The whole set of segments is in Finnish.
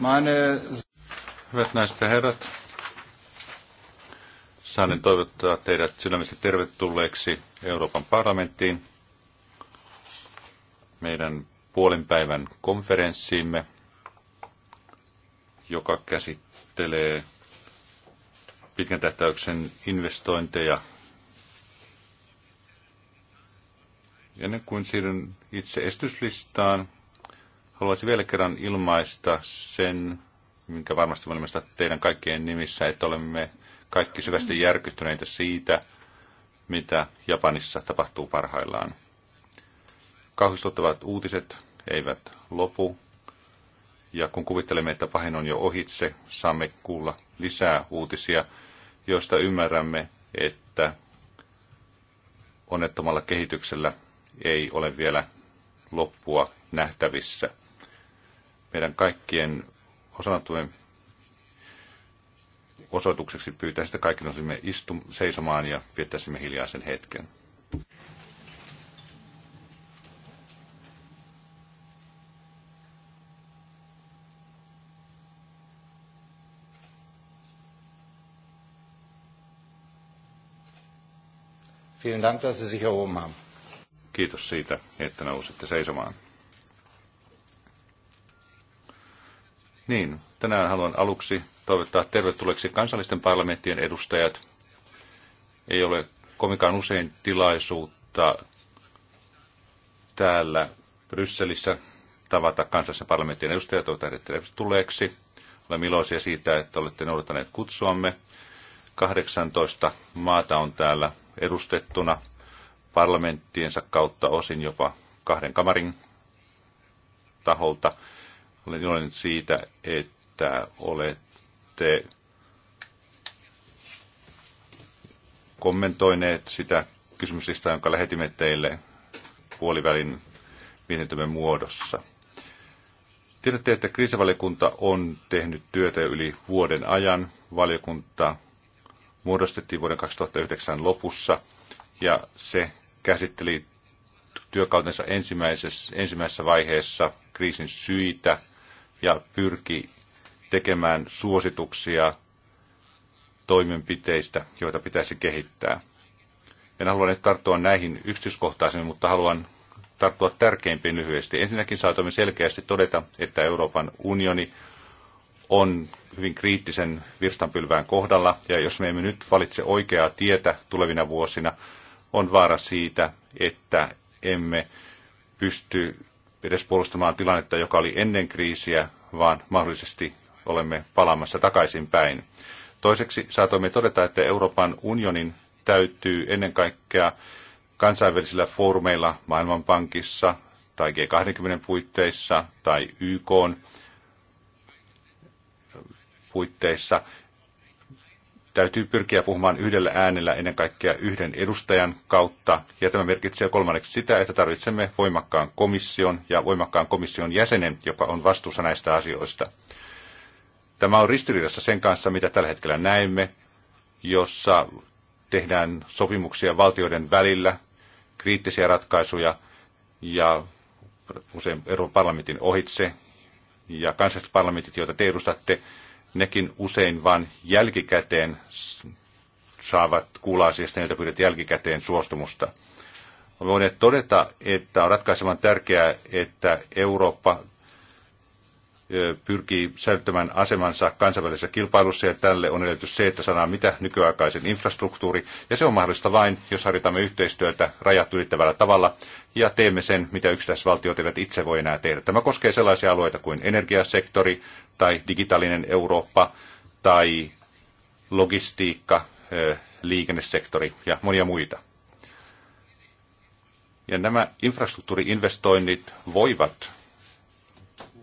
Meine... Hyvät naiset ja herrat, saan toivottaa teidät sydämisesti tervetulleeksi Euroopan parlamenttiin meidän puolen päivän konferenssiimme, joka käsittelee pitkän tähtäyksen investointeja. Ennen kuin siirryn itse estyslistaan, Haluaisin vielä kerran ilmaista sen, minkä varmasti voimme teidän kaikkien nimissä, että olemme kaikki syvästi järkyttyneitä siitä, mitä Japanissa tapahtuu parhaillaan. Kauhistuttavat uutiset eivät lopu, ja kun kuvittelemme, että pahin on jo ohitse, saamme kuulla lisää uutisia, joista ymmärrämme, että onnettomalla kehityksellä ei ole vielä loppua nähtävissä meidän kaikkien osanottujen osoitukseksi pyytää sitä kaikki nousimme istu, seisomaan ja viettäisimme hiljaisen hetken. Vielen Dank, dass Sie sich erhoben haben. Kiitos siitä, että nousitte seisomaan. Niin, tänään haluan aluksi toivottaa tervetulleeksi kansallisten parlamenttien edustajat. Ei ole komikaan usein tilaisuutta täällä Brysselissä tavata kansallisen parlamenttien edustajat, toivotan tervetulleeksi. Olemme iloisia siitä, että olette noudattaneet kutsuamme. 18 maata on täällä edustettuna parlamenttiensa kautta osin jopa kahden kamarin taholta. Olen iloinen siitä, että olette kommentoineet sitä kysymyslistä, jonka lähetimme teille puolivälin mietintömme muodossa. Tiedätte, että kriisivaliokunta on tehnyt työtä yli vuoden ajan. Valiokunta muodostettiin vuoden 2009 lopussa ja se käsitteli työkautensa ensimmäisessä, ensimmäisessä vaiheessa kriisin syitä ja pyrki tekemään suosituksia toimenpiteistä, joita pitäisi kehittää. En halua nyt tarttua näihin yksityiskohtaisemmin, mutta haluan tarttua tärkeimpiin lyhyesti. Ensinnäkin saatamme selkeästi todeta, että Euroopan unioni on hyvin kriittisen virstanpylvään kohdalla, ja jos me emme nyt valitse oikeaa tietä tulevina vuosina, on vaara siitä, että emme pysty edes puolustamaan tilannetta, joka oli ennen kriisiä, vaan mahdollisesti olemme palaamassa takaisinpäin. Toiseksi saatoimme todeta, että Euroopan unionin täytyy ennen kaikkea kansainvälisillä foorumeilla Maailmanpankissa tai G20 puitteissa tai YK puitteissa täytyy pyrkiä puhumaan yhdellä äänellä ennen kaikkea yhden edustajan kautta, ja tämä merkitsee kolmanneksi sitä, että tarvitsemme voimakkaan komission ja voimakkaan komission jäsenen, joka on vastuussa näistä asioista. Tämä on ristiriidassa sen kanssa, mitä tällä hetkellä näemme, jossa tehdään sopimuksia valtioiden välillä, kriittisiä ratkaisuja ja usein Euroopan parlamentin ohitse ja kansalliset parlamentit, joita te edustatte, nekin usein vain jälkikäteen saavat kuulla asiasta, niiltä pyydät jälkikäteen suostumusta. Olemme todeta, että on ratkaisevan tärkeää, että Eurooppa pyrkii säilyttämään asemansa kansainvälisessä kilpailussa ja tälle on edellytys se, että saadaan mitä nykyaikaisen infrastruktuuri ja se on mahdollista vain, jos harjoitamme yhteistyötä rajat ylittävällä tavalla ja teemme sen, mitä yksittäisvaltiot eivät itse voi enää tehdä. Tämä koskee sellaisia alueita kuin energiasektori tai digitaalinen Eurooppa tai logistiikka, liikennesektori ja monia muita. Ja nämä infrastruktuuriinvestoinnit voivat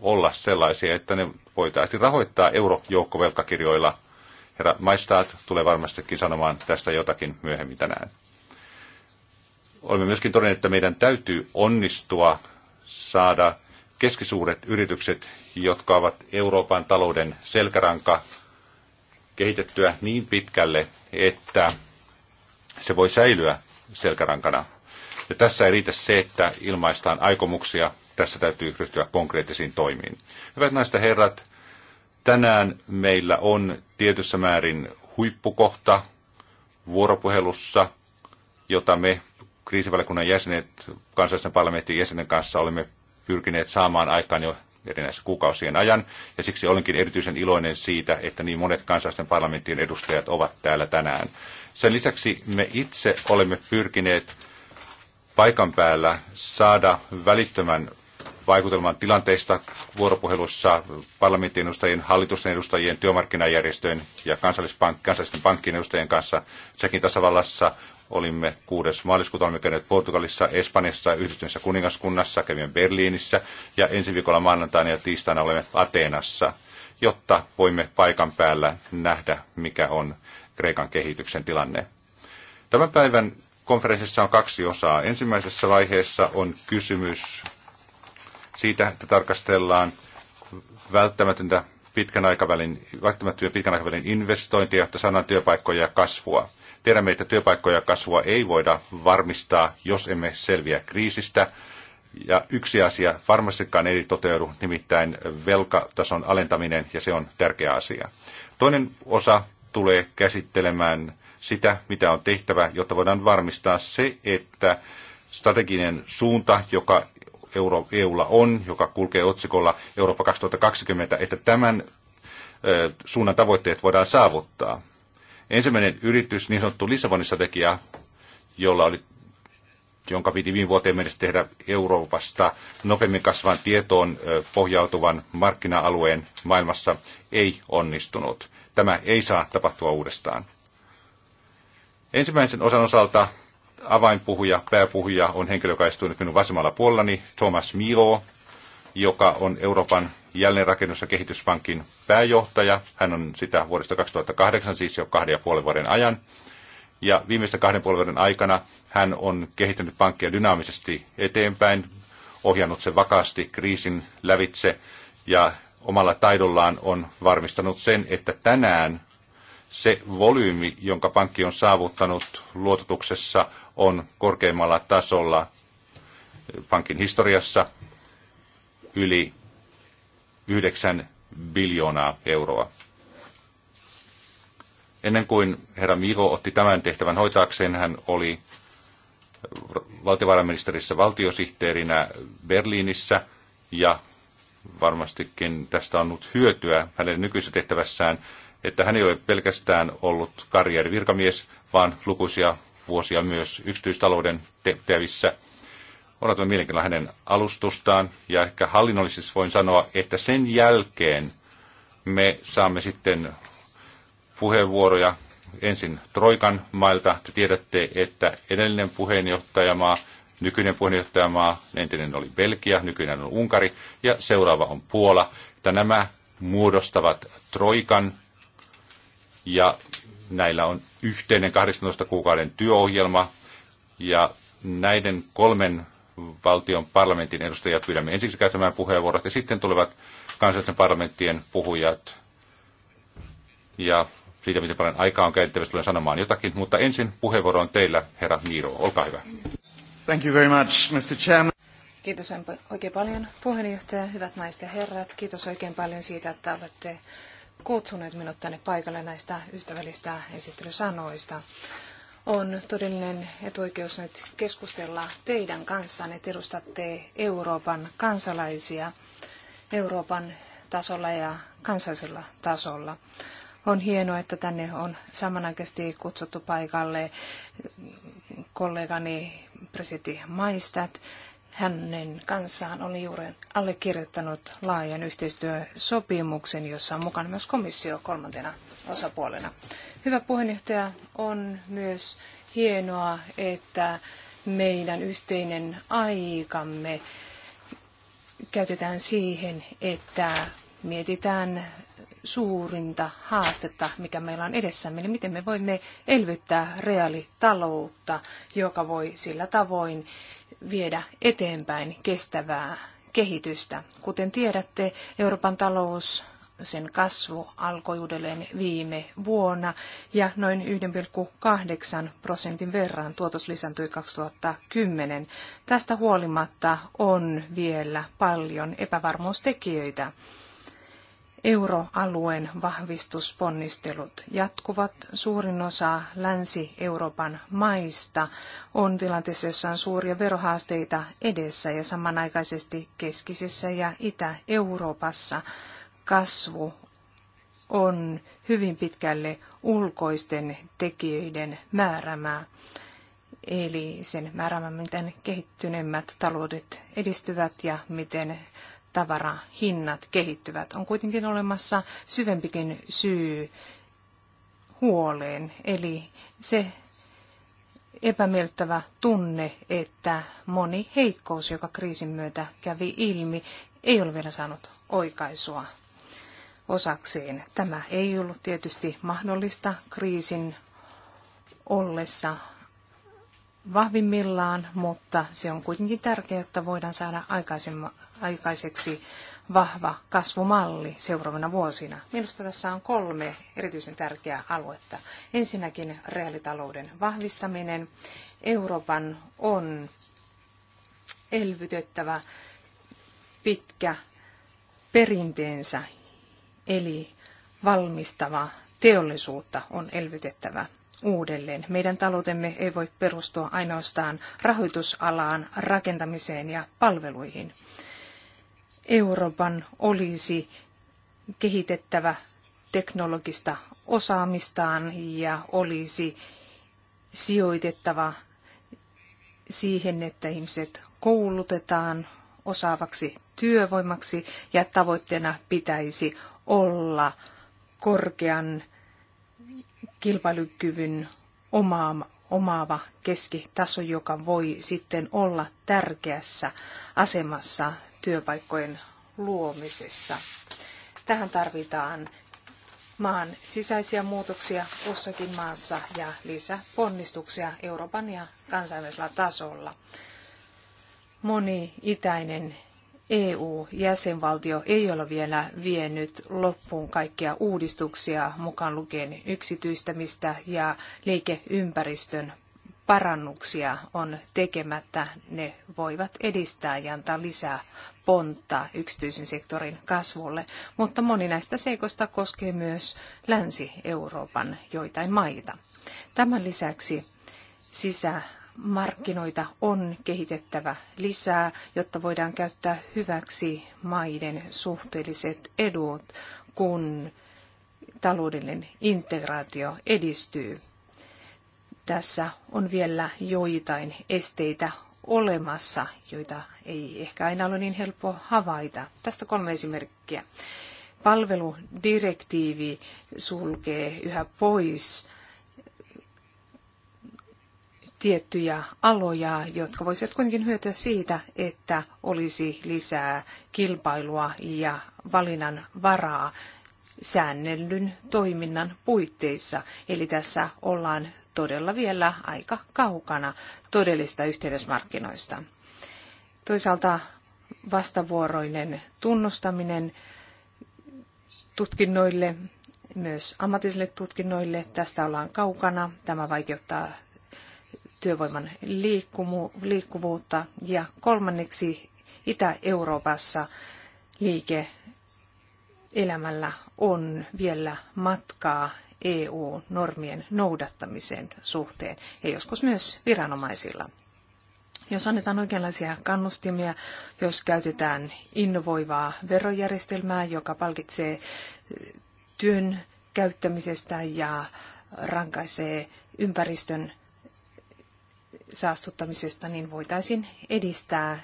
olla sellaisia, että ne voitaisiin rahoittaa eurojoukkovelkakirjoilla. Herra Maistaat tulee varmastikin sanomaan tästä jotakin myöhemmin tänään. Olemme myöskin todenneet, että meidän täytyy onnistua saada keskisuuret yritykset, jotka ovat Euroopan talouden selkäranka, kehitettyä niin pitkälle, että se voi säilyä selkärankana. Ja tässä ei riitä se, että ilmaistaan aikomuksia, tässä täytyy ryhtyä konkreettisiin toimiin. Hyvät naiset ja herrat, tänään meillä on tietyssä määrin huippukohta vuoropuhelussa, jota me kriisivaliokunnan jäsenet, kansallisen parlamentin jäsenen kanssa olemme pyrkineet saamaan aikaan jo erinäisen kuukausien ajan, ja siksi olenkin erityisen iloinen siitä, että niin monet kansallisten parlamenttien edustajat ovat täällä tänään. Sen lisäksi me itse olemme pyrkineet paikan päällä saada välittömän vaikutelman tilanteista vuoropuhelussa parlamentin edustajien, hallitusten edustajien, työmarkkinajärjestöjen ja kansallispank- kansallisten pankkien edustajien kanssa. Sekin tasavallassa olimme 6. maaliskuuta, olimme käyneet Portugalissa, Espanjassa, Yhdistyneessä kuningaskunnassa, kävimme Berliinissä ja ensi viikolla maanantaina ja tiistaina olemme Ateenassa, jotta voimme paikan päällä nähdä, mikä on Kreikan kehityksen tilanne. Tämän päivän konferenssissa on kaksi osaa. Ensimmäisessä vaiheessa on kysymys siitä, että tarkastellaan välttämätöntä pitkän aikavälin, välttämättömiä pitkän aikavälin investointia, jotta saadaan työpaikkoja ja kasvua. Tiedämme, että työpaikkoja ja kasvua ei voida varmistaa, jos emme selviä kriisistä. Ja yksi asia varmastikaan ei toteudu, nimittäin velkatason alentaminen, ja se on tärkeä asia. Toinen osa tulee käsittelemään sitä, mitä on tehtävä, jotta voidaan varmistaa se, että strateginen suunta, joka Euro, EUlla on, joka kulkee otsikolla Eurooppa 2020, että tämän suunnan tavoitteet voidaan saavuttaa. Ensimmäinen yritys, niin sanottu Lissabonin strategia, jolla oli, jonka piti viime vuoteen mennessä tehdä Euroopasta nopeammin kasvavan tietoon pohjautuvan markkina-alueen maailmassa, ei onnistunut. Tämä ei saa tapahtua uudestaan. Ensimmäisen osan osalta avainpuhuja, pääpuhuja on henkilö, joka istuu nyt minun vasemmalla puolellani, Thomas Milo, joka on Euroopan jälleenrakennus- ja kehityspankin pääjohtaja. Hän on sitä vuodesta 2008, siis jo kahden ja puolen vuoden ajan. Ja viimeisten kahden puolen vuoden aikana hän on kehittänyt pankkia dynaamisesti eteenpäin, ohjannut sen vakaasti kriisin lävitse ja omalla taidollaan on varmistanut sen, että tänään se volyymi, jonka pankki on saavuttanut luototuksessa, on korkeimmalla tasolla pankin historiassa yli 9 biljoonaa euroa. Ennen kuin herra Miro otti tämän tehtävän hoitaakseen, hän oli valtiovarainministerissä valtiosihteerinä Berliinissä ja varmastikin tästä on ollut hyötyä hänen nykyisessä tehtävässään, että hän ei ole pelkästään ollut karjäärivirkamies, vaan lukuisia vuosia myös yksityistalouden tehtävissä. Odotamme mielenkiinnolla hänen alustustaan ja ehkä hallinnollisesti voin sanoa, että sen jälkeen me saamme sitten puheenvuoroja ensin Troikan mailta. Te tiedätte, että edellinen puheenjohtajamaa, nykyinen puheenjohtajamaa, entinen oli Belgia, nykyinen on Unkari ja seuraava on Puola. Että nämä muodostavat Troikan ja näillä on yhteinen 18 kuukauden työohjelma. Ja näiden kolmen valtion parlamentin edustajia pyydämme ensiksi käyttämään puheenvuorot ja sitten tulevat kansallisen parlamenttien puhujat. Ja siitä, miten paljon aikaa on käytettävissä, tulen sanomaan jotakin. Mutta ensin puheenvuoro on teillä, herra Niiro. Olkaa hyvä. Thank you very much, Mr. Chairman. Kiitos oikein paljon puheenjohtaja, hyvät naiset ja herrat. Kiitos oikein paljon siitä, että olette kutsuneet minut tänne paikalle näistä ystävällistä esittelysanoista. On todellinen etuoikeus nyt keskustella teidän kanssanne. Te edustatte Euroopan kansalaisia Euroopan tasolla ja kansallisella tasolla. On hienoa, että tänne on samanaikaisesti kutsuttu paikalle kollegani presidentti Maistat hänen kanssaan oli juuri allekirjoittanut laajan yhteistyösopimuksen, jossa on mukana myös komissio kolmantena osapuolena. Hyvä puheenjohtaja, on myös hienoa, että meidän yhteinen aikamme käytetään siihen, että mietitään suurinta haastetta, mikä meillä on edessämme, eli miten me voimme elvyttää reaalitaloutta, joka voi sillä tavoin viedä eteenpäin kestävää kehitystä. Kuten tiedätte, Euroopan talous sen kasvu alkoi uudelleen viime vuonna ja noin 1,8 prosentin verran tuotos lisääntyi 2010. Tästä huolimatta on vielä paljon epävarmuustekijöitä. Euroalueen vahvistusponnistelut jatkuvat. Suurin osa Länsi-Euroopan maista on tilanteessa, jossa on suuria verohaasteita edessä ja samanaikaisesti keskisessä ja Itä-Euroopassa kasvu on hyvin pitkälle ulkoisten tekijöiden määrämää. Eli sen määrämä, miten kehittyneemmät taloudet edistyvät ja miten tavarahinnat kehittyvät. On kuitenkin olemassa syvempikin syy huoleen, eli se epämieltävä tunne, että moni heikkous, joka kriisin myötä kävi ilmi, ei ole vielä saanut oikaisua osakseen. Tämä ei ollut tietysti mahdollista kriisin ollessa vahvimmillaan, mutta se on kuitenkin tärkeää, että voidaan saada aikaiseksi vahva kasvumalli seuraavana vuosina. Minusta tässä on kolme erityisen tärkeää aluetta. Ensinnäkin reaalitalouden vahvistaminen. Euroopan on elvytettävä pitkä perinteensä, eli valmistava teollisuutta on elvytettävä uudelleen. Meidän taloutemme ei voi perustua ainoastaan rahoitusalaan, rakentamiseen ja palveluihin. Euroopan olisi kehitettävä teknologista osaamistaan ja olisi sijoitettava siihen, että ihmiset koulutetaan osaavaksi työvoimaksi ja tavoitteena pitäisi olla korkean kilpailukyvyn omaama, omaava keskitaso, joka voi sitten olla tärkeässä asemassa työpaikkojen luomisessa. Tähän tarvitaan maan sisäisiä muutoksia kussakin maassa ja lisäponnistuksia Euroopan ja kansainvälisellä tasolla. Moni itäinen EU-jäsenvaltio ei ole vielä vienyt loppuun kaikkia uudistuksia, mukaan lukien yksityistämistä ja liikeympäristön parannuksia on tekemättä. Ne voivat edistää ja antaa lisää pontta yksityisen sektorin kasvulle, mutta moni näistä seikoista koskee myös Länsi-Euroopan joitain maita. Tämän lisäksi sisä markkinoita on kehitettävä lisää, jotta voidaan käyttää hyväksi maiden suhteelliset edut, kun taloudellinen integraatio edistyy. Tässä on vielä joitain esteitä olemassa, joita ei ehkä aina ole niin helppo havaita. Tästä kolme esimerkkiä. Palveludirektiivi sulkee yhä pois tiettyjä aloja, jotka voisivat kuitenkin hyötyä siitä, että olisi lisää kilpailua ja valinnan varaa säännellyn toiminnan puitteissa. Eli tässä ollaan todella vielä aika kaukana todellista yhteydesmarkkinoista. Toisaalta vastavuoroinen tunnustaminen tutkinnoille, myös ammatillisille tutkinnoille, tästä ollaan kaukana. Tämä vaikeuttaa työvoiman liikkuvuutta ja kolmanneksi Itä-Euroopassa liike elämällä on vielä matkaa EU-normien noudattamisen suhteen ja joskus myös viranomaisilla. Jos annetaan oikeanlaisia kannustimia, jos käytetään innovoivaa verojärjestelmää, joka palkitsee eh, työn käyttämisestä ja rankaisee ympäristön saastuttamisesta, niin voitaisiin edistää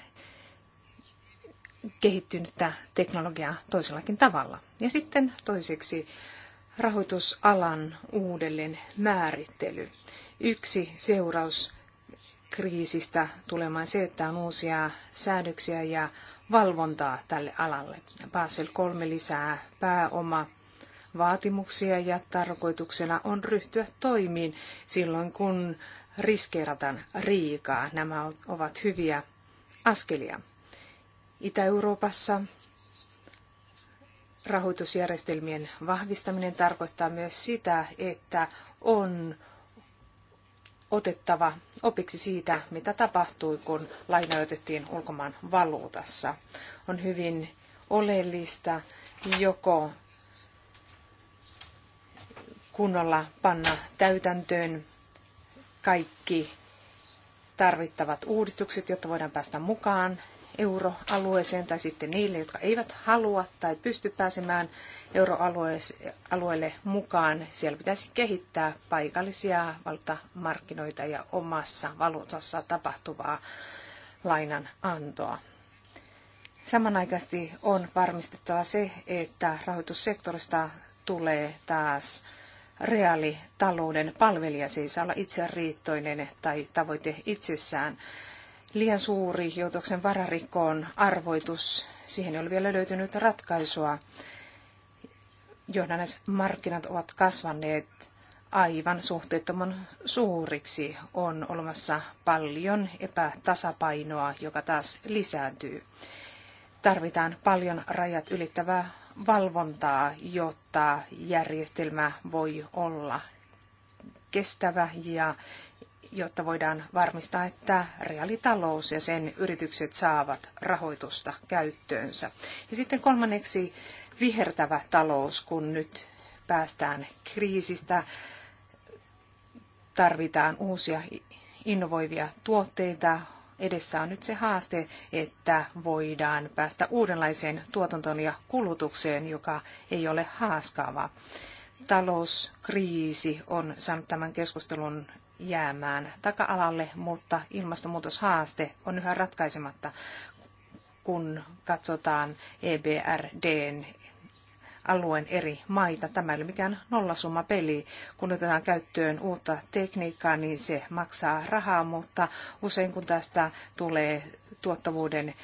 kehittynyttä teknologiaa toisellakin tavalla. Ja sitten toiseksi rahoitusalan uudelleen määrittely. Yksi seuraus kriisistä tulemaan se, että on uusia säädöksiä ja valvontaa tälle alalle. Basel 3 lisää pääoma vaatimuksia ja tarkoituksena on ryhtyä toimiin silloin, kun riskeerataan riikaa. Nämä ovat hyviä askelia. Itä-Euroopassa rahoitusjärjestelmien vahvistaminen tarkoittaa myös sitä, että on otettava opiksi siitä, mitä tapahtui, kun laina otettiin ulkomaan valuutassa. On hyvin oleellista joko kunnolla panna täytäntöön kaikki tarvittavat uudistukset, jotta voidaan päästä mukaan euroalueeseen tai sitten niille, jotka eivät halua tai pysty pääsemään euroalueelle mukaan. Siellä pitäisi kehittää paikallisia valtamarkkinoita ja omassa valuutassa tapahtuvaa lainan antoa. Samanaikaisesti on varmistettava se, että rahoitussektorista tulee taas reaalitalouden palvelija, se ei saa olla riittoinen tai tavoite itsessään. Liian suuri joutoksen vararikkoon arvoitus, siihen ei ole vielä löytynyt ratkaisua. markkinat ovat kasvaneet aivan suhteettoman suuriksi. On olemassa paljon epätasapainoa, joka taas lisääntyy. Tarvitaan paljon rajat ylittävää valvontaa, jotta järjestelmä voi olla kestävä ja jotta voidaan varmistaa, että reaalitalous ja sen yritykset saavat rahoitusta käyttöönsä. Ja sitten kolmanneksi vihertävä talous, kun nyt päästään kriisistä, tarvitaan uusia innovoivia tuotteita, edessä on nyt se haaste, että voidaan päästä uudenlaiseen tuotantoon ja kulutukseen, joka ei ole haaskaava. Talouskriisi on saanut tämän keskustelun jäämään taka-alalle, mutta ilmastonmuutoshaaste on yhä ratkaisematta kun katsotaan EBRDn alueen eri maita. Tämä ei ole mikään nollasumma peli. Kun otetaan käyttöön uutta tekniikkaa, niin se maksaa rahaa, mutta usein kun tästä tulee tuottavuuden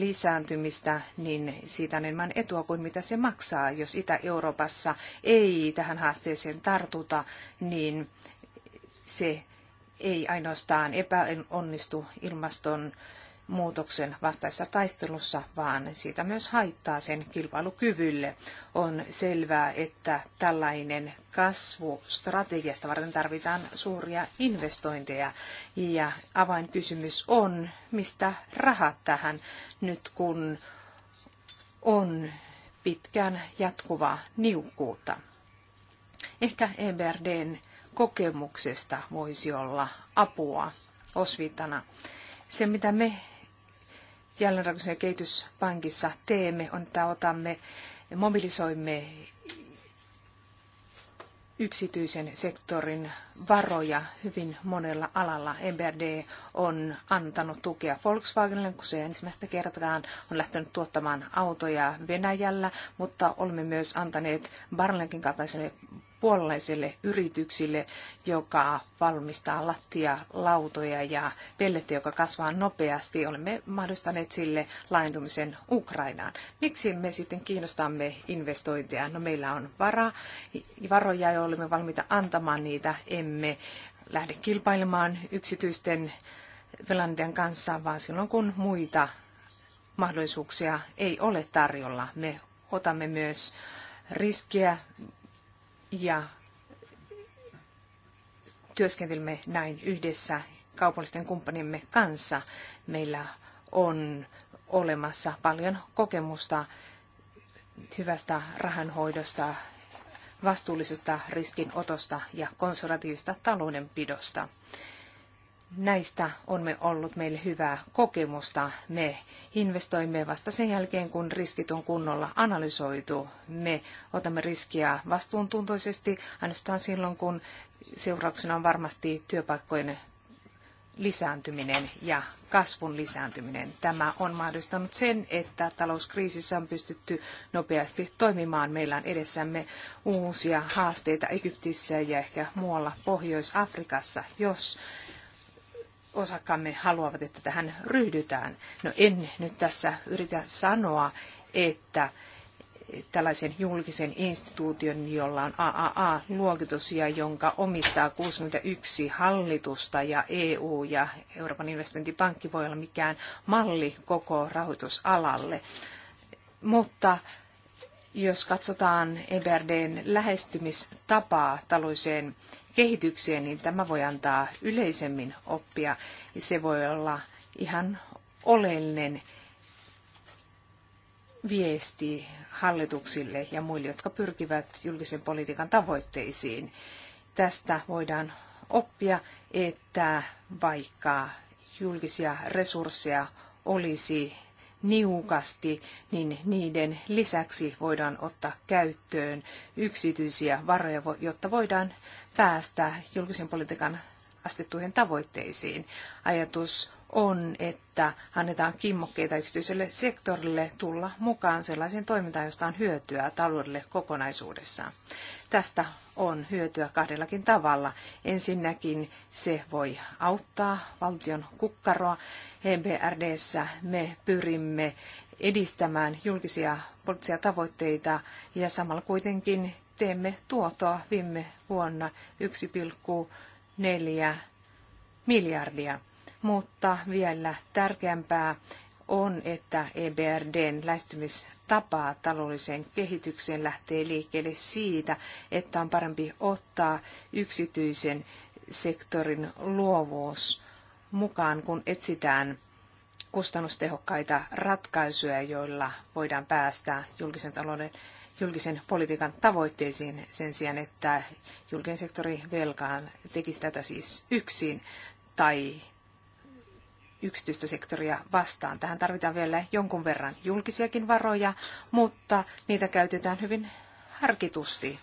lisääntymistä, niin siitä on enemmän etua kuin mitä se maksaa. Jos Itä-Euroopassa ei tähän haasteeseen tartuta, niin se ei ainoastaan epäonnistu ilmaston muutoksen vastaisessa taistelussa, vaan siitä myös haittaa sen kilpailukyvylle. On selvää, että tällainen kasvustrategiasta varten tarvitaan suuria investointeja ja avainkysymys on, mistä rahat tähän nyt kun on pitkään jatkuvaa niukkuutta. Ehkä EBRDn kokemuksesta voisi olla apua osvitana. Se, mitä me jälleenrakennus- ja kehityspankissa teemme, on, että otamme ja mobilisoimme yksityisen sektorin varoja hyvin monella alalla. EBRD on antanut tukea Volkswagenille, kun se ensimmäistä kertaa on lähtenyt tuottamaan autoja Venäjällä, mutta olemme myös antaneet Barlenkin kaltaiselle puolalaiselle yrityksille, joka valmistaa lattia, lautoja ja pelletti, joka kasvaa nopeasti. Olemme mahdollistaneet sille laajentumisen Ukrainaan. Miksi me sitten kiinnostamme investointeja? No meillä on vara, varoja ja olemme valmiita antamaan niitä. Emme lähde kilpailemaan yksityisten velanantajan kanssa, vaan silloin kun muita mahdollisuuksia ei ole tarjolla. Me otamme myös riskiä ja työskentelimme näin yhdessä kaupallisten kumppanimme kanssa. Meillä on olemassa paljon kokemusta hyvästä rahanhoidosta, vastuullisesta riskinotosta ja konservatiivista taloudenpidosta näistä on me ollut meille hyvää kokemusta. Me investoimme vasta sen jälkeen, kun riskit on kunnolla analysoitu. Me otamme riskiä vastuuntuntoisesti ainoastaan silloin, kun seurauksena on varmasti työpaikkojen lisääntyminen ja kasvun lisääntyminen. Tämä on mahdollistanut sen, että talouskriisissä on pystytty nopeasti toimimaan. Meillä on edessämme uusia haasteita Egyptissä ja ehkä muualla Pohjois-Afrikassa, jos osakkaamme haluavat, että tähän ryhdytään. No en nyt tässä yritä sanoa, että tällaisen julkisen instituution, jolla on AAA-luokitus ja jonka omistaa 61 hallitusta ja EU ja Euroopan investointipankki voi olla mikään malli koko rahoitusalalle. Mutta jos katsotaan EBRDn lähestymistapaa taloiseen kehitykseen, niin tämä voi antaa yleisemmin oppia. Ja se voi olla ihan oleellinen viesti hallituksille ja muille, jotka pyrkivät julkisen politiikan tavoitteisiin. Tästä voidaan oppia, että vaikka julkisia resursseja olisi niukasti, niin niiden lisäksi voidaan ottaa käyttöön yksityisiä varoja, jotta voidaan päästä julkisen politiikan astettuihin tavoitteisiin. Ajatus on, että annetaan kimmokkeita yksityiselle sektorille tulla mukaan sellaisen toimintaan, josta on hyötyä taloudelle kokonaisuudessaan. Tästä on hyötyä kahdellakin tavalla. Ensinnäkin se voi auttaa valtion kukkaroa. EBRDssä me pyrimme edistämään julkisia poliittisia tavoitteita ja samalla kuitenkin teemme tuotoa viime vuonna 1,4 miljardia. Mutta vielä tärkeämpää on, että EBRDn lähestymistapa taloudelliseen kehitykseen lähtee liikkeelle siitä, että on parempi ottaa yksityisen sektorin luovuus mukaan, kun etsitään kustannustehokkaita ratkaisuja, joilla voidaan päästä julkisen talouden julkisen politiikan tavoitteisiin sen sijaan, että julkinen sektori velkaan tekisi tätä siis yksin tai yksityistä sektoria vastaan. Tähän tarvitaan vielä jonkun verran julkisiakin varoja, mutta niitä käytetään hyvin harkitusti.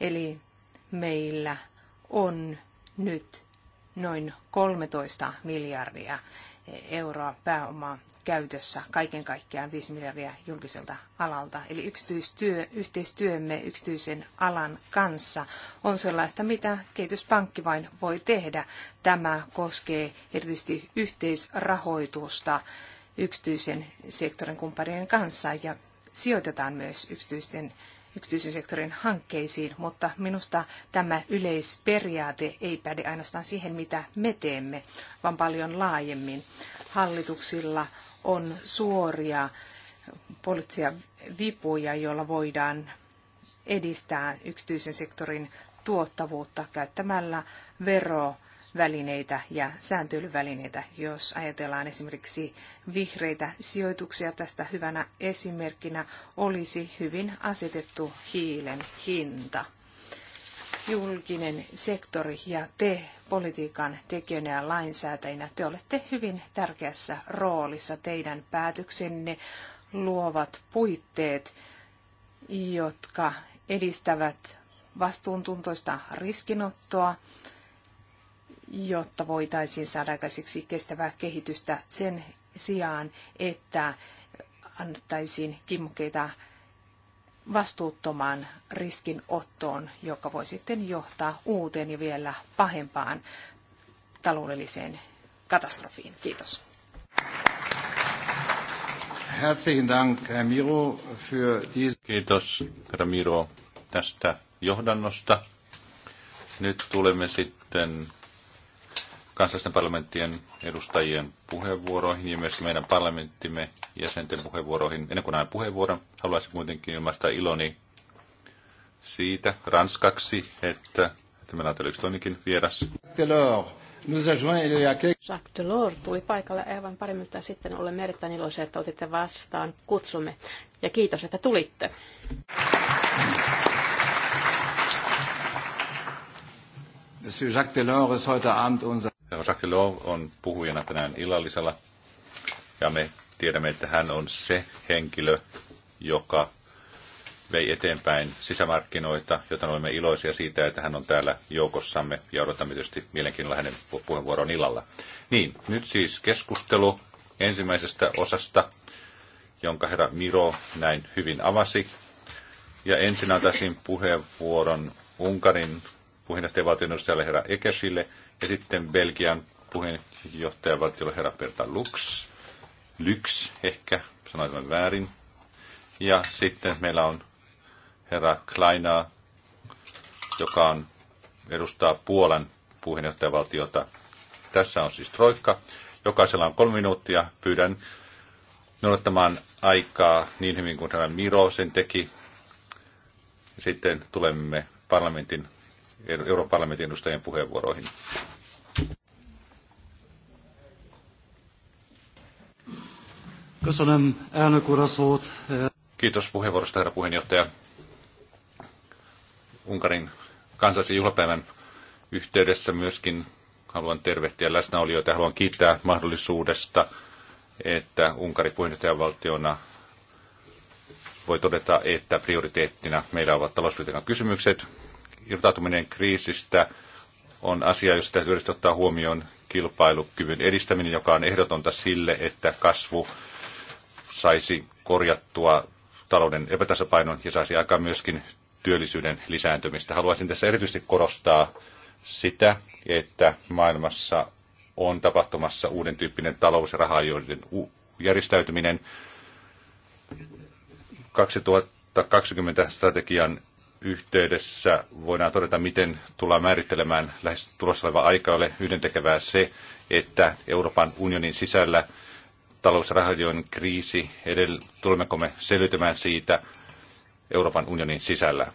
Eli meillä on nyt noin 13 miljardia euroa pääomaa käytössä kaiken kaikkiaan 5 miljardia julkiselta alalta. Eli yksityistyö, yhteistyömme yksityisen alan kanssa on sellaista, mitä kehityspankki vain voi tehdä. Tämä koskee erityisesti yhteisrahoitusta yksityisen sektorin kumppanien kanssa ja sijoitetaan myös yksityisten yksityisen sektorin hankkeisiin, mutta minusta tämä yleisperiaate ei päde ainoastaan siihen, mitä me teemme, vaan paljon laajemmin. Hallituksilla on suoria poliittisia vipuja, joilla voidaan edistää yksityisen sektorin tuottavuutta käyttämällä veroa välineitä ja sääntelyvälineitä. Jos ajatellaan esimerkiksi vihreitä sijoituksia, tästä hyvänä esimerkkinä olisi hyvin asetettu hiilen hinta. Julkinen sektori ja te politiikan tekijöinä ja lainsäätäjinä, te olette hyvin tärkeässä roolissa. Teidän päätöksenne luovat puitteet, jotka edistävät vastuuntuntoista riskinottoa jotta voitaisiin saada aikaiseksi kestävää kehitystä sen sijaan, että annettaisiin kimkeita vastuuttomaan riskinottoon, joka voi sitten johtaa uuteen ja vielä pahempaan taloudelliseen katastrofiin. Kiitos. Herzlichen Dank, Herr Miro, für Kiitos, herra Miro, tästä johdannosta. Nyt tulemme sitten kansallisten parlamenttien edustajien puheenvuoroihin ja myös meidän parlamenttimme jäsenten puheenvuoroihin. Ennen kuin näen puheenvuoron, haluaisin kuitenkin ilmaista iloni siitä ranskaksi, että, että meillä on täällä yksi toinenkin vieras. Jacques Delors tuli paikalle aivan pari minuuttia sitten. Olemme erittäin iloisia, että otitte vastaan kutsumme. Ja kiitos, että tulitte. Monsieur Jacques Delors ist heute Abend unser Jacques Lowe on puhujana tänään illallisella. Ja me tiedämme, että hän on se henkilö, joka vei eteenpäin sisämarkkinoita, joten olemme iloisia siitä, että hän on täällä joukossamme ja odotamme tietysti mielenkiinnolla hänen puheenvuoron illalla. Niin, nyt siis keskustelu ensimmäisestä osasta, jonka herra Miro näin hyvin avasi. Ja ensin antaisin puheenvuoron Unkarin puheenjohtajavaltion herra Ekesille, ja sitten Belgian valtiolla herra Perta Lux. Lux ehkä, sanoin väärin. Ja sitten meillä on herra Kleina, joka on, edustaa Puolan puheenjohtajavaltiota. Tässä on siis troikka. Jokaisella on kolme minuuttia. Pyydän noudattamaan aikaa niin hyvin kuin herra Miro sen teki. Sitten tulemme parlamentin Euroopan parlamentin edustajien puheenvuoroihin. Kiitos puheenvuorosta, herra puheenjohtaja. Unkarin kansallisen juhlapäivän yhteydessä myöskin haluan tervehtiä läsnäolijoita ja haluan kiittää mahdollisuudesta, että Unkari puheenjohtajavaltiona voi todeta, että prioriteettina meillä ovat talouspolitiikan kysymykset irtautuminen kriisistä on asia, josta täytyy ottaa huomioon kilpailukyvyn edistäminen, joka on ehdotonta sille, että kasvu saisi korjattua talouden epätasapainon ja saisi aikaan myöskin työllisyyden lisääntymistä. Haluaisin tässä erityisesti korostaa sitä, että maailmassa on tapahtumassa uuden tyyppinen talous- ja rahajoiden järjestäytyminen. 2020 strategian yhteydessä voidaan todeta, miten tullaan määrittelemään lähes tulossa oleva aika, ole yhdentekevää se, että Euroopan unionin sisällä talousrahojen kriisi, edellä, tulemmeko me selvitämään siitä Euroopan unionin sisällä.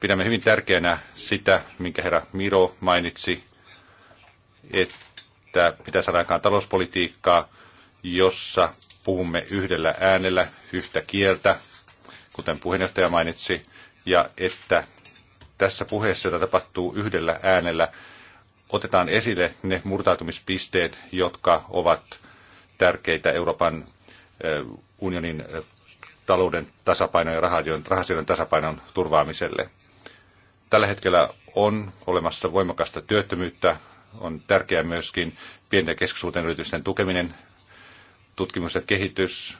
Pidämme hyvin tärkeänä sitä, minkä herra Miro mainitsi, että pitää saada aikaan talouspolitiikkaa, jossa puhumme yhdellä äänellä yhtä kieltä, kuten puheenjohtaja mainitsi, ja että tässä puheessa, jota tapahtuu yhdellä äänellä, otetaan esille ne murtautumispisteet, jotka ovat tärkeitä Euroopan unionin talouden tasapainon ja rahasioiden tasapainon turvaamiselle. Tällä hetkellä on olemassa voimakasta työttömyyttä. On tärkeää myöskin pienten ja yritysten tukeminen, tutkimus ja kehitys.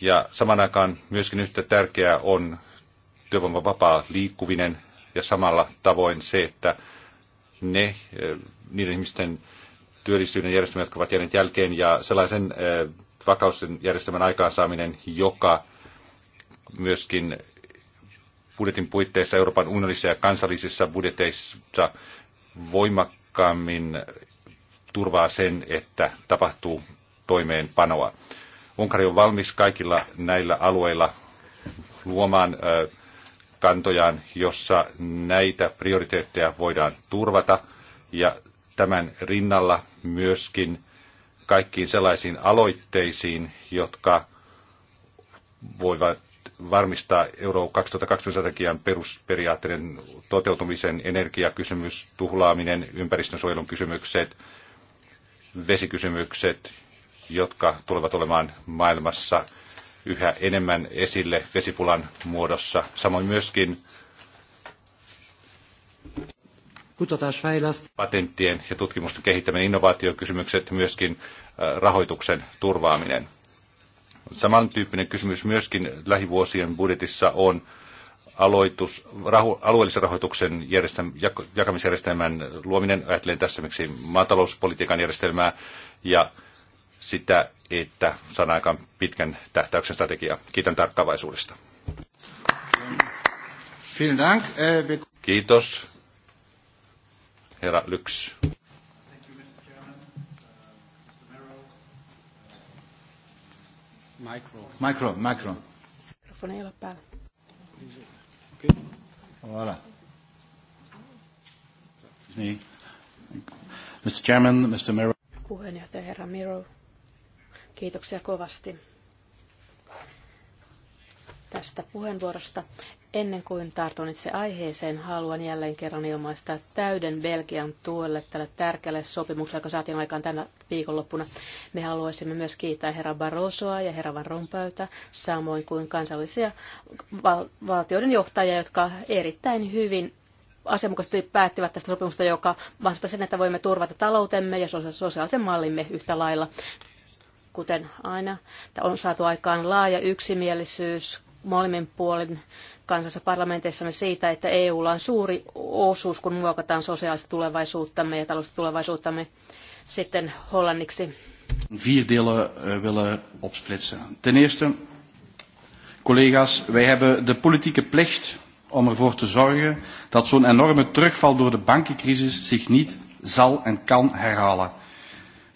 Ja saman aikaan myöskin yhtä tärkeää on työvoiman vapaa liikkuvinen ja samalla tavoin se, että ne, eh, niiden ihmisten työllisyyden järjestelmät, jotka ovat jääneet jälkeen ja sellaisen eh, vakausten järjestelmän aikaansaaminen, joka myöskin budjetin puitteissa Euroopan unionissa ja kansallisissa budjeteissa voimakkaammin turvaa sen, että tapahtuu toimeenpanoa. Unkari on valmis kaikilla näillä alueilla luomaan eh, kantojaan, jossa näitä prioriteetteja voidaan turvata ja tämän rinnalla myöskin kaikkiin sellaisiin aloitteisiin, jotka voivat varmistaa Euro 2020 strategian perusperiaatteiden toteutumisen, energiakysymys, tuhlaaminen, ympäristönsuojelun kysymykset, vesikysymykset, jotka tulevat olemaan maailmassa yhä enemmän esille vesipulan muodossa. Samoin myöskin patenttien ja tutkimusten kehittäminen, innovaatiokysymykset, myöskin äh, rahoituksen turvaaminen. Samantyyppinen kysymys myöskin lähivuosien budjetissa on aloitus, rahu, alueellisen rahoituksen järjestelm, jak, jakamisjärjestelmän luominen, ajattelen tässä miksi maatalouspolitiikan järjestelmää ja sitä, että saan aikaan pitkän tähtäyksen strategia. Kiitän tarkkaavaisuudesta. Äh, Kiitos. Herra Lyks. Mikro. Mikro. Mikrofoni ei ole päällä. Okay. Voilà. Niin. Mr. Chairman, Mr. Miro. Puheenjohtaja herra Miro, Kiitoksia kovasti tästä puheenvuorosta. Ennen kuin tartun itse aiheeseen, haluan jälleen kerran ilmaista täyden Belgian tuelle tälle tärkeälle sopimukselle, joka saatiin aikaan tänä viikonloppuna. Me haluaisimme myös kiittää herra Barrosoa ja herra Van Rompuyta, samoin kuin kansallisia val- valtioiden johtajia, jotka erittäin hyvin asianmukaisesti päättivät tästä sopimusta, joka vastaa sen, että voimme turvata taloutemme ja sosiaalisen mallimme yhtä lailla kuten aina. On saatu aikaan laaja yksimielisyys molemmin puolin kansallisessa parlamenteissamme siitä, että EUlla on suuri osuus, kun muokataan sosiaalista tulevaisuuttamme ja taloudellista tulevaisuuttamme sitten hollanniksi. Vier delen eh, willen opsplitsen. Ten eerste, collega's, wij hebben de politieke plicht om ervoor te zorgen dat zo'n enorme terugval door de bankencrisis zich niet zal en kan herhalen.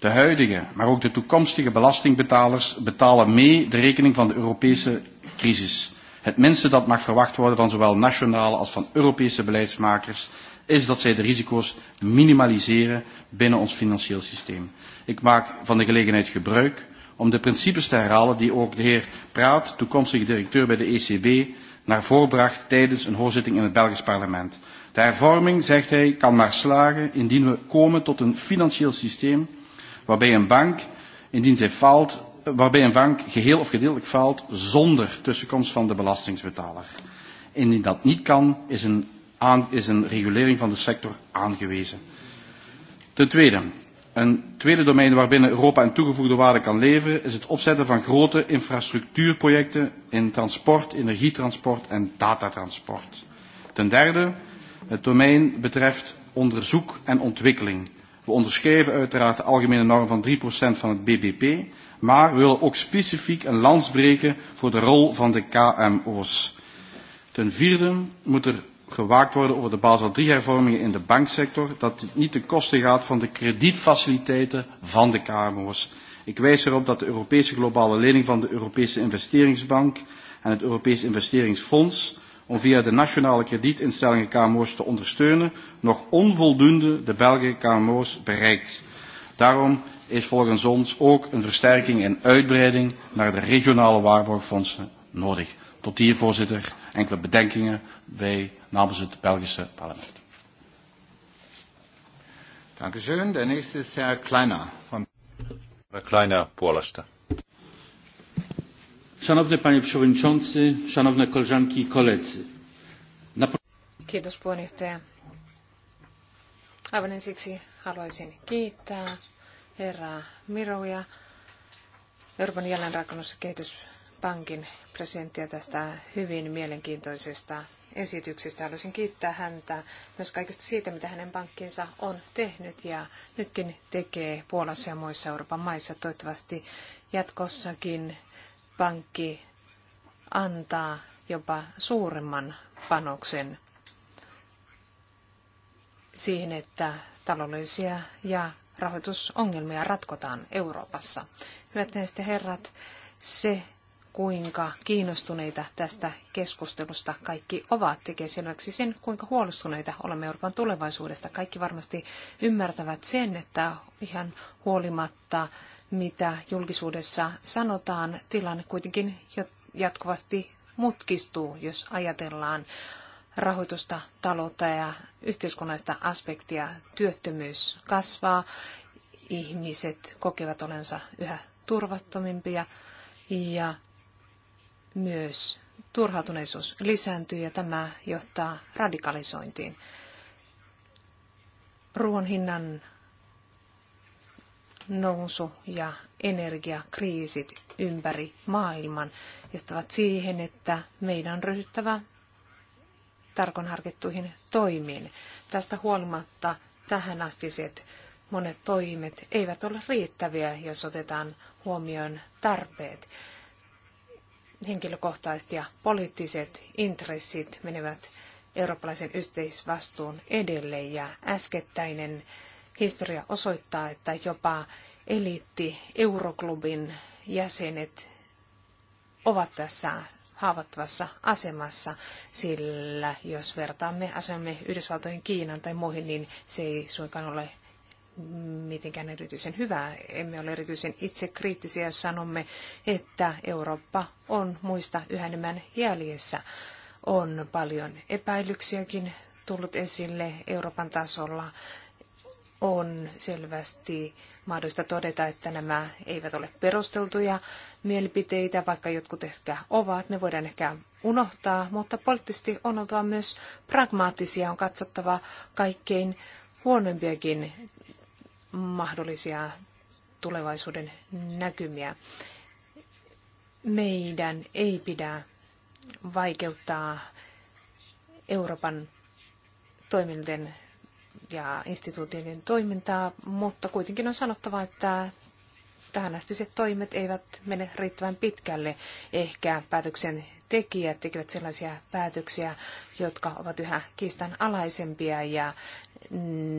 De huidige, maar ook de toekomstige belastingbetalers betalen mee de rekening van de Europese crisis. Het minste dat mag verwacht worden van zowel nationale als van Europese beleidsmakers is dat zij de risico's minimaliseren binnen ons financieel systeem. Ik maak van de gelegenheid gebruik om de principes te herhalen die ook de heer Praat, toekomstige directeur bij de ECB, naar voren bracht tijdens een hoorzitting in het Belgisch parlement. De hervorming, zegt hij, kan maar slagen indien we komen tot een financieel systeem waarbij een bank, indien zij faalt, waarbij een bank geheel of gedeeltelijk faalt zonder tussenkomst van de belastingsbetaler. Indien dat niet kan, is een, aan, is een regulering van de sector aangewezen. Ten tweede, een tweede domein waarbinnen Europa een toegevoegde waarde kan leveren is het opzetten van grote infrastructuurprojecten in transport, energietransport en datatransport. Ten derde, het domein betreft onderzoek en ontwikkeling. We onderschrijven uiteraard de algemene norm van 3% van het BBP, maar we willen ook specifiek een lans breken voor de rol van de KMO's. Ten vierde moet er gewaakt worden over de Basel III hervormingen in de banksector, dat dit niet ten koste gaat van de kredietfaciliteiten van de KMO's. Ik wijs erop dat de Europese globale lening van de Europese investeringsbank en het Europese investeringsfonds om via de nationale kredietinstellingen KMO's te ondersteunen, nog onvoldoende de Belgische KMO's bereikt. Daarom is volgens ons ook een versterking en uitbreiding naar de regionale waarborgfondsen nodig. Tot hier, voorzitter, enkele bedenkingen bij namens het Belgische parlement. Dank u De nächste is Herr eh, Kleiner. Van... Kleiner puolesta. Szanowny panie przewodniczący, szanowne koleżanki i koledzy. Na... Kiitos puheenjohtaja. Aivan ensiksi haluaisin kiittää herra Miroja, Euroopan jälleenrakennus- ja kehityspankin presidenttiä tästä hyvin mielenkiintoisesta esityksestä. Haluaisin kiittää häntä myös kaikesta siitä, mitä hänen pankkinsa on tehnyt ja nytkin tekee Puolassa ja muissa Euroopan maissa. Toivottavasti jatkossakin pankki antaa jopa suuremman panoksen siihen, että taloudellisia ja rahoitusongelmia ratkotaan Euroopassa. Hyvät naiset ja herrat, se kuinka kiinnostuneita tästä keskustelusta kaikki ovat, tekee selväksi sen, kuinka huolestuneita olemme Euroopan tulevaisuudesta. Kaikki varmasti ymmärtävät sen, että ihan huolimatta mitä julkisuudessa sanotaan. Tilanne kuitenkin jatkuvasti mutkistuu, jos ajatellaan rahoitusta, taloutta ja yhteiskunnallista aspektia. Työttömyys kasvaa, ihmiset kokevat olensa yhä turvattomimpia ja myös turhautuneisuus lisääntyy ja tämä johtaa radikalisointiin. Ruoan hinnan nousu ja energiakriisit ympäri maailman johtavat siihen, että meidän on ryhdyttävä tarkon harkittuihin toimiin. Tästä huolimatta tähänastiset monet toimet eivät ole riittäviä, jos otetaan huomioon tarpeet. Henkilökohtaiset ja poliittiset intressit menevät eurooppalaisen yhteisvastuun edelle ja äskettäinen Historia osoittaa, että jopa eliitti Euroklubin jäsenet ovat tässä haavoittuvassa asemassa, sillä jos vertaamme asemme Yhdysvaltoihin, Kiinan tai muihin, niin se ei suinkaan ole mitenkään erityisen hyvää. Emme ole erityisen itse kriittisiä, jos sanomme, että Eurooppa on muista yhä enemmän jäljessä. On paljon epäilyksiäkin tullut esille Euroopan tasolla on selvästi mahdollista todeta, että nämä eivät ole perusteltuja mielipiteitä, vaikka jotkut ehkä ovat, ne voidaan ehkä unohtaa, mutta poliittisesti on oltava myös pragmaattisia, on katsottava kaikkein huonompiakin mahdollisia tulevaisuuden näkymiä. Meidän ei pidä vaikeuttaa Euroopan toimintojen ja instituutioiden toimintaa, mutta kuitenkin on sanottava, että tähän asti se toimet eivät mene riittävän pitkälle. Ehkä päätöksen tekijät tekevät sellaisia päätöksiä, jotka ovat yhä kiistanalaisempia ja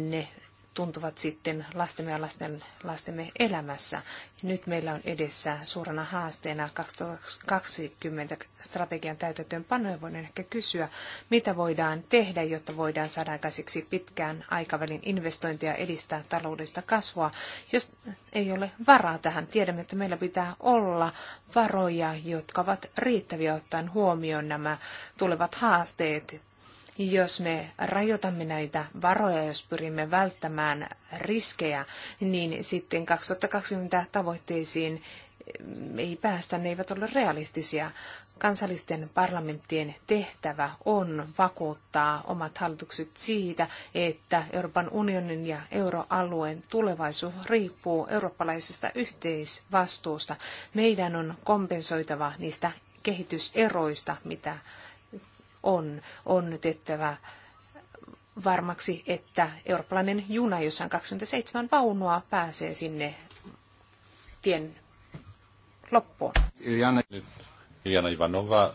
ne tuntuvat sitten lastemme ja lasten, lastemme elämässä. Nyt meillä on edessä suurena haasteena 2020 strategian täytäntöönpanoja. Voin ehkä kysyä, mitä voidaan tehdä, jotta voidaan saada aikaiseksi pitkään aikavälin investointia edistää taloudellista kasvua, jos ei ole varaa tähän. Tiedämme, että meillä pitää olla varoja, jotka ovat riittäviä ottaen huomioon nämä tulevat haasteet jos me rajoitamme näitä varoja, jos pyrimme välttämään riskejä, niin sitten 2020 tavoitteisiin eh, ei päästä, ne eivät ole realistisia. Kansallisten parlamenttien tehtävä on vakuuttaa omat hallitukset siitä, että Euroopan unionin ja euroalueen tulevaisuus riippuu eurooppalaisesta yhteisvastuusta. Meidän on kompensoitava niistä kehityseroista, mitä on. On nyt tehtävä varmaksi, että eurooppalainen juna, jossa on 27 vaunua, pääsee sinne tien loppuun. Iljana, Iljana Ivanova,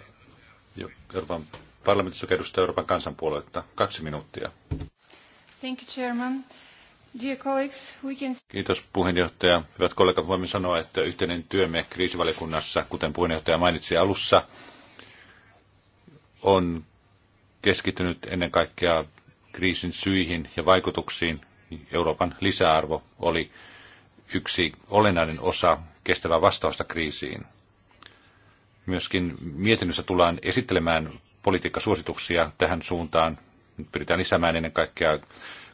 Euroopan parlamentissa edustaa Euroopan kansanpuoluetta. Kaksi minuuttia. Thank you, Chairman. Dear colleagues, we can... Kiitos puheenjohtaja. Hyvät kollegat, voimme sanoa, että yhteinen työmme kriisivaliokunnassa, kuten puheenjohtaja mainitsi alussa, on keskittynyt ennen kaikkea kriisin syihin ja vaikutuksiin. Euroopan lisäarvo oli yksi olennainen osa kestävää vastausta kriisiin. Myöskin mietinnössä tullaan esittelemään politiikkasuosituksia tähän suuntaan. Nyt pyritään lisäämään ennen kaikkea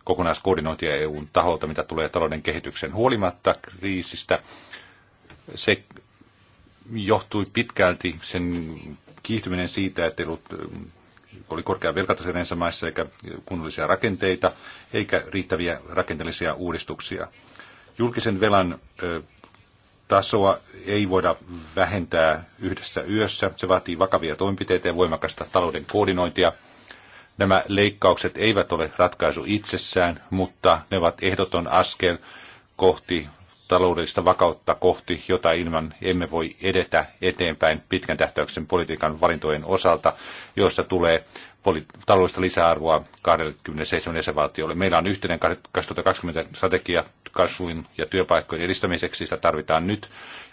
kokonaiskoordinointia EUn taholta, mitä tulee talouden kehityksen huolimatta kriisistä. Se johtui pitkälti sen kiihtyminen siitä, että ei ollut, äh, oli korkea velkataso näissä maissa eikä kunnollisia rakenteita eikä riittäviä rakenteellisia uudistuksia. Julkisen velan tasoa ei voida vähentää yhdessä yössä. Se vaatii vakavia toimenpiteitä ja voimakasta talouden koordinointia. Nämä leikkaukset eivät ole ratkaisu itsessään, mutta ne ovat ehdoton askel kohti taloudellista vakautta kohti, jota ilman emme voi edetä eteenpäin pitkän tähtäyksen politiikan valintojen osalta, joista tulee taloudellista lisäarvoa 27 jäsenvaltiolle. Meillä on yhteinen 2020 strategia kasvun ja työpaikkojen edistämiseksi, sitä tarvitaan nyt,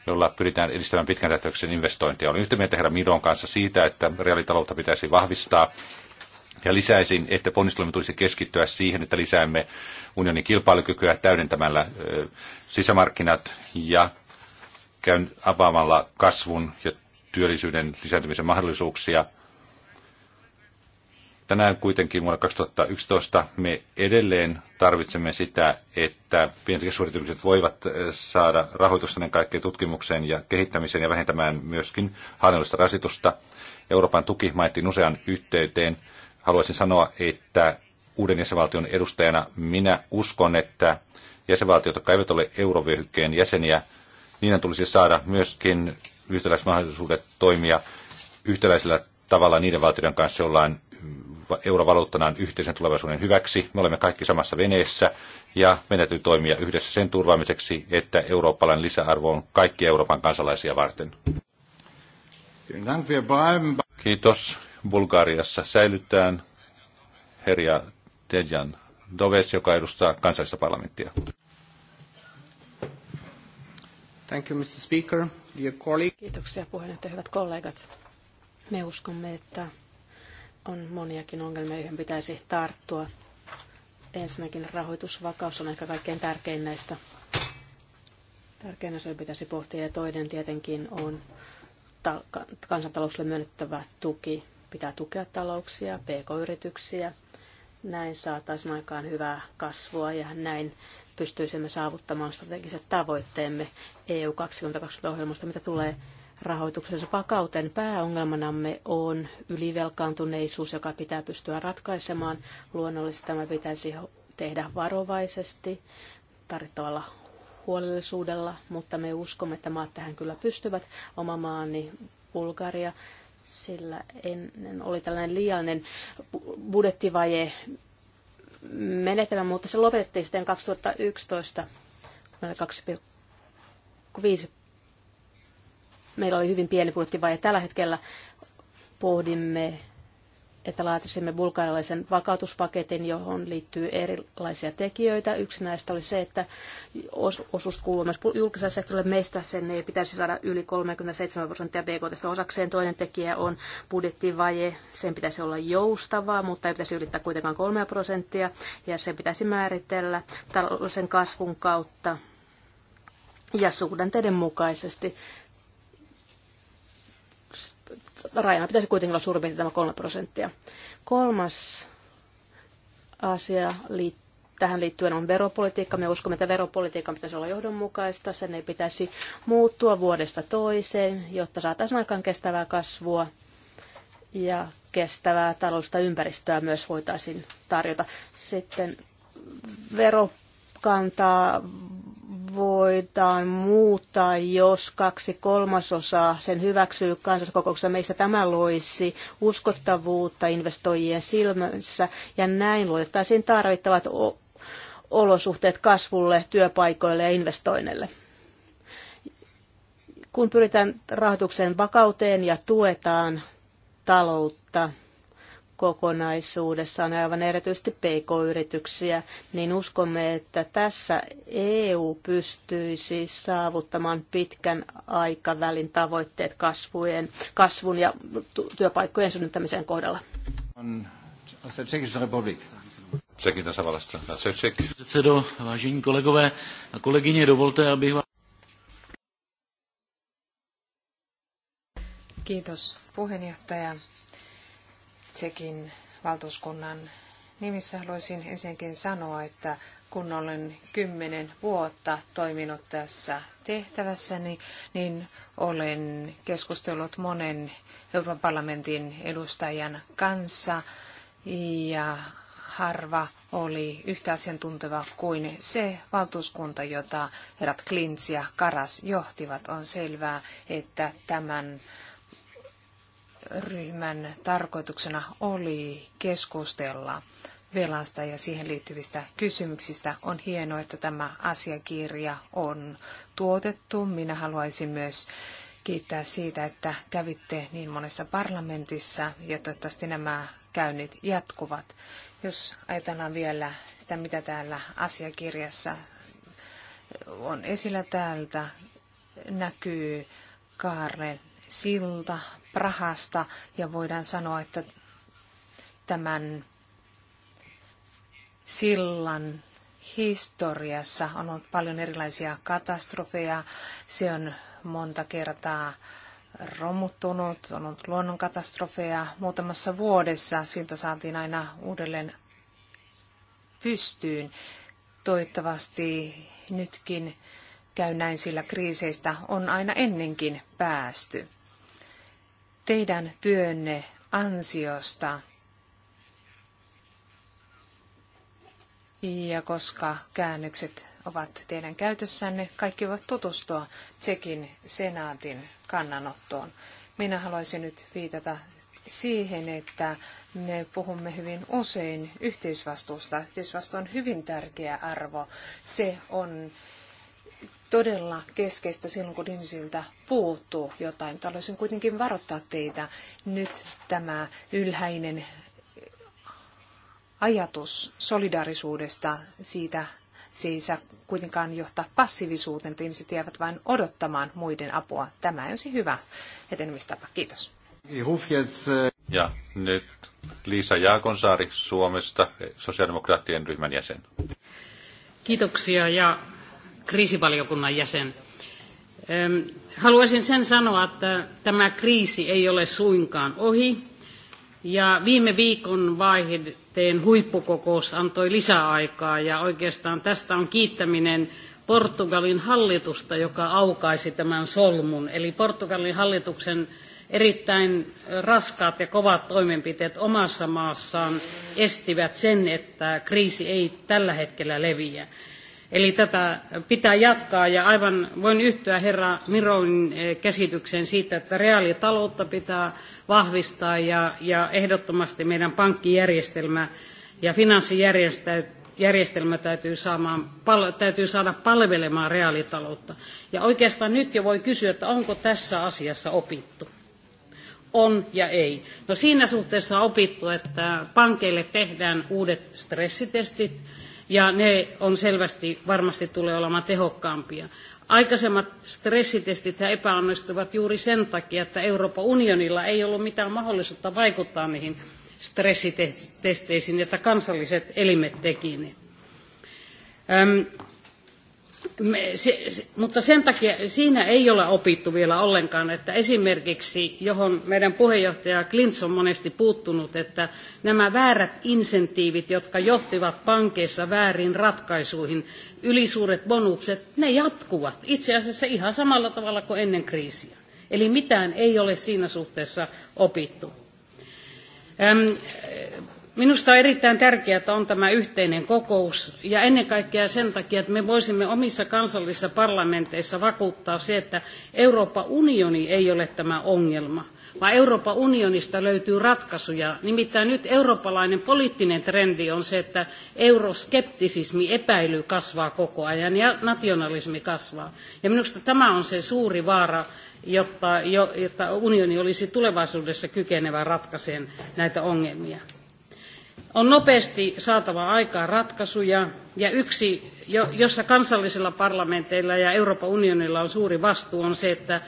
jolla pyritään edistämään pitkän tähtäyksen investointeja. Olen yhtä mieltä herra Midon kanssa siitä, että reaalitaloutta pitäisi vahvistaa ja lisäisin, että ponnistelumme tulisi keskittyä siihen, että lisäämme unionin kilpailukykyä täydentämällä sisämarkkinat ja käyn avaamalla kasvun ja työllisyyden lisääntymisen mahdollisuuksia. Tänään kuitenkin vuonna 2011 me edelleen tarvitsemme sitä, että pienet ja voivat saada rahoitusta ennen kaikkea tutkimukseen ja kehittämiseen ja vähentämään myöskin hallinnollista rasitusta. Euroopan tuki mainittiin usean yhteyteen – haluaisin sanoa, että uuden jäsenvaltion edustajana minä uskon, että jäsenvaltiot, jotka eivät ole eurovyöhykkeen jäseniä, niiden tulisi saada myöskin yhtäläiset mahdollisuudet toimia yhtäläisellä tavalla niiden valtioiden kanssa, joilla on eurovaluuttanaan yhteisen tulevaisuuden hyväksi. Me olemme kaikki samassa veneessä ja meidän täytyy toimia yhdessä sen turvaamiseksi, että eurooppalainen lisäarvo on kaikki Euroopan kansalaisia varten. Kiitos. Bulgariassa säilytään herja Dejan Doves, joka edustaa kansallista parlamenttia. Thank you, Mr. Speaker. Dear colleague. Kiitoksia puheenjohtaja, hyvät kollegat. Me uskomme, että on moniakin ongelmia, joihin pitäisi tarttua. Ensinnäkin rahoitusvakaus on ehkä kaikkein tärkein näistä. Tärkein asia pitäisi pohtia ja toinen tietenkin on kansantaloudelle myönnettävä tuki Pitää tukea talouksia, pk-yrityksiä. Näin saataisiin aikaan hyvää kasvua ja näin pystyisimme saavuttamaan strategiset tavoitteemme EU 2020-ohjelmasta, mitä tulee rahoituksensa vakauteen. Pääongelmanamme on ylivelkaantuneisuus, joka pitää pystyä ratkaisemaan. Luonnollisesti tämä pitäisi tehdä varovaisesti, tarvittavalla huolellisuudella, mutta me uskomme, että maat tähän kyllä pystyvät. Oma maani Bulgaria sillä ennen oli tällainen liiallinen budjettivaje menetelmä, mutta se lopetettiin sitten 2011 2,5. Meillä oli hyvin pieni budjettivaje. Tällä hetkellä pohdimme että laatisimme bulgarialaisen vakautuspaketin, johon liittyy erilaisia tekijöitä. Yksi näistä oli se, että osuus kuuluu myös julkiselle sektorille. Meistä sen ei pitäisi saada yli 37 prosenttia BKT osakseen. Toinen tekijä on budjettivaje. Sen pitäisi olla joustavaa, mutta ei pitäisi ylittää kuitenkaan 3 prosenttia. Ja sen pitäisi määritellä taloudellisen kasvun kautta ja suhdanteiden mukaisesti rajana pitäisi kuitenkin olla suurin piirtein tämä 3 prosenttia. Kolmas asia liittyy tähän liittyen on veropolitiikka. Me uskomme, että veropolitiikan pitäisi olla johdonmukaista, sen ei pitäisi muuttua vuodesta toiseen, jotta saataisiin aikaan kestävää kasvua ja kestävää taloudellista ympäristöä myös voitaisiin tarjota. Sitten verokantaa voidaan muuttaa, jos kaksi kolmasosaa sen hyväksyy kansaskokouksessa. Meistä tämä loisi uskottavuutta investoijien silmässä ja näin luotettaisiin tarvittavat olosuhteet kasvulle, työpaikoille ja investoinneille. Kun pyritään rahoituksen vakauteen ja tuetaan taloutta, kokonaisuudessaan aivan erityisesti pk-yrityksiä, niin uskomme, että tässä EU pystyisi saavuttamaan pitkän aikavälin tavoitteet kasvujen, kasvun ja työpaikkojen synnyttämisen kohdalla. On, Tsekin tasavallasta. Tsekik. Předsedo, vážení kolegové a kolegyně, dovolte, abych vám... Kiitos puheenjohtaja. Tsekin valtuuskunnan nimissä haluaisin ensinnäkin sanoa, että kun olen kymmenen vuotta toiminut tässä tehtävässäni, niin olen keskustellut monen Euroopan parlamentin edustajan kanssa ja harva oli yhtä asiantunteva kuin se valtuuskunta, jota herrat Klintz ja Karas johtivat. On selvää, että tämän ryhmän tarkoituksena oli keskustella velasta ja siihen liittyvistä kysymyksistä. On hienoa, että tämä asiakirja on tuotettu. Minä haluaisin myös kiittää siitä, että kävitte niin monessa parlamentissa ja toivottavasti nämä käynnit jatkuvat. Jos ajatellaan vielä sitä, mitä täällä asiakirjassa on esillä täältä, näkyy Kaarlen silta Prahasta ja voidaan sanoa, että tämän sillan historiassa on ollut paljon erilaisia katastrofeja. Se on monta kertaa romuttunut, on ollut luonnonkatastrofeja. Muutamassa vuodessa siltä saatiin aina uudelleen pystyyn. Toivottavasti nytkin käy näin, sillä kriiseistä on aina ennenkin päästy teidän työnne ansiosta. Ja koska käännökset ovat teidän käytössänne, kaikki voivat tutustua Tsekin senaatin kannanottoon. Minä haluaisin nyt viitata siihen, että me puhumme hyvin usein yhteisvastuusta. Yhteisvastuu on hyvin tärkeä arvo. Se on todella keskeistä silloin, kun ihmisiltä puuttuu jotain. Mutta haluaisin kuitenkin varoittaa teitä nyt tämä ylhäinen ajatus solidaarisuudesta siitä siis kuitenkaan johtaa passiivisuuteen, että ihmiset jäävät vain odottamaan muiden apua. Tämä on se hyvä etenemistapa. Kiitos. Ja nyt Liisa Jaakonsaari Suomesta, sosiaalidemokraattien ryhmän jäsen. Kiitoksia ja kriisivaliokunnan jäsen. Haluaisin sen sanoa, että tämä kriisi ei ole suinkaan ohi. Ja viime viikon vaihteen huippukokous antoi lisäaikaa ja oikeastaan tästä on kiittäminen Portugalin hallitusta, joka aukaisi tämän solmun. Eli Portugalin hallituksen erittäin raskaat ja kovat toimenpiteet omassa maassaan estivät sen, että kriisi ei tällä hetkellä leviä. Eli tätä pitää jatkaa ja aivan voin yhtyä herra Mironin eh, käsitykseen siitä, että reaalitaloutta pitää vahvistaa ja, ja ehdottomasti meidän pankkijärjestelmä ja finanssijärjestelmä täytyy, saamaan, pal, täytyy saada palvelemaan reaalitaloutta. Ja oikeastaan nyt jo voi kysyä, että onko tässä asiassa opittu on ja ei. No siinä suhteessa on opittu, että pankeille tehdään uudet stressitestit ja ne on selvästi varmasti tulee olemaan tehokkaampia. Aikaisemmat stressitestit epäonnistuivat juuri sen takia, että Euroopan unionilla ei ollut mitään mahdollisuutta vaikuttaa niihin stressitesteisiin, joita kansalliset elimet teki me, se, se, mutta sen takia siinä ei ole opittu vielä ollenkaan, että esimerkiksi, johon meidän puheenjohtaja Klints on monesti puuttunut, että nämä väärät insentiivit, jotka johtivat pankeissa väärin ratkaisuihin, ylisuuret bonukset, ne jatkuvat itse asiassa ihan samalla tavalla kuin ennen kriisiä. Eli mitään ei ole siinä suhteessa opittu. Minusta on erittäin tärkeää, että on tämä yhteinen kokous ja ennen kaikkea sen takia, että me voisimme omissa kansallisissa parlamenteissa vakuuttaa se, että Euroopan unioni ei ole tämä ongelma, vaan Euroopan unionista löytyy ratkaisuja. Nimittäin nyt eurooppalainen poliittinen trendi on se, että euroskeptisismi, epäily kasvaa koko ajan ja nationalismi kasvaa. Ja minusta tämä on se suuri vaara, jotta, jotta unioni olisi tulevaisuudessa kykenevä ratkaiseen näitä ongelmia. On nopeasti saatava aikaa ratkaisuja, ja yksi, jossa kansallisilla parlamenteilla ja Euroopan unionilla on suuri vastuu, on se, että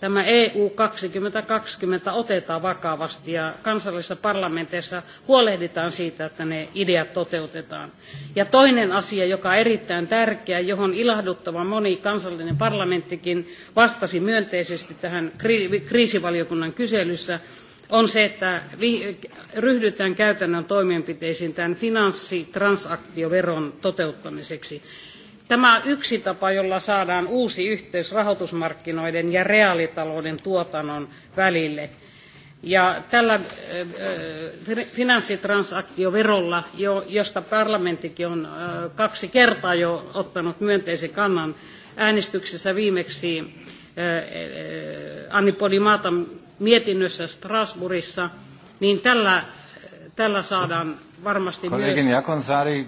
tämä EU 2020 otetaan vakavasti ja kansallisissa parlamenteissa huolehditaan siitä, että ne ideat toteutetaan. Ja toinen asia, joka on erittäin tärkeä, johon ilahduttavan moni kansallinen parlamenttikin vastasi myönteisesti tähän kriisivaliokunnan kyselyssä, on se, että ryhdytään käytännön toimenpiteisiin tämän finanssitransaktioveron toteuttamiseksi. Tämä on yksi tapa, jolla saadaan uusi yhteys rahoitusmarkkinoiden ja reaalitalouden tuotannon välille. Ja tällä finanssitransaktioverolla, josta parlamenttikin on kaksi kertaa jo ottanut myönteisen kannan äänestyksessä viimeksi Anni Podimatan mietinnössä Strasbourgissa, niin tällä, tällä saadaan varmasti Kollegin myös... Jakonsari,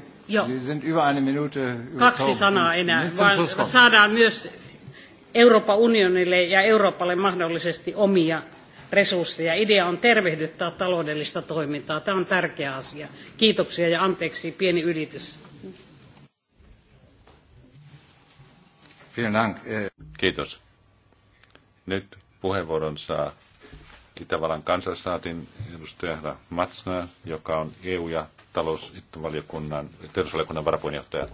sind über eine Minute Kaksi sanaa enää, vaan saadaan myös Euroopan unionille ja Euroopalle mahdollisesti omia resursseja. Idea on tervehdyttää taloudellista toimintaa. Tämä on tärkeä asia. Kiitoksia ja anteeksi pieni ylitys. Eh. Kiitos. Nyt puheenvuoron saa Itävallan kansallisaatin edustaja Matsna, joka on EU- ja talousvaliokunnan, varapuheenjohtaja.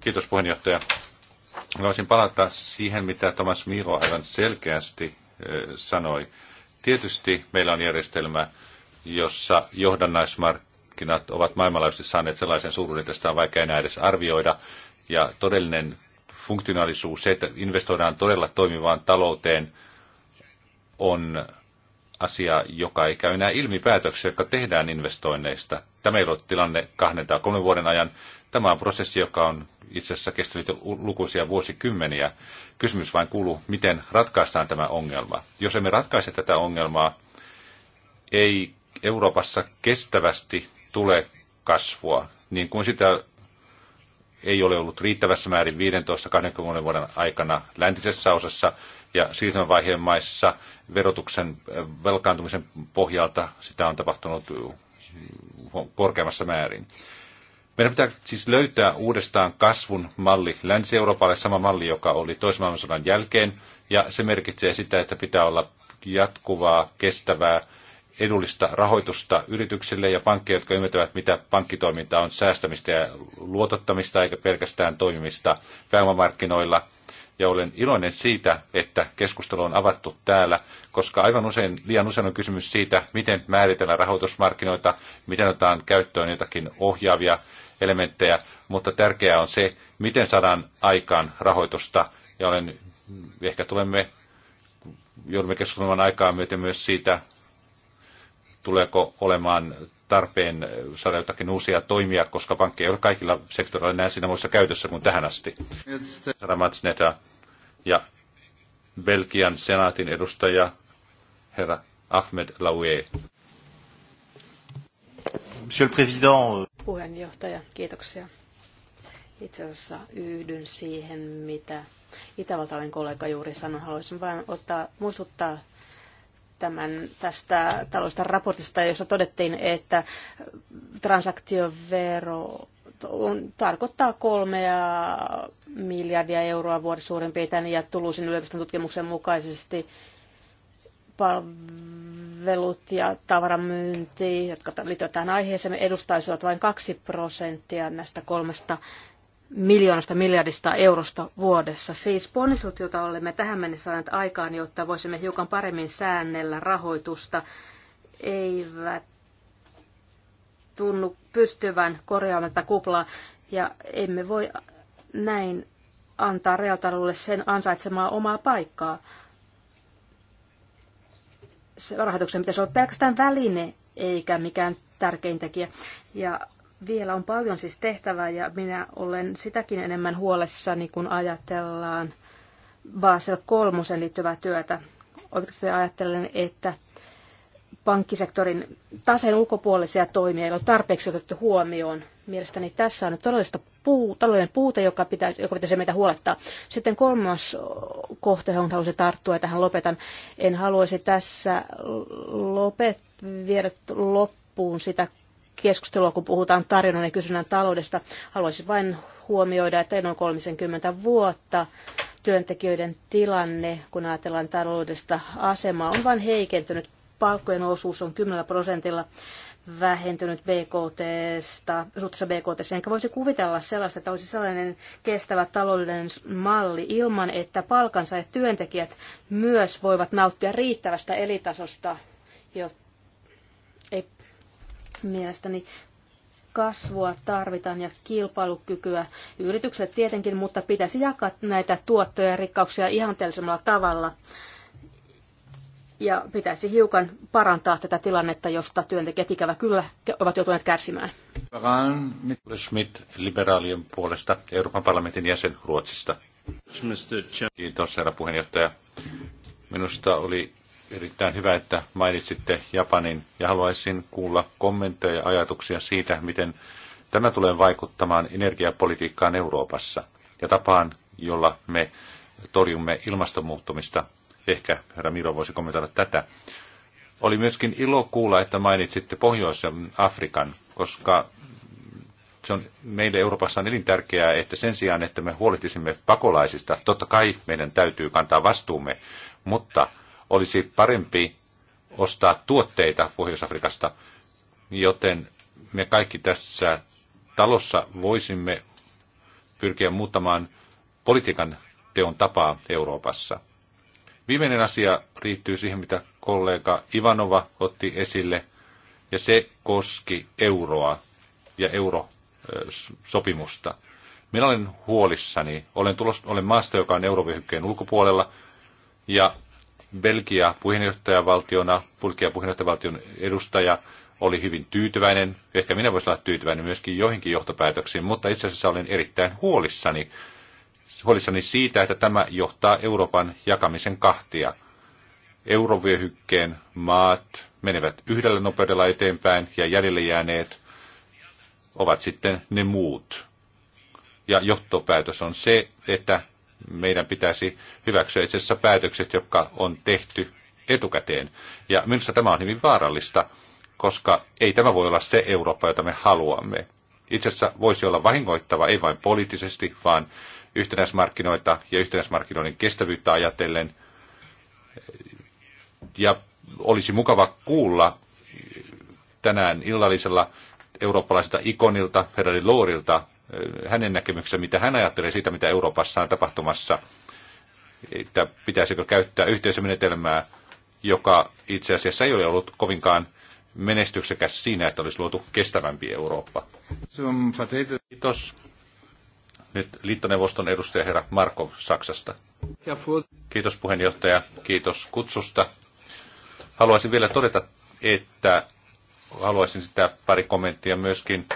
Kiitos puheenjohtaja. Haluaisin palata siihen, mitä Thomas Miro aivan selkeästi eh, sanoi. Tietysti meillä on järjestelmä, jossa johdannaismarkkinat ovat maailmanlaajuisesti saaneet sellaisen suuruuden, että sitä on vaikea enää edes arvioida. Ja todellinen funktionaalisuus, se, että investoidaan todella toimivaan talouteen, on asia, joka ei käy enää ilmi päätöksiä, jotka tehdään investoinneista. Tämä ei ole tilanne kahden tai kolmen vuoden ajan. Tämä on prosessi, joka on itse asiassa kestänyt lukuisia vuosikymmeniä. Kysymys vain kuuluu, miten ratkaistaan tämä ongelma. Jos emme ratkaise tätä ongelmaa, ei Euroopassa kestävästi tule kasvua, niin kuin sitä ei ole ollut riittävässä määrin 15-20 vuoden aikana läntisessä osassa ja siirtymävaiheen maissa verotuksen velkaantumisen pohjalta sitä on tapahtunut korkeammassa määrin. Meidän pitää siis löytää uudestaan kasvun malli Länsi-Euroopalle, sama malli, joka oli toisen maailmansodan jälkeen, ja se merkitsee sitä, että pitää olla jatkuvaa, kestävää, edullista rahoitusta yrityksille ja pankkeille, jotka ymmärtävät, mitä pankkitoiminta on säästämistä ja luotottamista, eikä pelkästään toimimista pääomamarkkinoilla – ja olen iloinen siitä, että keskustelu on avattu täällä, koska aivan usein, liian usein on kysymys siitä, miten määritellään rahoitusmarkkinoita, miten otetaan käyttöön jotakin ohjaavia elementtejä, mutta tärkeää on se, miten saadaan aikaan rahoitusta, ja olen, ehkä tulemme, joudumme keskustelemaan aikaa myöten myös siitä, tuleeko olemaan tarpeen saada jotakin uusia toimia, koska pankki ei ole kaikilla sektoreilla enää siinä muissa käytössä kuin tähän asti. Saramat Sneta ja Belgian senaatin edustaja herra Ahmed Laue. Monsieur le Président. Euh, Puheenjohtaja, kiitoksia. Itse asiassa yhdyn siihen, mitä itävaltalainen kollega juuri sanoi. Haluaisin vain ottaa, muistuttaa tämän, tästä talousta raportista, jossa todettiin, että transaktiovero on, tarkoittaa kolmea miljardia euroa vuodessa suurin piirtein ja Tuluisin yliopiston tutkimuksen mukaisesti palvelut ja tavaramyynti, jotka liittyvät tähän aiheeseen, edustaisivat vain 2 prosenttia näistä kolmesta miljoonasta miljardista eurosta vuodessa. Siis ponnistelut, joita olemme tähän mennessä saaneet aikaan, jotta voisimme hiukan paremmin säännellä rahoitusta, eivät tunnu pystyvän korjaamaan tätä kuplaa ja emme voi näin antaa realtalolle sen ansaitsemaa omaa paikkaa. Se rahoituksen pitäisi olla pelkästään väline eikä mikään tärkein tekijä. Ja vielä on paljon siis tehtävää ja minä olen sitäkin enemmän huolessani, kun ajatellaan Basel kolmosen liittyvää työtä. Oikeastaan ajattelen, että pankkisektorin taseen ulkopuolisia toimia ei ole tarpeeksi otettu huomioon. Mielestäni tässä on nyt todellista puu, talouden puute, joka, pitää, joka pitäisi meitä huolettaa. Sitten kolmas kohta, johon haluaisin tarttua ja tähän lopetan. En haluaisi tässä lopet, viedä loppuun sitä keskustelua, kun puhutaan tarjonnan ja kysynnän taloudesta. Haluaisin vain huomioida, että noin 30 vuotta työntekijöiden tilanne, kun ajatellaan taloudesta asemaa, on vain heikentynyt palkkojen osuus on 10 prosentilla vähentynyt BKTstä, suhteessa BKT. Enkä voisi kuvitella sellaista, että olisi sellainen kestävä taloudellinen malli ilman, että palkansa ja työntekijät myös voivat nauttia riittävästä elitasosta, jo ei mielestäni kasvua tarvitaan ja kilpailukykyä yritykselle tietenkin, mutta pitäisi jakaa näitä tuottoja ja rikkauksia ihanteellisemmalla tavalla ja pitäisi hiukan parantaa tätä tilannetta, josta työntekijät ikävä kyllä ovat joutuneet kärsimään. Schmidt liberaalien puolesta Euroopan parlamentin jäsen Ruotsista. Kiitos herra puheenjohtaja. Minusta oli erittäin hyvä, että mainitsitte Japanin ja haluaisin kuulla kommentteja ja ajatuksia siitä, miten tämä tulee vaikuttamaan energiapolitiikkaan Euroopassa ja tapaan, jolla me torjumme ilmastonmuuttumista Ehkä herra Miro voisi kommentoida tätä. Oli myöskin ilo kuulla, että mainitsitte Pohjois-Afrikan, koska se on meille Euroopassa on elintärkeää, että sen sijaan, että me huolehtisimme pakolaisista, totta kai meidän täytyy kantaa vastuumme, mutta olisi parempi ostaa tuotteita Pohjois-Afrikasta, joten me kaikki tässä talossa voisimme pyrkiä muuttamaan politiikan teon tapaa Euroopassa. Viimeinen asia liittyy siihen, mitä kollega Ivanova otti esille, ja se koski euroa ja eurosopimusta. Minä olen huolissani. Olen, tulos, olen maasta, joka on eurovyöhykkeen ulkopuolella, ja Belgia puheenjohtajavaltiona, Bulgia puheenjohtajavaltion edustaja oli hyvin tyytyväinen. Ehkä minä voisin olla tyytyväinen myöskin joihinkin johtopäätöksiin, mutta itse asiassa olen erittäin huolissani huolissani siitä, että tämä johtaa Euroopan jakamisen kahtia. Eurovyöhykkeen maat menevät yhdellä nopeudella eteenpäin ja jäljelle jääneet ovat sitten ne muut. Ja johtopäätös on se, että meidän pitäisi hyväksyä itse asiassa päätökset, jotka on tehty etukäteen. Ja minusta tämä on hyvin vaarallista, koska ei tämä voi olla se Eurooppa, jota me haluamme. Itse asiassa voisi olla vahingoittava ei vain poliittisesti, vaan yhtenäismarkkinoita ja yhtenäismarkkinoiden kestävyyttä ajatellen. Ja olisi mukava kuulla tänään illallisella eurooppalaiselta ikonilta, Ferrari Loorilta, hänen näkemyksensä, mitä hän ajattelee siitä, mitä Euroopassa on tapahtumassa, että pitäisikö käyttää yhteisömenetelmää, joka itse asiassa ei ole ollut kovinkaan menestyksekäs siinä, että olisi luotu kestävämpi Eurooppa. Kiitos. Nyt liittoneuvoston edustaja herra Markov Saksasta. Kiitos puheenjohtaja, kiitos kutsusta. Haluaisin vielä todeta, että haluaisin sitä pari kommenttia myöskin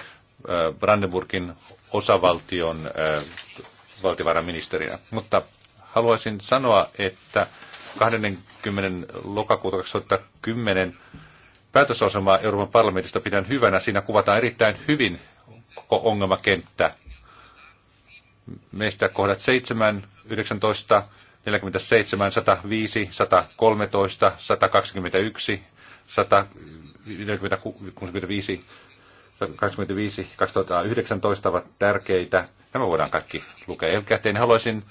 Brandenburgin osavaltion valtiovarainministerinä. Mutta haluaisin sanoa, että 20. lokakuuta 2010 päätösasemaa Euroopan parlamentista pidän hyvänä. Siinä kuvataan erittäin hyvin koko ongelmakenttä meistä kohdat 7, 19, 47, 105, 113, 121, 145, 25, 2019 ovat tärkeitä. Nämä voidaan kaikki lukea jälkikäteen. Haluaisin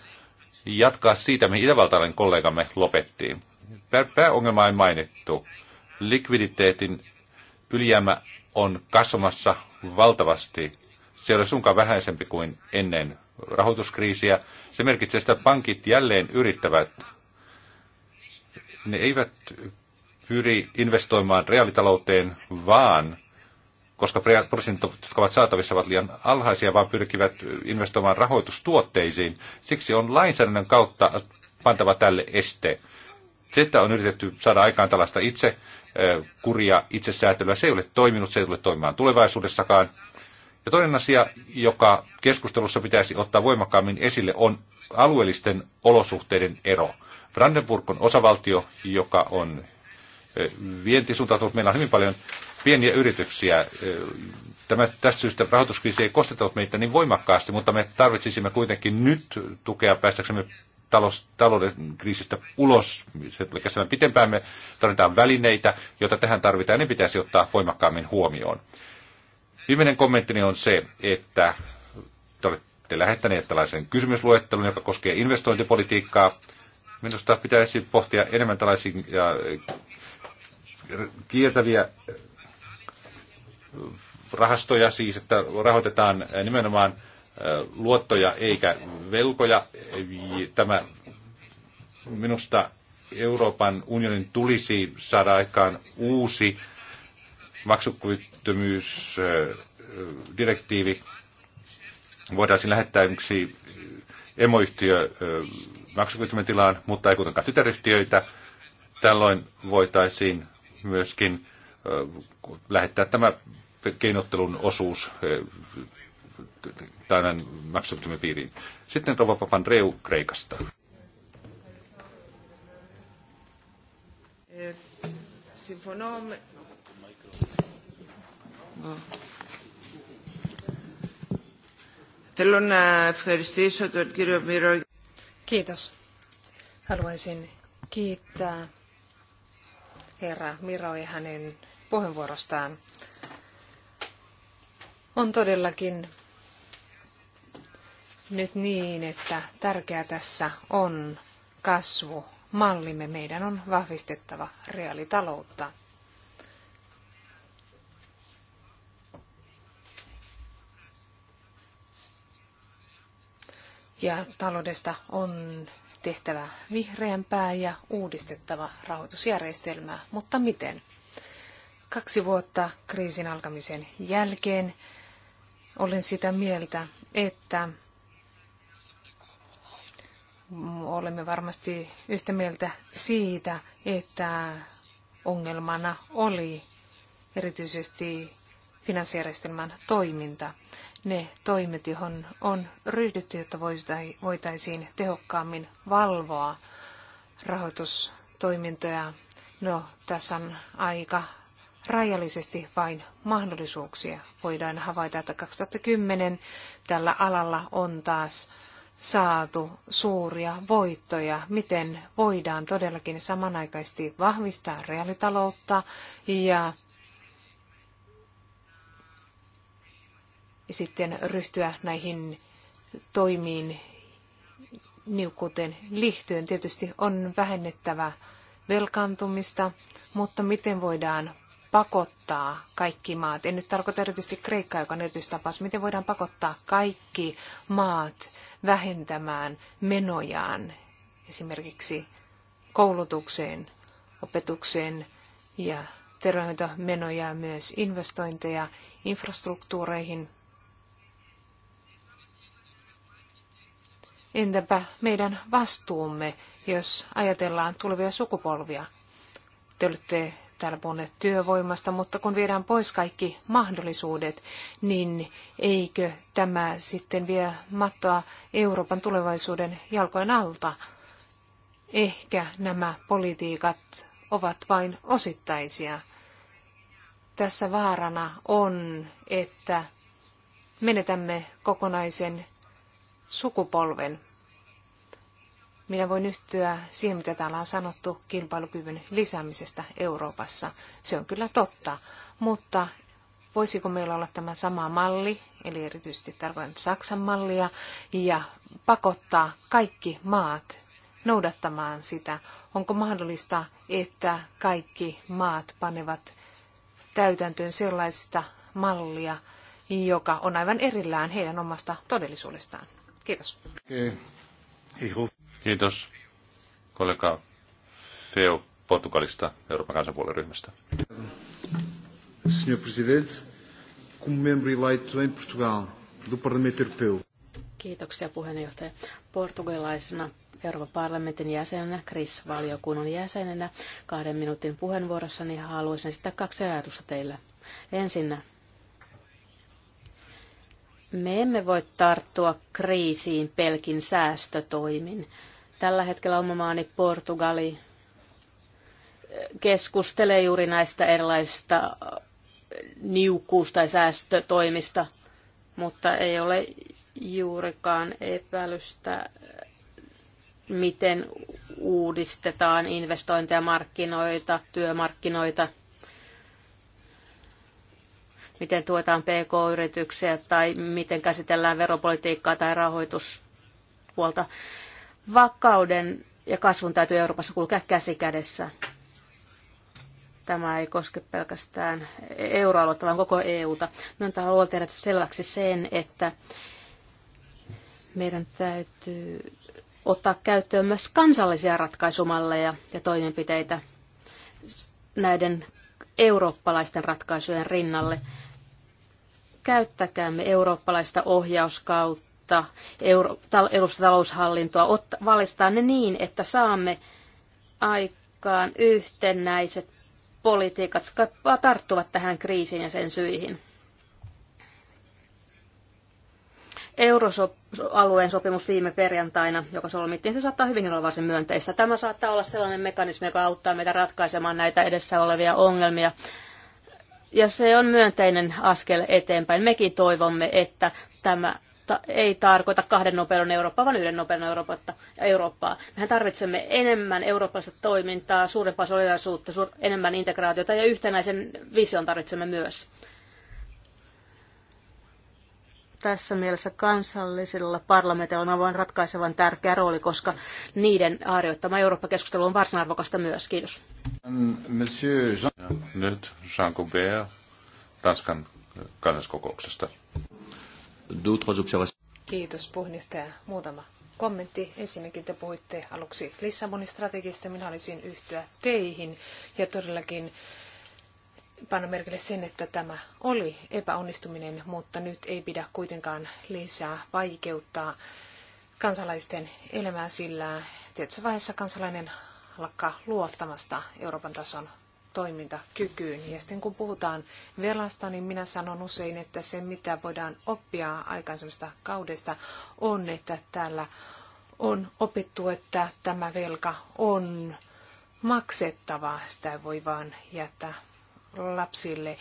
jatkaa siitä, mihin itävaltalainen kollegamme lopettiin. Pääongelma ei mainittu. Likviditeetin ylijäämä on kasvamassa valtavasti. Se ei ole sunkaan vähäisempi kuin ennen rahoituskriisiä. Se merkitsee sitä, että pankit jälleen yrittävät. Ne eivät pyri investoimaan reaalitalouteen, vaan koska prosentit, jotka ovat saatavissa, ovat liian alhaisia, vaan pyrkivät investoimaan rahoitustuotteisiin. Siksi on lainsäädännön kautta pantava tälle este. Se, että on yritetty saada aikaan tällaista itse eh, kuria, itsesäätelyä, se ei ole toiminut, se ei tule toimimaan tulevaisuudessakaan. Ja toinen asia, joka keskustelussa pitäisi ottaa voimakkaammin esille, on alueellisten olosuhteiden ero. Brandenburg on osavaltio, joka on vientisuuntautunut. Meillä on hyvin paljon pieniä yrityksiä. Tämä, tästä syystä rahoituskriisi ei kostetellut meitä niin voimakkaasti, mutta me tarvitsisimme kuitenkin nyt tukea päästäksemme talous, talouden kriisistä ulos. Sen pitempään me tarvitaan välineitä, joita tähän tarvitaan ja ne pitäisi ottaa voimakkaammin huomioon. Viimeinen kommenttini on se, että te olette lähettäneet tällaisen kysymysluettelun, joka koskee investointipolitiikkaa. Minusta pitäisi pohtia enemmän tällaisia eh, kieltäviä eh, rahastoja siis, että rahoitetaan nimenomaan eh, luottoja eikä velkoja. Tämä minusta Euroopan unionin tulisi saada aikaan uusi maksukyvyt työttömyysdirektiivi voitaisiin lähettää yksi emoyhtiö maksukyvyttömän mutta ei kuitenkaan tytäryhtiöitä. Tällöin voitaisiin myöskin lähettää tämä keinottelun osuus tämän maksukyvyttömän piiriin. Sitten Rova reu Kreikasta. Συμφωνώ eh, Θέλω να ευχαριστήσω τον κύριο Μύρο. Haluaisin kiittää herra Miro ja hänen puheenvuorostaan. On todellakin nyt niin, että tärkeää tässä on kasvu. Mallimme meidän on vahvistettava reaalitaloutta. ja taloudesta on tehtävä vihreämpää ja uudistettava rahoitusjärjestelmää. Mutta miten? Kaksi vuotta kriisin alkamisen jälkeen olen sitä mieltä, että olemme varmasti yhtä mieltä siitä, että ongelmana oli erityisesti finanssijärjestelmän toiminta ne toimet, johon on ryhdytty, jotta voitaisiin tehokkaammin valvoa rahoitustoimintoja. No, tässä on aika rajallisesti vain mahdollisuuksia. Voidaan havaita, että 2010 tällä alalla on taas saatu suuria voittoja, miten voidaan todellakin samanaikaisesti vahvistaa reaalitaloutta ja sitten ryhtyä näihin toimiin niukkuuteen liittyen. Tietysti on vähennettävä velkaantumista, mutta miten voidaan pakottaa kaikki maat, en nyt tarkoita erityisesti Kreikkaa, joka on erityistapaus, miten voidaan pakottaa kaikki maat vähentämään menojaan esimerkiksi koulutukseen, opetukseen ja terveydenhoitomenoja, myös investointeja infrastruktuureihin Entäpä meidän vastuumme, jos ajatellaan tulevia sukupolvia? Te olette täällä puhuneet työvoimasta, mutta kun viedään pois kaikki mahdollisuudet, niin eikö tämä sitten vie mattoa Euroopan tulevaisuuden jalkojen alta? Ehkä nämä politiikat ovat vain osittaisia. Tässä vaarana on, että menetämme kokonaisen sukupolven. Minä voin yhtyä siihen, mitä täällä on sanottu kilpailukyvyn lisäämisestä Euroopassa. Se on kyllä totta, mutta voisiko meillä olla tämä sama malli, eli erityisesti tarkoitan Saksan mallia, ja pakottaa kaikki maat noudattamaan sitä. Onko mahdollista, että kaikki maat panevat täytäntöön sellaista mallia, joka on aivan erillään heidän omasta todellisuudestaan? Kiitos. Kiitos kollega Feo Portugalista, Euroopan kansanpuolen ryhmästä. Senhor Presidente, como membro eleito em Portugal do Parlamento Europeu. Kiitoksia puheenjohtaja. Portugalaisena Euroopan parlamentin jäsenenä, Kris-valiokunnan jäsenenä, kahden minuutin puheenvuorossani haluaisin sitä kaksi ajatusta teille. Ensinnä, me emme voi tarttua kriisiin pelkin säästötoimin. Tällä hetkellä oma maani Portugali eh, keskustelee juuri näistä erilaisista eh, niukkuus- tai säästötoimista, mutta ei ole juurikaan epäilystä, miten uudistetaan investointeja, markkinoita, työmarkkinoita – miten tuetaan PK-yrityksiä tai miten käsitellään veropolitiikkaa tai rahoituspuolta. Vakauden ja kasvun täytyy Euroopassa kulkea käsi kädessä. Tämä ei koske pelkästään euroaluetta, vaan koko EUta. Minä haluan tehdä selväksi sen, että meidän täytyy ottaa käyttöön myös kansallisia ratkaisumalleja ja toimenpiteitä näiden eurooppalaisten ratkaisujen rinnalle. Käyttäkäämme eurooppalaista ohjauskautta, euro, tal, taloushallintoa, valistaa ne niin, että saamme aikaan yhtenäiset politiikat, jotka tarttuvat tähän kriisiin ja sen syihin. euroalueen sopimus viime perjantaina, joka solmittiin, se saattaa hyvinkin olla varsin myönteistä. Tämä saattaa olla sellainen mekanismi, joka auttaa meitä ratkaisemaan näitä edessä olevia ongelmia. Ja se on myönteinen askel eteenpäin. Mekin toivomme, että tämä ei tarkoita kahden nopeuden Eurooppaa, vaan yhden nopeuden Eurooppaa. Mehän tarvitsemme enemmän eurooppalaista toimintaa, suurempaa solidaisuutta, enemmän integraatiota ja yhtenäisen vision tarvitsemme myös. Tässä mielessä kansallisilla parlamentilla on aivan ratkaisevan tärkeä rooli, koska niiden harjoittama Eurooppa-keskustelu on varsin arvokasta myös. Kiitos. Um, monsieur Jean... Nyt Jean Coubert Tanskan kansalliskokouksesta. Kiitos puheenjohtaja. Muutama kommentti. Ensinnäkin te puhuitte aluksi Lissabonin strategista. Minä olisin yhtyä teihin ja todellakin panna merkille sen, että tämä oli epäonnistuminen, mutta nyt ei pidä kuitenkaan lisää vaikeuttaa kansalaisten elämää, sillä tietyssä vaiheessa kansalainen lakkaa luottamasta Euroopan tason toimintakykyyn. Ja sitten kun puhutaan velasta, niin minä sanon usein, että se mitä voidaan oppia aikaisemmasta kaudesta on, että täällä on opittu, että tämä velka on maksettava. Sitä ei voi vaan jättää lapsille.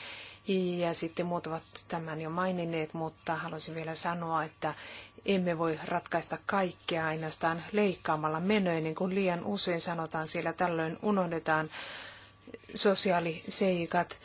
Ja sitten muut ovat tämän jo maininneet, mutta haluaisin vielä sanoa, että emme voi ratkaista kaikkea ainoastaan leikkaamalla menoja, niin kuin liian usein sanotaan, siellä tällöin unohdetaan sosiaaliseikat,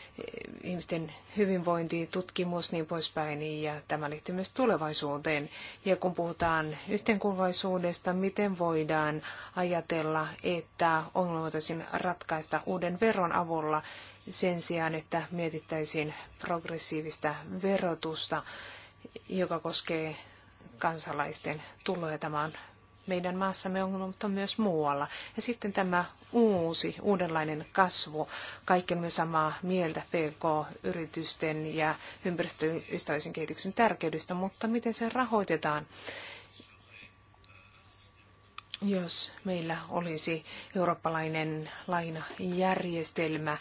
ihmisten hyvinvointi, tutkimus niin poispäin, ja tämä liittyy myös tulevaisuuteen. Ja kun puhutaan yhteenkuuluvaisuudesta, miten voidaan ajatella, että ongelma voitaisiin ratkaista uuden veron avulla sen sijaan, että mietittäisiin progressiivista verotusta, joka koskee kansalaisten tuloja. Tämä on meidän maassamme on mutta myös muualla. Ja sitten tämä uusi, uudenlainen kasvu. Kaikki olemme samaa mieltä PK-yritysten ja ympäristöystävällisen kehityksen tärkeydestä, mutta miten se rahoitetaan? jos meillä olisi eurooppalainen lainajärjestelmä,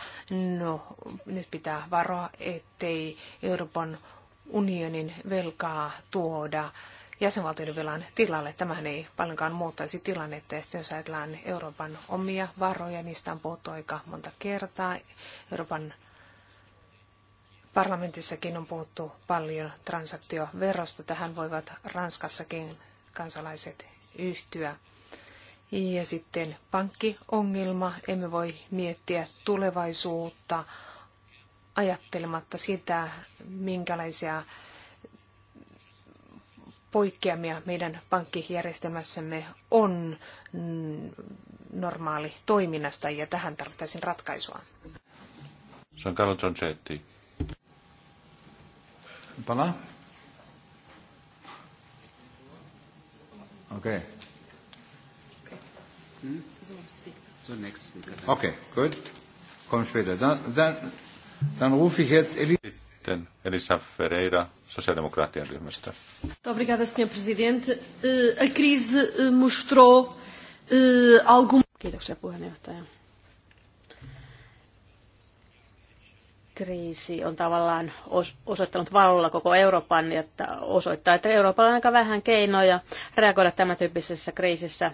no nyt pitää varoa, ettei Euroopan unionin velkaa tuoda jäsenvaltioiden velan tilalle. Tämähän ei paljonkaan muuttaisi tilannetta. Ja sitten jos ajatellaan Euroopan omia varoja, niistä on puhuttu aika monta kertaa. Euroopan parlamentissakin on puhuttu paljon transaktioverosta. Tähän voivat Ranskassakin kansalaiset yhtyä. Ja sitten pankkiongelma. Emme voi miettiä tulevaisuutta ajattelematta sitä, minkälaisia poikkeamia meidän pankkijärjestelmässämme on mm, normaali toiminnasta ja tähän tarvittaisiin ratkaisua. San Carlo Giorgetti. Pala? Okei. Okay. Hmm? So next speaker. Okay, good. Komm später. Dann, dann, dann rufe ich jetzt Elisabeth sitten Elisa Ferreira sosiaalidemokraattien ryhmästä. Obrigada, senhor presidente. Eh, a crise eh, mostrou eh, algum... Kiitoksia puheenjohtaja. kriisi on tavallaan osoittanut valolla koko Euroopan ja osoittaa, että Euroopalla on aika vähän keinoja reagoida tämän tyyppisessä kriisissä.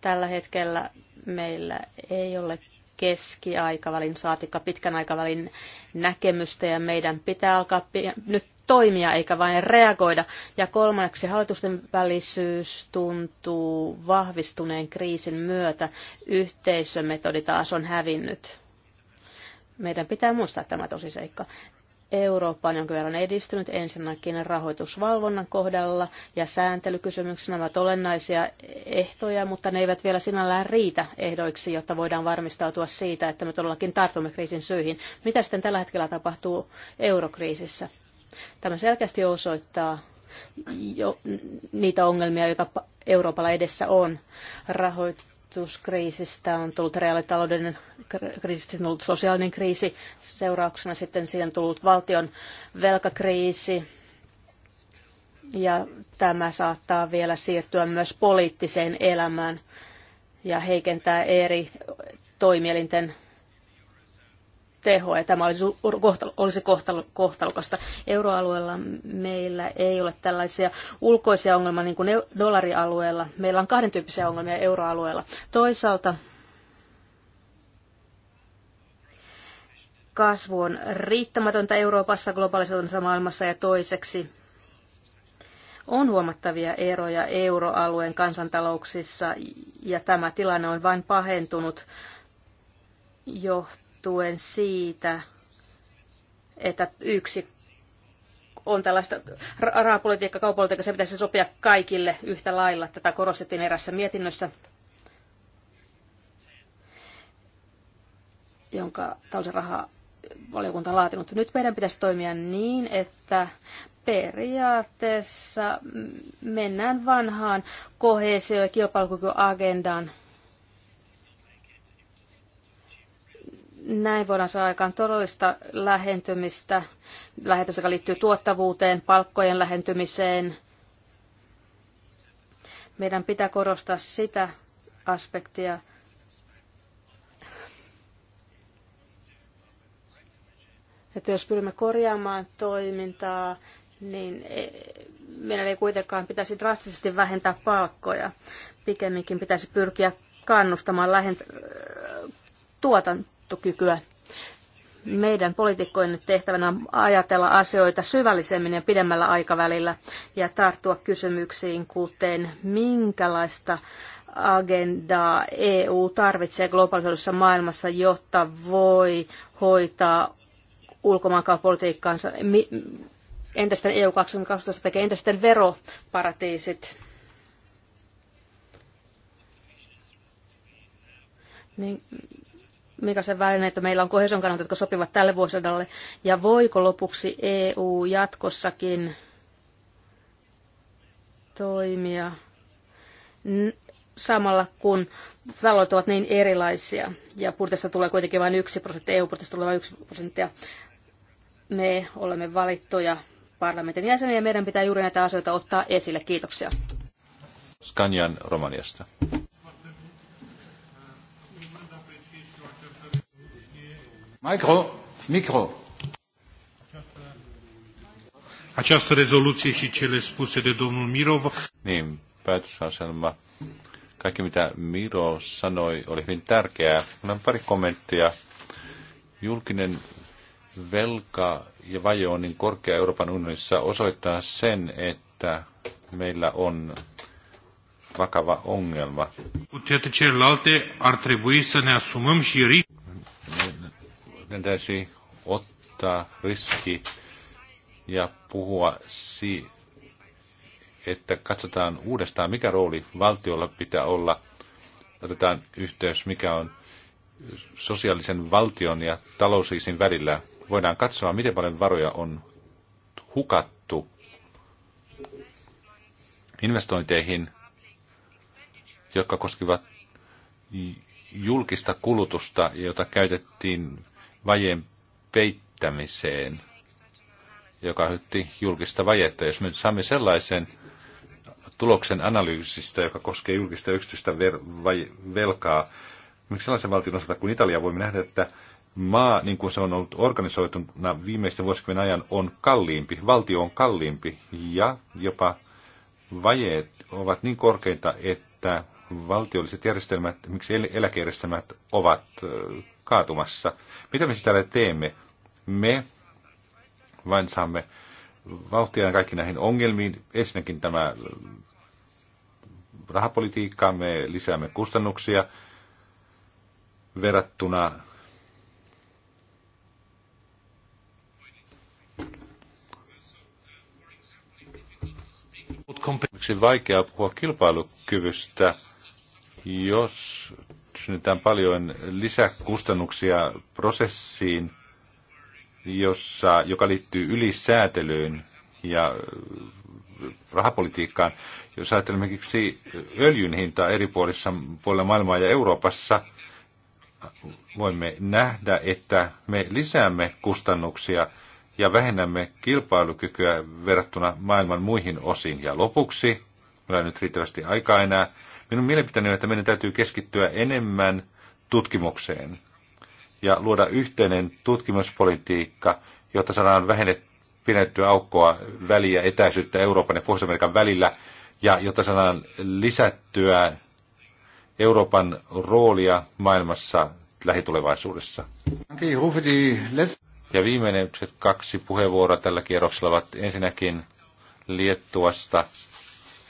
Tällä hetkellä meillä ei ole keskiaikavälin saatikka pitkän aikavälin näkemystä ja meidän pitää alkaa nyt toimia eikä vain reagoida. Ja kolmanneksi hallitusten välisyys tuntuu vahvistuneen kriisin myötä. Yhteisömetodi taas on hävinnyt. Meidän pitää muistaa tämä tosi seikka. Eurooppa on jonkin verran edistynyt ensinnäkin rahoitusvalvonnan kohdalla ja sääntelykysymyksenä ovat olennaisia ehtoja, mutta ne eivät vielä sinällään riitä ehdoiksi, jotta voidaan varmistautua siitä, että me todellakin tartumme kriisin syihin. Mitä sitten tällä hetkellä tapahtuu eurokriisissä? Tämä selkeästi osoittaa jo niitä ongelmia, joita Euroopalla edessä on. Rahoit rahoituskriisistä on tullut reaalitalouden kriisistä on tullut sosiaalinen kriisi, seurauksena sitten siihen on tullut valtion velkakriisi, ja tämä saattaa vielä siirtyä myös poliittiseen elämään ja heikentää eri toimielinten Teho, ja tämä olisi, olisi kohtalokasta. Euroalueella meillä ei ole tällaisia ulkoisia ongelmia niin kuin dollarialueella. Meillä on kahden tyyppisiä ongelmia euroalueella. Toisaalta kasvu on riittämätöntä Euroopassa, globalisoituneessa maailmassa ja toiseksi on huomattavia eroja euroalueen kansantalouksissa ja tämä tilanne on vain pahentunut jo johtuen siitä, että yksi on tällaista rahapolitiikka, kaupolitiikka, se pitäisi sopia kaikille yhtä lailla. Tätä korostettiin erässä mietinnössä, jonka tausen rahaa valiokunta on laatinut. Nyt meidän pitäisi toimia niin, että periaatteessa mennään vanhaan kohesio- ja kilpailukykyagendaan Näin voidaan saada aikaan todellista lähentymistä, lähentymistä, joka liittyy tuottavuuteen, palkkojen lähentymiseen. Meidän pitää korostaa sitä aspektia, että jos pyrimme korjaamaan toimintaa, niin e, meidän ei kuitenkaan pitäisi drastisesti vähentää palkkoja. Pikemminkin pitäisi pyrkiä kannustamaan lähent- tuotan, vastaanottokykyä. Meidän poliitikkojen tehtävänä on ajatella asioita syvällisemmin ja pidemmällä aikavälillä ja tarttua kysymyksiin, kuten minkälaista agendaa EU tarvitsee globaalisessa maailmassa, jotta voi hoitaa ulkomaankauppapolitiikkaansa. Entisten EU 2012 tekee entisten veroparatiisit. Niin, mikä se väline, että meillä on kohesion kannalta, jotka sopivat tälle vuosisadalle, ja voiko lopuksi EU jatkossakin toimia samalla kun taloudet ovat niin erilaisia, ja budjetista tulee kuitenkin vain yksi prosentti, EU-budjetista tulee vain yksi prosenttia. Me olemme valittuja parlamentin jäseniä, ja meidän pitää juuri näitä asioita ottaa esille. Kiitoksia. Skanjan Romaniasta. Micro, micro. Această rezoluție și cele spuse de domnul Mirov. Niin, päätösaselma. Kaikki mitä Miro sanoi oli hyvin tärkeää. Minulla on pari kommenttia. Julkinen velka ja vaje on niin korkea Euroopan unionissa osoittaa sen, että meillä on vakava ongelma meidän täytyy ottaa riski ja puhua siitä, että katsotaan uudestaan, mikä rooli valtiolla pitää olla. Otetaan yhteys, mikä on sosiaalisen valtion ja talouskriisin välillä. Voidaan katsoa, miten paljon varoja on hukattu investointeihin, jotka koskivat julkista kulutusta, jota käytettiin vajeen peittämiseen, joka hytti julkista vajetta. Jos me nyt saamme sellaisen tuloksen analyysistä, joka koskee julkista ja yksityistä ver- vai- velkaa, miksi sellaisen valtion osalta kuin Italia voimme nähdä, että maa, niin kuin se on ollut organisoituna viimeisten vuosikymmenen ajan, on kalliimpi, valtio on kalliimpi ja jopa vajeet ovat niin korkeita, että valtiolliset järjestelmät, miksi eläkejärjestelmät ovat kaatumassa. Mitä me sitä teemme? Me vain saamme vauhtia kaikki näihin ongelmiin. Ensinnäkin tämä rahapolitiikka, me lisäämme kustannuksia verrattuna vaikea puhua kilpailukyvystä, jos synnytään paljon lisäkustannuksia prosessiin, jossa, joka liittyy ylisäätelyyn ja äh, rahapolitiikkaan. Jos ajatellaan esimerkiksi öljyn hintaa eri puolissa, puolilla maailmaa ja Euroopassa, voimme nähdä, että me lisäämme kustannuksia ja vähennämme kilpailukykyä verrattuna maailman muihin osiin. Ja lopuksi, meillä on nyt riittävästi aikaa enää, Minun mielipiteeni on, että meidän täytyy keskittyä enemmän tutkimukseen ja luoda yhteinen tutkimuspolitiikka, jotta saadaan vähennettyä aukkoa väliä etäisyyttä Euroopan ja Pohjois-Amerikan välillä, ja jotta saadaan lisättyä Euroopan roolia maailmassa lähitulevaisuudessa. Ja viimeiset kaksi puheenvuoroa tällä kierroksella ovat ensinnäkin Liettuasta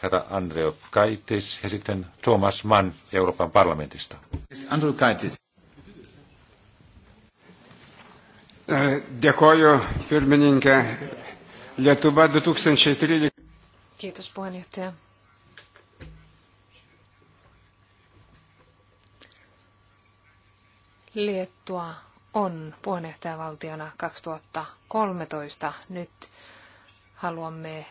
herra Andreo Kaitis ja sitten Thomas Mann Euroopan parlamentista. Andreo Kaitis. Äh, Dekoju, pirmininkė. Lietuva 2013. Kiitos puheenjohtaja. Liettua on puheenjohtajavaltiona 2013. Nyt haluamme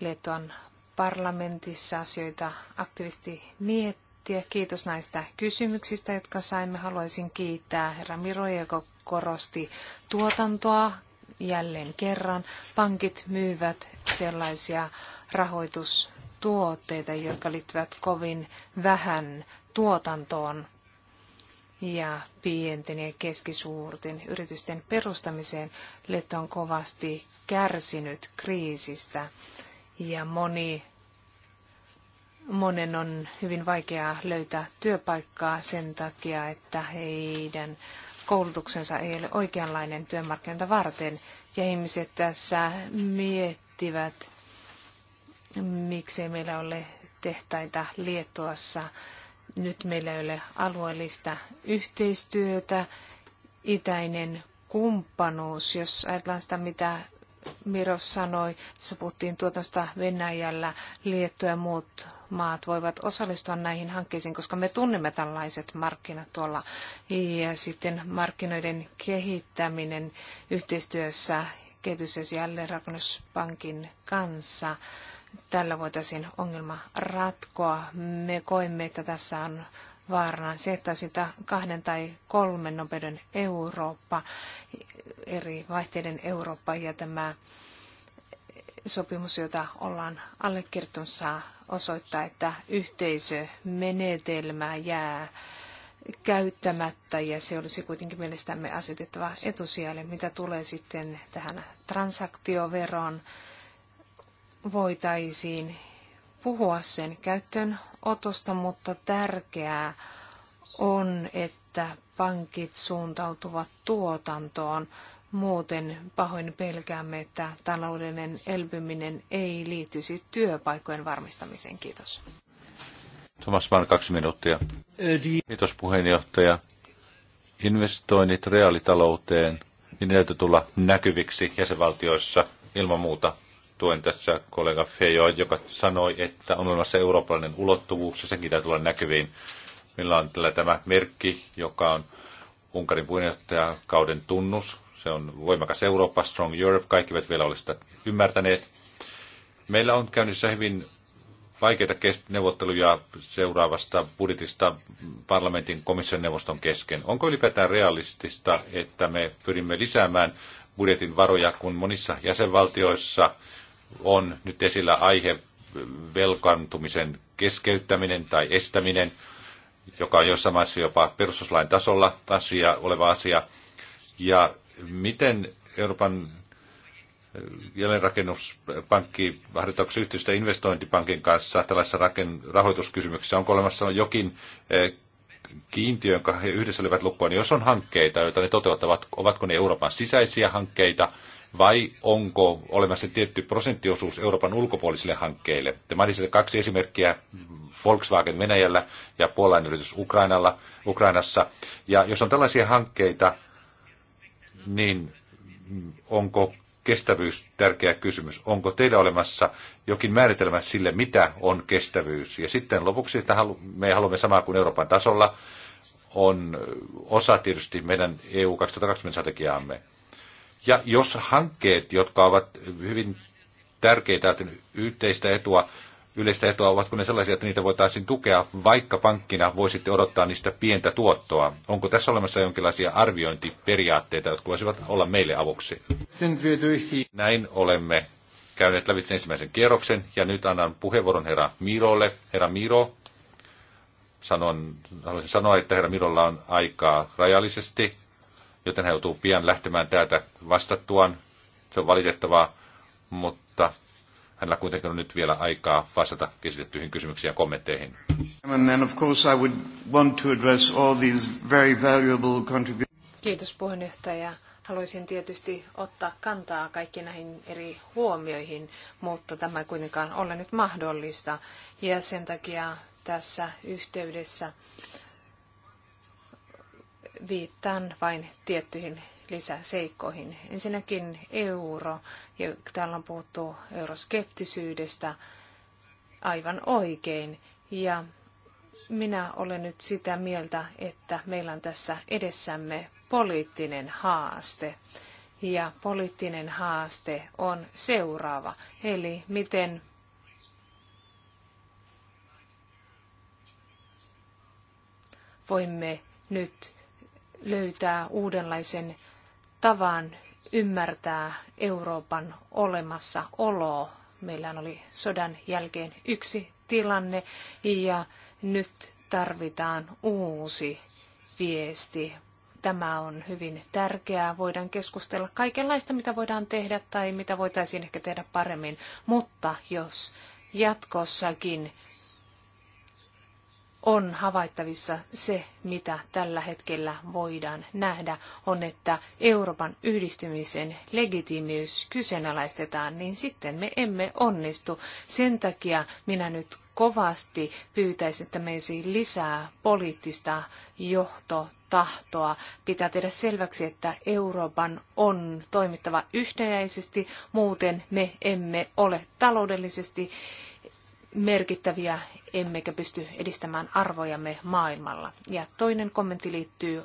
Liettuan parlamentissa asioita aktiivisesti miettiä. Kiitos näistä kysymyksistä, jotka saimme. Haluaisin kiittää herra Miro, joka korosti tuotantoa jälleen kerran. Pankit myyvät sellaisia rahoitustuotteita, jotka liittyvät kovin vähän tuotantoon ja pienten ja keskisuurten yritysten perustamiseen. Let on kovasti kärsinyt kriisistä ja moni, monen on hyvin vaikeaa löytää työpaikkaa sen takia, että heidän koulutuksensa ei ole oikeanlainen työmarkkinoita varten. Ja ihmiset tässä miettivät, miksei meillä ole tehtaita Liettuassa. Nyt meillä ei ole alueellista yhteistyötä, itäinen kumppanuus, jos ajatellaan sitä, mitä Mirov sanoi, tässä puhuttiin tuotosta Venäjällä, Liettu ja muut maat voivat osallistua näihin hankkeisiin, koska me tunnemme tällaiset markkinat tuolla. Ja sitten markkinoiden kehittäminen yhteistyössä kehitys- ja jälleenrakennuspankin kanssa. Tällä voitaisiin ongelma ratkoa. Me koimme, että tässä on vaarana se, että sitä kahden tai kolmen nopeuden Eurooppa eri vaihteiden Eurooppa ja tämä sopimus, jota ollaan allekirjoittamassa, osoittaa, että yhteisömenetelmä jää käyttämättä ja se olisi kuitenkin mielestämme asetettava etusijalle, mitä tulee sitten tähän transaktioveroon. Voitaisiin puhua sen käyttöönotosta, mutta tärkeää on, että pankit suuntautuvat tuotantoon Muuten pahoin pelkäämme, että taloudellinen elpyminen ei liittyisi työpaikkojen varmistamiseen. Kiitos. Thomas Mann, kaksi minuuttia. Kiitos puheenjohtaja. Investoinnit reaalitalouteen, niin täytyy tulla näkyviksi jäsenvaltioissa ilman muuta. Tuen tässä kollega Fejo, joka sanoi, että on olemassa eurooppalainen ulottuvuus ja senkin täytyy tulla näkyviin. Meillä on tällä tämä merkki, joka on Unkarin puheenjohtajakauden tunnus se on voimakas Eurooppa, Strong Europe, kaikki eivät vielä ole sitä ymmärtäneet. Meillä on käynnissä hyvin vaikeita neuvotteluja seuraavasta budjetista parlamentin komission neuvoston kesken. Onko ylipäätään realistista, että me pyrimme lisäämään budjetin varoja, kun monissa jäsenvaltioissa on nyt esillä aihe velkaantumisen keskeyttäminen tai estäminen, joka on jossain maissa jopa perustuslain tasolla asia, oleva asia. Ja miten Euroopan jälleenrakennuspankki harjoittaako yhteistyötä investointipankin kanssa tällaisessa raken, rahoituskysymyksessä? Onko olemassa jokin eh, kiintiö, jonka he yhdessä olivat lukkoon, niin jos on hankkeita, joita ne toteuttavat, ovatko ne Euroopan sisäisiä hankkeita, vai onko olemassa tietty prosenttiosuus Euroopan ulkopuolisille hankkeille? Te mainitsitte kaksi esimerkkiä, Volkswagen Venäjällä ja puolainen yritys Ukrainalla, Ukrainassa. Ja jos on tällaisia hankkeita, niin onko kestävyys tärkeä kysymys? Onko teillä olemassa jokin määritelmä sille, mitä on kestävyys? Ja sitten lopuksi, että me haluamme samaa kuin Euroopan tasolla, on osa tietysti meidän EU 2020-strategiaamme. Ja jos hankkeet, jotka ovat hyvin tärkeitä yhteistä etua, yleistä etua, ovatko ne sellaisia, että niitä voitaisiin tukea, vaikka pankkina voisitte odottaa niistä pientä tuottoa? Onko tässä olemassa jonkinlaisia arviointiperiaatteita, jotka voisivat olla meille avuksi? Näin olemme käyneet lävitse ensimmäisen kierroksen, ja nyt annan puheenvuoron herra Mirolle. Herra Miro, sanon, haluaisin sanoa, että herra Mirolla on aikaa rajallisesti, joten hän joutuu pian lähtemään täältä vastattuaan. Se on valitettavaa, mutta Hänellä kuitenkin on nyt vielä aikaa vastata esitettyihin kysymyksiin ja kommentteihin. Kiitos puheenjohtaja. Haluaisin tietysti ottaa kantaa kaikki näihin eri huomioihin, mutta tämä ei kuitenkaan ole nyt mahdollista. Ja sen takia tässä yhteydessä viittaan vain tiettyihin lisäseikkoihin. Ensinnäkin euro, ja täällä on puhuttu euroskeptisyydestä aivan oikein. Ja minä olen nyt sitä mieltä, että meillä on tässä edessämme poliittinen haaste. Ja poliittinen haaste on seuraava, eli miten voimme nyt löytää uudenlaisen tavan ymmärtää Euroopan olemassaoloa. Meillä oli sodan jälkeen yksi tilanne ja nyt tarvitaan uusi viesti. Tämä on hyvin tärkeää. Voidaan keskustella kaikenlaista, mitä voidaan tehdä tai mitä voitaisiin ehkä tehdä paremmin. Mutta jos jatkossakin on havaittavissa se, mitä tällä hetkellä voidaan nähdä, on, että Euroopan yhdistymisen legitiimiys kyseenalaistetaan, niin sitten me emme onnistu. Sen takia minä nyt kovasti pyytäisin, että meisi siis lisää poliittista johtotahtoa. Pitää tehdä selväksi, että Euroopan on toimittava yhtenäisesti, muuten me emme ole taloudellisesti merkittäviä, emmekä pysty edistämään arvojamme maailmalla. Ja toinen kommentti liittyy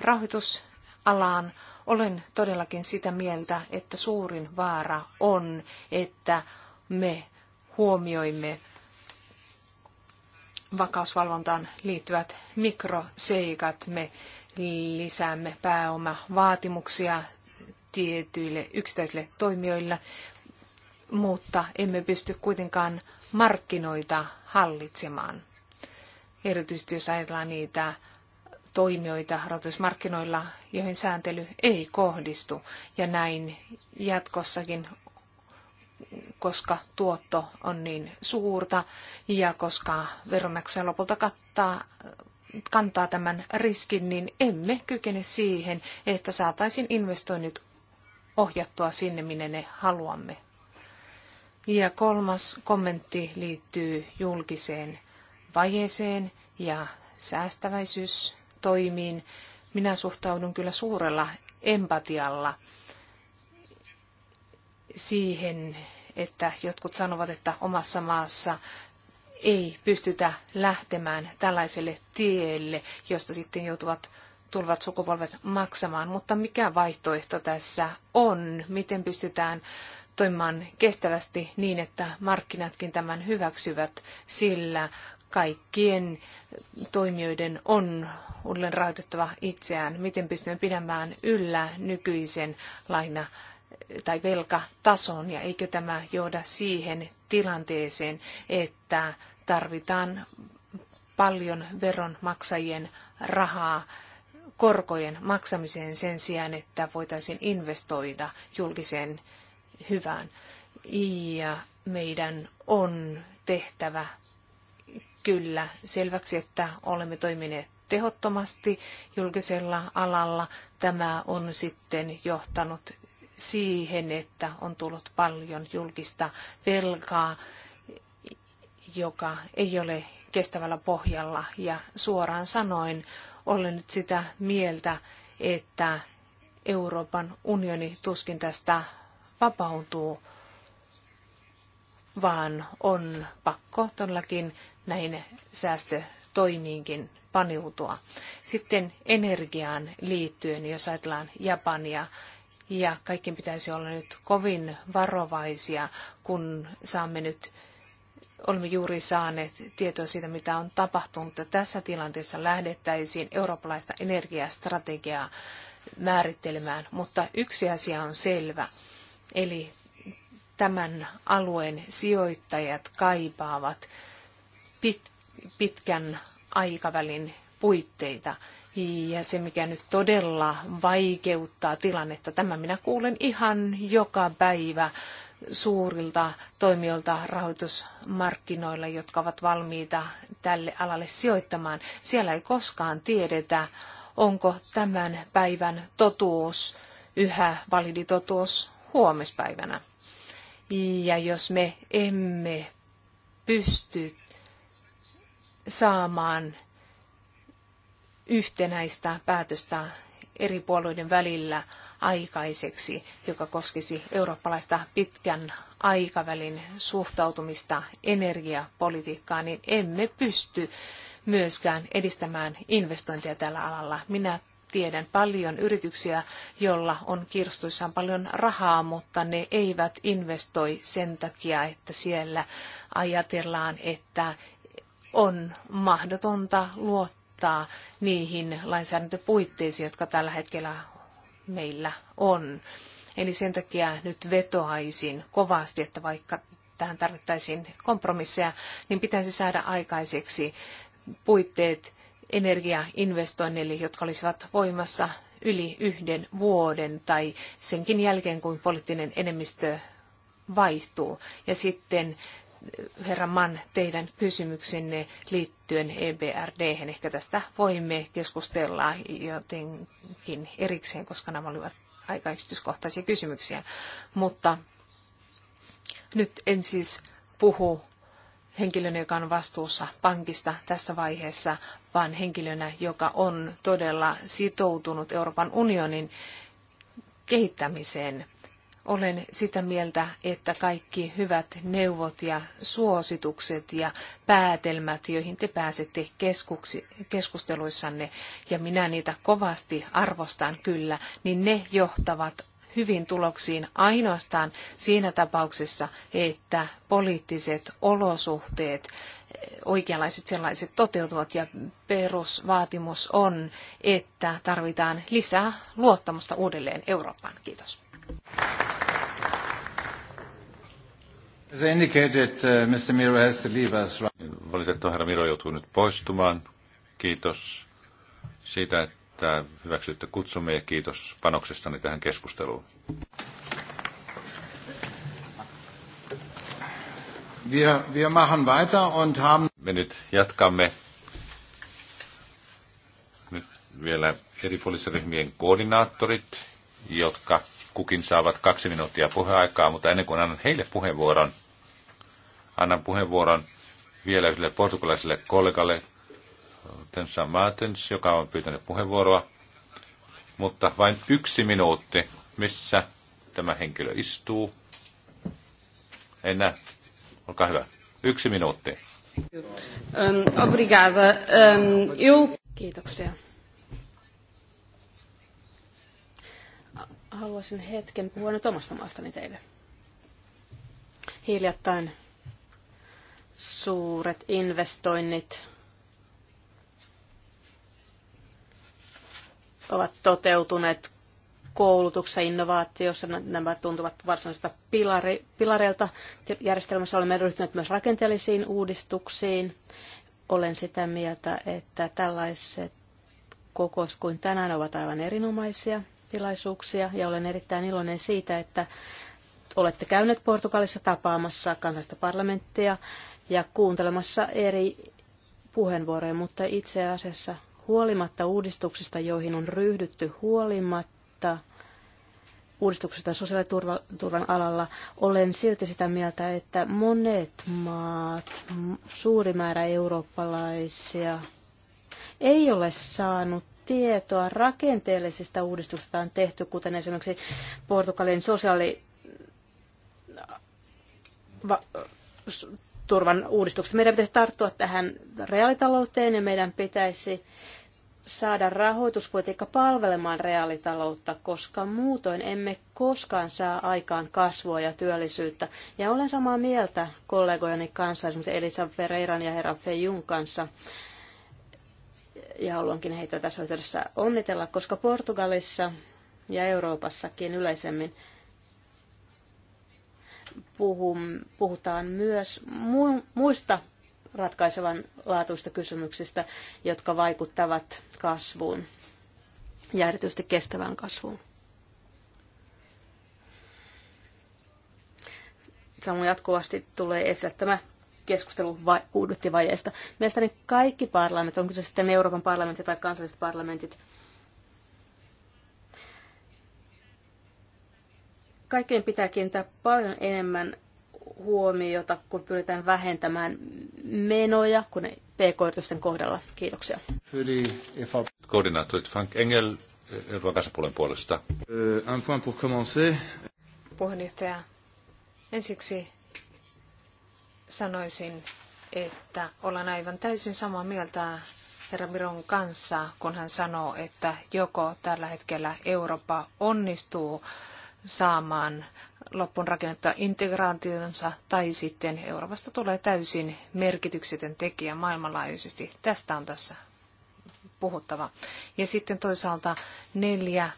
rahoitusalaan. Olen todellakin sitä mieltä, että suurin vaara on, että me huomioimme vakausvalvontaan liittyvät mikroseikat. Me lisäämme pääomavaatimuksia tietyille yksittäisille toimijoille, mutta emme pysty kuitenkaan markkinoita hallitsemaan. Erityisesti jos ajatellaan niitä toimijoita rahoitusmarkkinoilla, joihin sääntely ei kohdistu. Ja näin jatkossakin, koska tuotto on niin suurta ja koska veronmaksaja lopulta kattaa kantaa tämän riskin, niin emme kykene siihen, että saataisiin investoinnit ohjattua sinne, minne ne haluamme ja kolmas kommentti liittyy julkiseen vajeeseen ja säästäväisyystoimiin. Minä suhtaudun kyllä suurella empatialla siihen, että jotkut sanovat, että omassa maassa ei pystytä lähtemään tällaiselle tielle, josta sitten joutuvat tulevat sukupolvet maksamaan. Mutta mikä vaihtoehto tässä on? Miten pystytään toimimaan kestävästi niin, että markkinatkin tämän hyväksyvät, sillä kaikkien toimijoiden on uudelleen rahoitettava itseään. Miten pystymme pidämään yllä nykyisen laina- tai velkatason ja eikö tämä johda siihen tilanteeseen, että tarvitaan paljon veronmaksajien rahaa korkojen maksamiseen sen sijaan, että voitaisiin investoida julkiseen hyvään. Ja meidän on tehtävä kyllä selväksi, että olemme toimineet tehottomasti julkisella alalla. Tämä on sitten johtanut siihen, että on tullut paljon julkista velkaa, joka ei ole kestävällä pohjalla. Ja suoraan sanoin olen nyt sitä mieltä, että Euroopan unioni tuskin tästä vapautuu, vaan on pakko todellakin näihin säästötoimiinkin paniutua. Sitten energiaan liittyen, jos ajatellaan Japania, ja kaikkien pitäisi olla nyt kovin varovaisia, kun saamme nyt olemme juuri saaneet tietoa siitä, mitä on tapahtunut. tässä tilanteessa lähdettäisiin eurooppalaista energiastrategiaa määrittelemään, mutta yksi asia on selvä. Eli tämän alueen sijoittajat kaipaavat pitkän aikavälin puitteita. Ja se, mikä nyt todella vaikeuttaa tilannetta, tämä minä kuulen ihan joka päivä suurilta toimijoilta rahoitusmarkkinoilla, jotka ovat valmiita tälle alalle sijoittamaan. Siellä ei koskaan tiedetä, onko tämän päivän totuus yhä validi totuus huomispäivänä. Ja jos me emme pysty saamaan yhtenäistä päätöstä eri puolueiden välillä aikaiseksi, joka koskisi eurooppalaista pitkän aikavälin suhtautumista energiapolitiikkaan, niin emme pysty myöskään edistämään investointeja tällä alalla. Minä tiedän paljon yrityksiä, joilla on kirstuissaan paljon rahaa, mutta ne eivät investoi sen takia, että siellä ajatellaan, että on mahdotonta luottaa niihin lainsäädäntöpuitteisiin, jotka tällä hetkellä meillä on. Eli sen takia nyt vetoaisin kovasti, että vaikka tähän tarvittaisiin kompromisseja, niin pitäisi saada aikaiseksi puitteet, energiainvestoinneille, jotka olisivat voimassa yli yhden vuoden tai senkin jälkeen, kun poliittinen enemmistö vaihtuu. Ja sitten eh, herra Mann, teidän kysymyksenne liittyen EBRD, hen, ehkä tästä voimme keskustella jotenkin erikseen, koska nämä olivat aika yksityiskohtaisia kysymyksiä. Mutta nyt en siis puhu henkilönä, joka on vastuussa pankista tässä vaiheessa, vaan henkilönä, joka on todella sitoutunut Euroopan unionin kehittämiseen. Olen sitä mieltä, että kaikki hyvät neuvot ja suositukset ja päätelmät, joihin te pääsette keskuksi, keskusteluissanne, ja minä niitä kovasti arvostan kyllä, niin ne johtavat hyvin tuloksiin ainoastaan siinä tapauksessa, että poliittiset olosuhteet oikeanlaiset sellaiset toteutuvat ja perusvaatimus on, että tarvitaan lisää luottamusta uudelleen Eurooppaan. Kiitos. As indicated, uh, Mr. Miro has to leave us. Valitettavasti herra Miro joutuu nyt poistumaan. Kiitos siitä, että että hyväksytte kutsumme ja kiitos panoksestani tähän keskusteluun. Wir, wir machen weiter und haben... Me nyt jatkamme nyt vielä eri poliisiryhmien koordinaattorit, jotka kukin saavat kaksi minuuttia puheaikaa, mutta ennen kuin annan heille puheenvuoron, annan puheenvuoron vielä yhdelle portugalaiselle kollegalle, Tensa Martens, joka on pyytänyt puheenvuoroa, mutta vain yksi minuutti, missä tämä henkilö istuu. En näe. Olkaa hyvä. Yksi minuutti. Obrigada. Kiitoksia. Haluaisin hetken puhua nyt omasta maastani teille. Hiljattain suuret investoinnit ovat toteutuneet koulutuksessa, innovaatiossa. Nämä tuntuvat varsinaisilta pilari, pilareilta. Järjestelmässä olemme ryhtyneet myös rakenteellisiin uudistuksiin. Olen sitä mieltä, että tällaiset kokous kuin tänään ovat aivan erinomaisia tilaisuuksia ja olen erittäin iloinen siitä, että olette käyneet Portugalissa tapaamassa kansallista parlamenttia ja kuuntelemassa eri puheenvuoroja, mutta itse asiassa Huolimatta uudistuksista, joihin on ryhdytty huolimatta uudistuksista sosiaaliturvan alalla, olen silti sitä mieltä, että monet maat, suuri määrä eurooppalaisia, ei ole saanut tietoa rakenteellisista uudistuksista on tehty, kuten esimerkiksi Portugalin sosiaali turvan uudistuksesta. Meidän pitäisi tarttua tähän reaalitalouteen ja meidän pitäisi saada rahoituspolitiikka palvelemaan reaalitaloutta, koska muutoin emme koskaan saa aikaan kasvua ja työllisyyttä. Ja olen samaa mieltä kollegojani kanssa, esimerkiksi Elisa Ferreiran ja herra Feijun kanssa, ja haluankin heitä tässä yhteydessä onnitella, koska Portugalissa ja Euroopassakin yleisemmin – puhum, puhutaan myös muista ratkaisevan laatuista kysymyksistä, jotka vaikuttavat kasvuun ja erityisesti kestävään kasvuun. Samoin jatkuvasti tulee esille tämä keskustelu budjettivajeista. Mielestäni kaikki parlamentit, onko se sitten Euroopan parlamentti tai kansalliset parlamentit, kaikkeen pitää kiinnittää paljon enemmän huomiota, kun pyritään vähentämään menoja kun pk-yritysten kohdalla. Kiitoksia. Koordinaattorit Frank Engel, Euroopan kansanpuolen puolesta. Un eh, point pour commencer. Puheenjohtaja, ensiksi sanoisin, että olen aivan täysin samaa mieltä herra Miron kanssa, kun hän sanoo, että joko tällä hetkellä Eurooppa onnistuu saamaan loppuun rakennettua integraationsa tai sitten Euroopasta tulee täysin merkityksetön tekijä maailmanlaajuisesti. Tästä on tässä puhuttava. Ja sitten toisaalta neljä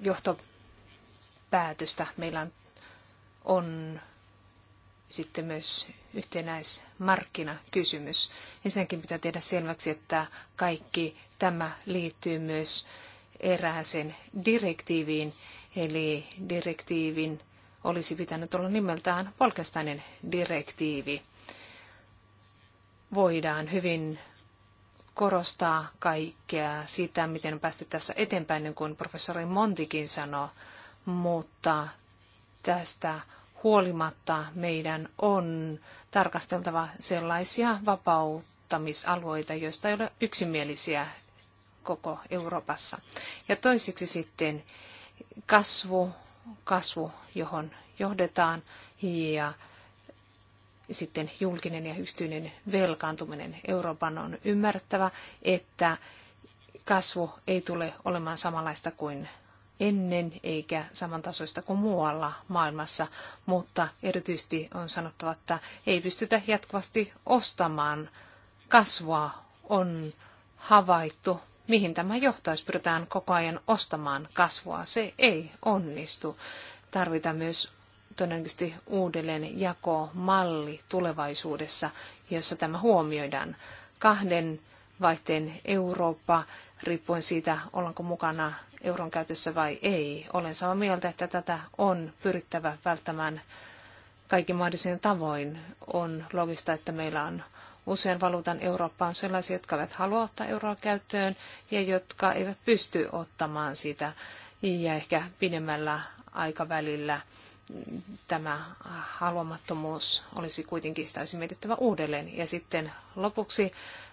johtopäätöstä. Meillä on, on sitten myös yhtenäismarkkinakysymys. Ensinnäkin pitää tehdä selväksi, että kaikki tämä liittyy myös erääseen direktiiviin, eli direktiivin olisi pitänyt olla nimeltään Polkestainen direktiivi. Voidaan hyvin korostaa kaikkea sitä, miten on päästy tässä eteenpäin, niin kuin professori Montikin sanoi, mutta tästä huolimatta meidän on tarkasteltava sellaisia vapauttamisalueita, joista ei ole yksimielisiä koko Euroopassa. Ja toiseksi sitten kasvu, kasvu johon johdetaan ja sitten julkinen ja yksityinen velkaantuminen. Euroopan on ymmärrettävä, että kasvu ei tule olemaan samanlaista kuin ennen eikä samantasoista kuin muualla maailmassa, mutta erityisesti on sanottava, että ei pystytä jatkuvasti ostamaan kasvua. On havaittu mihin tämä johtaisi, pyritään koko ajan ostamaan kasvua. Se ei onnistu. Tarvitaan myös todennäköisesti uudelleen jakomalli tulevaisuudessa, jossa tämä huomioidaan. Kahden vaihteen Eurooppa, riippuen siitä, ollaanko mukana euron käytössä vai ei. Olen samaa mieltä, että tätä on pyrittävä välttämään kaikki mahdollisin tavoin. On logista, että meillä on usean valuutan Eurooppaan sellaisia, jotka eivät halua ottaa euroa käyttöön ja jotka eivät pysty ottamaan sitä. Ja ehkä pidemmällä aikavälillä tämä haluamattomuus olisi kuitenkin sitä olisi mietittävä uudelleen. Ja sitten lopuksi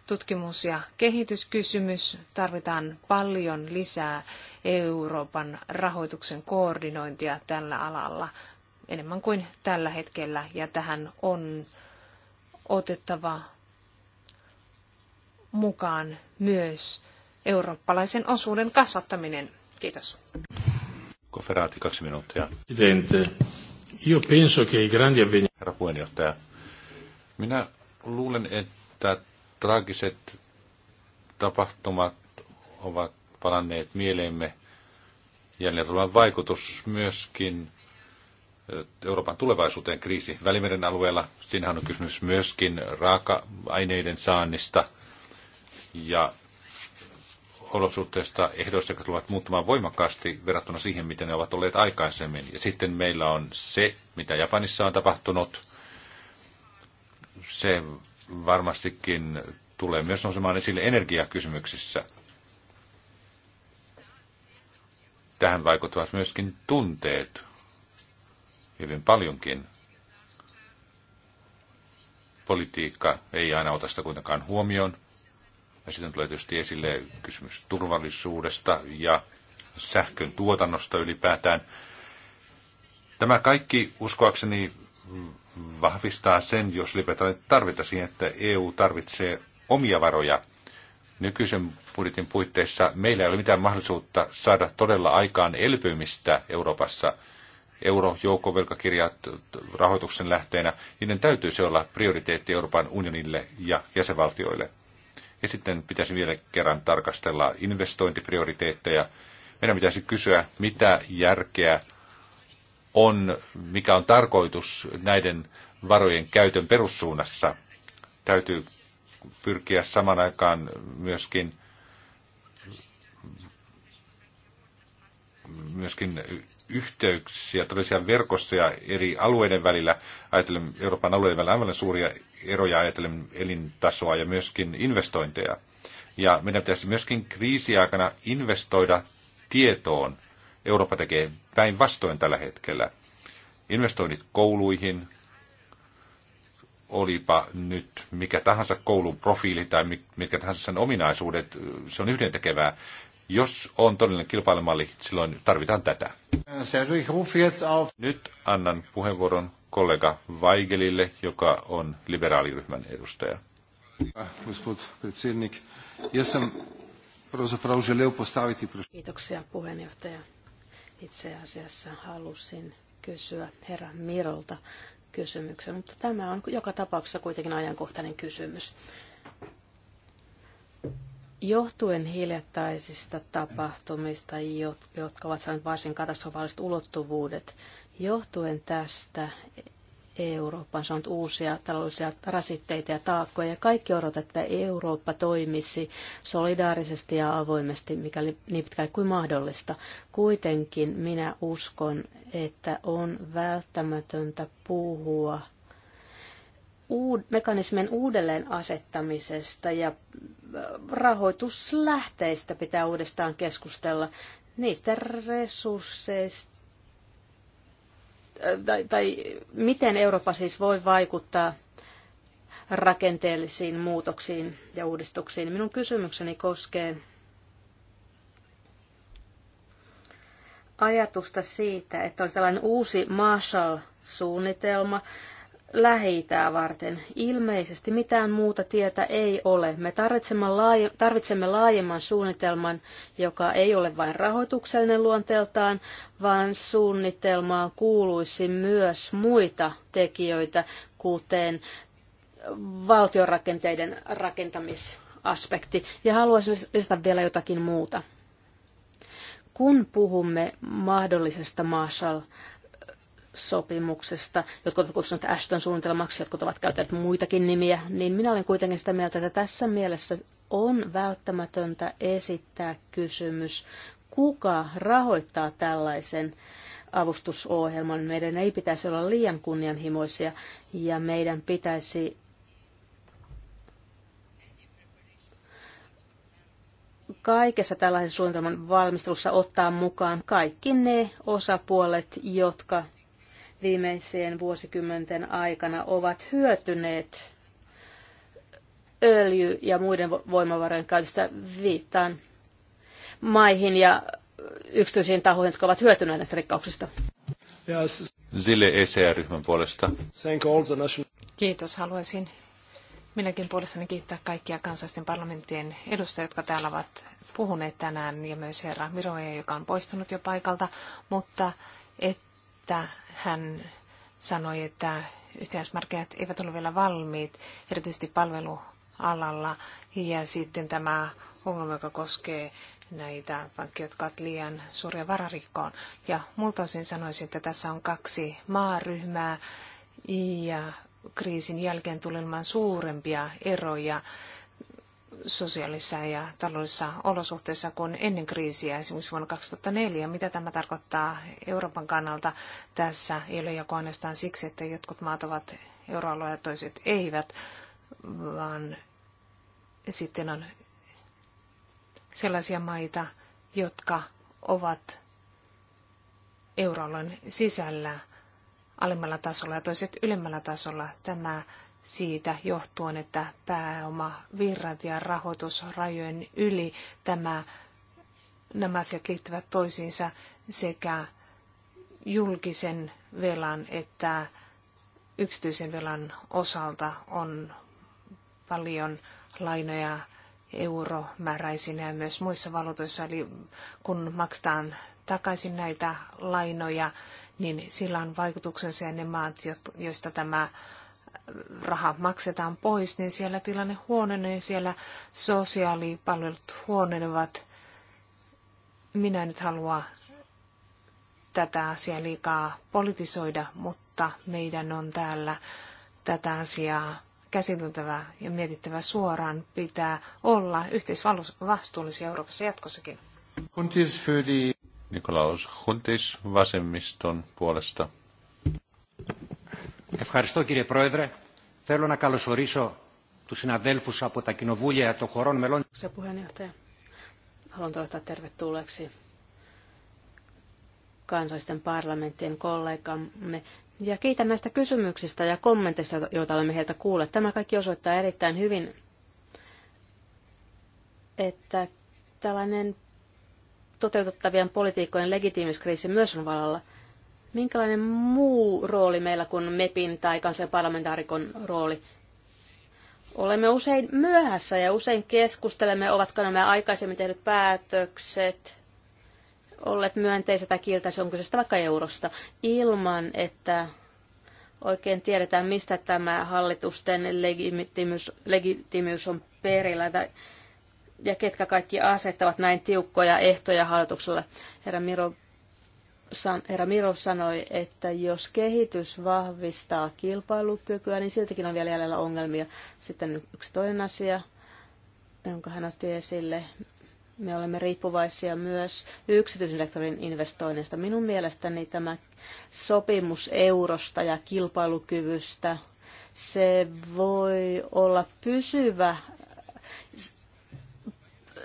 tutkimus- ja kehityskysymys. Tarvitaan paljon lisää Euroopan rahoituksen koordinointia tällä alalla enemmän kuin tällä hetkellä. Ja tähän on otettava mukaan myös eurooppalaisen osuuden kasvattaminen. Kiitos. Konferaati kaksi minuuttia. io penso che i grandi Herra puheenjohtaja, minä luulen, että traagiset tapahtumat ovat paranneet mieleemme jälleen vaikutus myöskin Euroopan tulevaisuuteen kriisi Välimeren alueella. Siinähän on kysymys myöskin raaka-aineiden saannista, ja olosuhteista ehdoista, jotka tulevat muuttumaan voimakkaasti verrattuna siihen, miten ne ovat olleet aikaisemmin. Ja sitten meillä on se, mitä Japanissa on tapahtunut. Se varmastikin tulee myös nousemaan esille energiakysymyksissä. Tähän vaikuttavat myöskin tunteet hyvin paljonkin. Politiikka ei aina ota sitä kuitenkaan huomioon ja sitten tulee tietysti esille kysymys turvallisuudesta ja sähkön tuotannosta ylipäätään. Tämä kaikki uskoakseni vahvistaa sen, jos ylipäätään tarvita siihen, että EU tarvitsee omia varoja nykyisen budjetin puitteissa. Meillä ei ole mitään mahdollisuutta saada todella aikaan elpymistä Euroopassa euro, rahoituksen lähteenä, niiden täytyisi olla prioriteetti Euroopan unionille ja jäsenvaltioille. Ja sitten pitäisi vielä kerran tarkastella investointiprioriteetteja. Meidän pitäisi kysyä, mitä järkeä on, mikä on tarkoitus näiden varojen käytön perussuunnassa. Täytyy pyrkiä saman aikaan myöskin myöskin yhteyksiä, todellisia verkostoja eri alueiden välillä. Ajattelen Euroopan alueiden välillä aivan suuria eroja ajatellen elintasoa ja myöskin investointeja. Ja meidän pitäisi myöskin kriisiaikana investoida tietoon. Eurooppa tekee päinvastoin tällä hetkellä. Investoinnit kouluihin, olipa nyt mikä tahansa koulun profiili tai mitkä tahansa sen ominaisuudet, se on yhdentekevää. Jos on todellinen kilpailumalli, silloin tarvitaan tätä. Nyt annan puheenvuoron kollega Weigelille, joka on liberaaliryhmän edustaja. Ah, Kiitoksia puheenjohtaja. Itse asiassa halusin kysyä herra Mirolta kysymyksen, mutta tämä on joka tapauksessa kuitenkin ajankohtainen kysymys. Johtuen hiljattaisista tapahtumista, jotka ovat saaneet varsin katastrofaaliset ulottuvuudet, johtuen tästä Eurooppa on saanut uusia taloudellisia rasitteita ja taakkoja. Kaikki odotetaan, että Eurooppa toimisi solidaarisesti ja avoimesti, mikäli niin pitkään kuin mahdollista. Kuitenkin minä uskon, että on välttämätöntä puhua – uud- mekanismien uudelleen asettamisesta ja äh, rahoituslähteistä pitää uudestaan keskustella. Niistä resursseista äh, tai, tai miten Eurooppa siis voi vaikuttaa rakenteellisiin muutoksiin ja uudistuksiin. Minun kysymykseni koskee ajatusta siitä, että olisi tällainen uusi Marshall-suunnitelma, läheitä varten. Ilmeisesti mitään muuta tietä ei ole. Me tarvitsemme, tarvitsemme laajemman suunnitelman, joka ei ole vain rahoituksellinen luonteeltaan, vaan suunnitelmaan kuuluisi myös muita tekijöitä, kuten valtionrakenteiden rakentamisaspekti. Ja haluaisin lisätä vielä jotakin muuta. Kun puhumme mahdollisesta Marshall sopimuksesta, jotka ovat kutsuneet Ashton suunnitelmaksi, jotkut ovat käyttäneet muitakin nimiä, niin minä olen kuitenkin sitä mieltä, että tässä mielessä on välttämätöntä esittää kysymys, kuka rahoittaa tällaisen avustusohjelman. Meidän ei pitäisi olla liian kunnianhimoisia ja meidän pitäisi kaikessa tällaisen suunnitelman valmistelussa ottaa mukaan kaikki ne osapuolet, jotka viimeisien vuosikymmenten aikana ovat hyötyneet öljy- ja muiden voimavarojen käytöstä viittaan maihin ja yksityisiin tahoihin, jotka ovat hyötyneet näistä rikkauksista. Zille ECR-ryhmän puolesta. Kiitos. Haluaisin minäkin puolestani kiittää kaikkia kansallisten parlamenttien edustajia, jotka täällä ovat puhuneet tänään, ja myös herra Miroja, joka on poistunut jo paikalta, mutta et että hän sanoi, että yhteismarkkinat eivät ole vielä valmiit, erityisesti palvelualalla. Ja sitten tämä ongelma, joka koskee näitä pankkeja, jotka ovat liian suuria vararikkoon. Ja muulta osin sanoisin, että tässä on kaksi maaryhmää ja kriisin jälkeen tulemaan suurempia eroja sosiaalisissa ja taloudellisissa olosuhteissa kuin ennen kriisiä, esimerkiksi vuonna 2004. Mitä tämä tarkoittaa Euroopan kannalta tässä? Ei ole joko ainoastaan siksi, että jotkut maat ovat euroalueella ja toiset eivät, vaan sitten on sellaisia maita, jotka ovat euroalueen sisällä alemmalla tasolla ja toiset ylemmällä tasolla. Tämä siitä johtuen, että pääomavirrat ja rahoitusrajojen yli tämä, nämä asiat liittyvät toisiinsa sekä julkisen velan että yksityisen velan osalta on paljon lainoja euromääräisinä ja myös muissa valuutoissa. Eli kun maksetaan takaisin näitä lainoja, niin sillä on vaikutuksensa ja ne maat, joista tämä raha maksetaan pois, niin siellä tilanne huononee, siellä sosiaalipalvelut huonenevat. Minä nyt haluan tätä asiaa liikaa politisoida, mutta meidän on täällä tätä asiaa käsiteltävä ja mietittävä suoraan. Pitää olla yhteisvastuullisia Euroopassa jatkossakin. Nikolaus Huntis vasemmiston puolesta. Ευχαριστώ κύριε Πρόεδρε. Θέλω να καλωσορίσω τους συναδέλφους από τα κοινοβούλια των χωρών μελών. Se puheenjohtaja, haluan toivottaa tervetulleeksi kansallisten parlamenttien kollegamme ja kiitän näistä kysymyksistä ja kommenteista, joita olemme heiltä kuulleet. Tämä kaikki osoittaa erittäin hyvin, että tällainen toteutettavien politiikkojen legitiimiskriisi myös on vallalla – Minkälainen muu rooli meillä kuin MEPin tai kansan parlamentaarikon rooli? Olemme usein myöhässä ja usein keskustelemme, ovatko nämä aikaisemmin tehdyt päätökset olleet myönteisiä tai kieltäisiä, onko se vaikka eurosta, ilman että oikein tiedetään, mistä tämä hallitusten legitimiys, legitimiys on perillä tai, ja ketkä kaikki asettavat näin tiukkoja ehtoja hallitukselle. Herra Miro San, herra Mirov sanoi, että jos kehitys vahvistaa kilpailukykyä, niin siltikin on vielä jäljellä ongelmia. Sitten yksi toinen asia, jonka hän otti esille. Me olemme riippuvaisia myös yksityisen sektorin investoinneista. Minun mielestäni tämä sopimus eurosta ja kilpailukyvystä, se voi olla pysyvä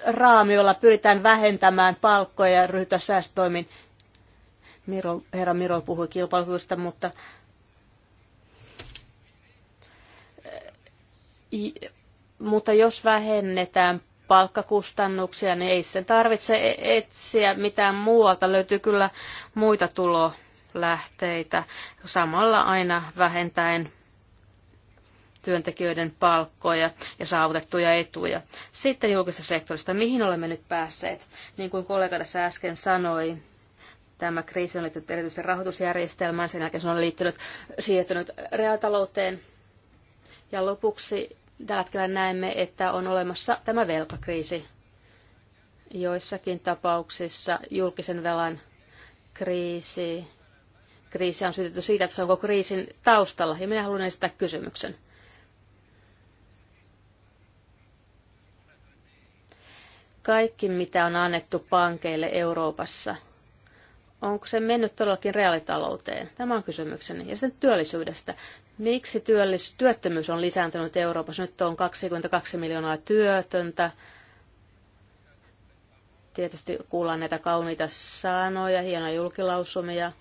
raami, jolla pyritään vähentämään palkkoja ja ryhtyä säästötoimiin Miro, herra Miro puhui kilpailukyvystä, mutta eh, mutta jos vähennetään palkkakustannuksia, niin ei sen tarvitse e-, etsiä mitään muualta. Löytyy kyllä muita tulolähteitä samalla aina vähentäen työntekijöiden palkkoja ja saavutettuja etuja. Sitten julkisesta sektorista, mihin olemme nyt päässeet? Niin kuin kollega tässä äsken sanoi, Tämä kriisi on liittynyt erityisesti rahoitusjärjestelmään, sen jälkeen se on liittynyt, siirtynyt reaaltalouteen. Ja lopuksi tällä hetkellä näemme, että on olemassa tämä velkakriisi. Joissakin tapauksissa julkisen velan kriisi. Kriisi on syytetty siitä, että se onko kriisin taustalla. Ja minä haluan esittää kysymyksen. kaikki, mitä on annettu pankeille Euroopassa – onko se mennyt todellakin reaalitalouteen? Tämä on kysymykseni. Ja sitten työllisyydestä. Miksi työllis- työttömyys on lisääntynyt Euroopassa? Nyt on 22 miljoonaa työtöntä. Tietysti kuullaan näitä kauniita sanoja, hienoja julkilausumia,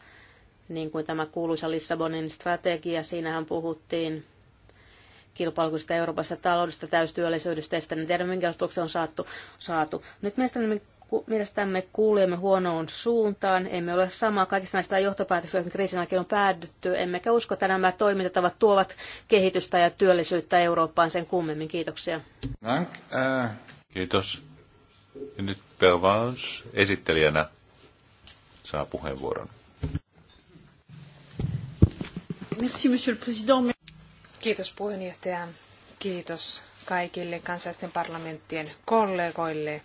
niin kuin tämä kuuluisa Lissabonin strategia. Siinähän puhuttiin kilpailukyvystä Euroopasta taloudesta, täystyöllisyydestä, ja sitten en tiedä, minkä on saatu. saatu. Nyt mielestäni mielestämme kuulemme huonoon suuntaan. Emme ole samaa kaikista näistä johtopäätöksistä, joihin kriisin aikana on päädytty. Emmekä usko, että nämä toimintatavat tuovat kehitystä ja työllisyyttä Eurooppaan sen kummemmin. Kiitoksia. Äh. Kiitos. Ja nyt Pervaus esittelijänä saa puheenvuoron. Merci, monsieur le président. Kiitos puheenjohtaja. Kiitos kaikille kansallisten parlamenttien kollegoille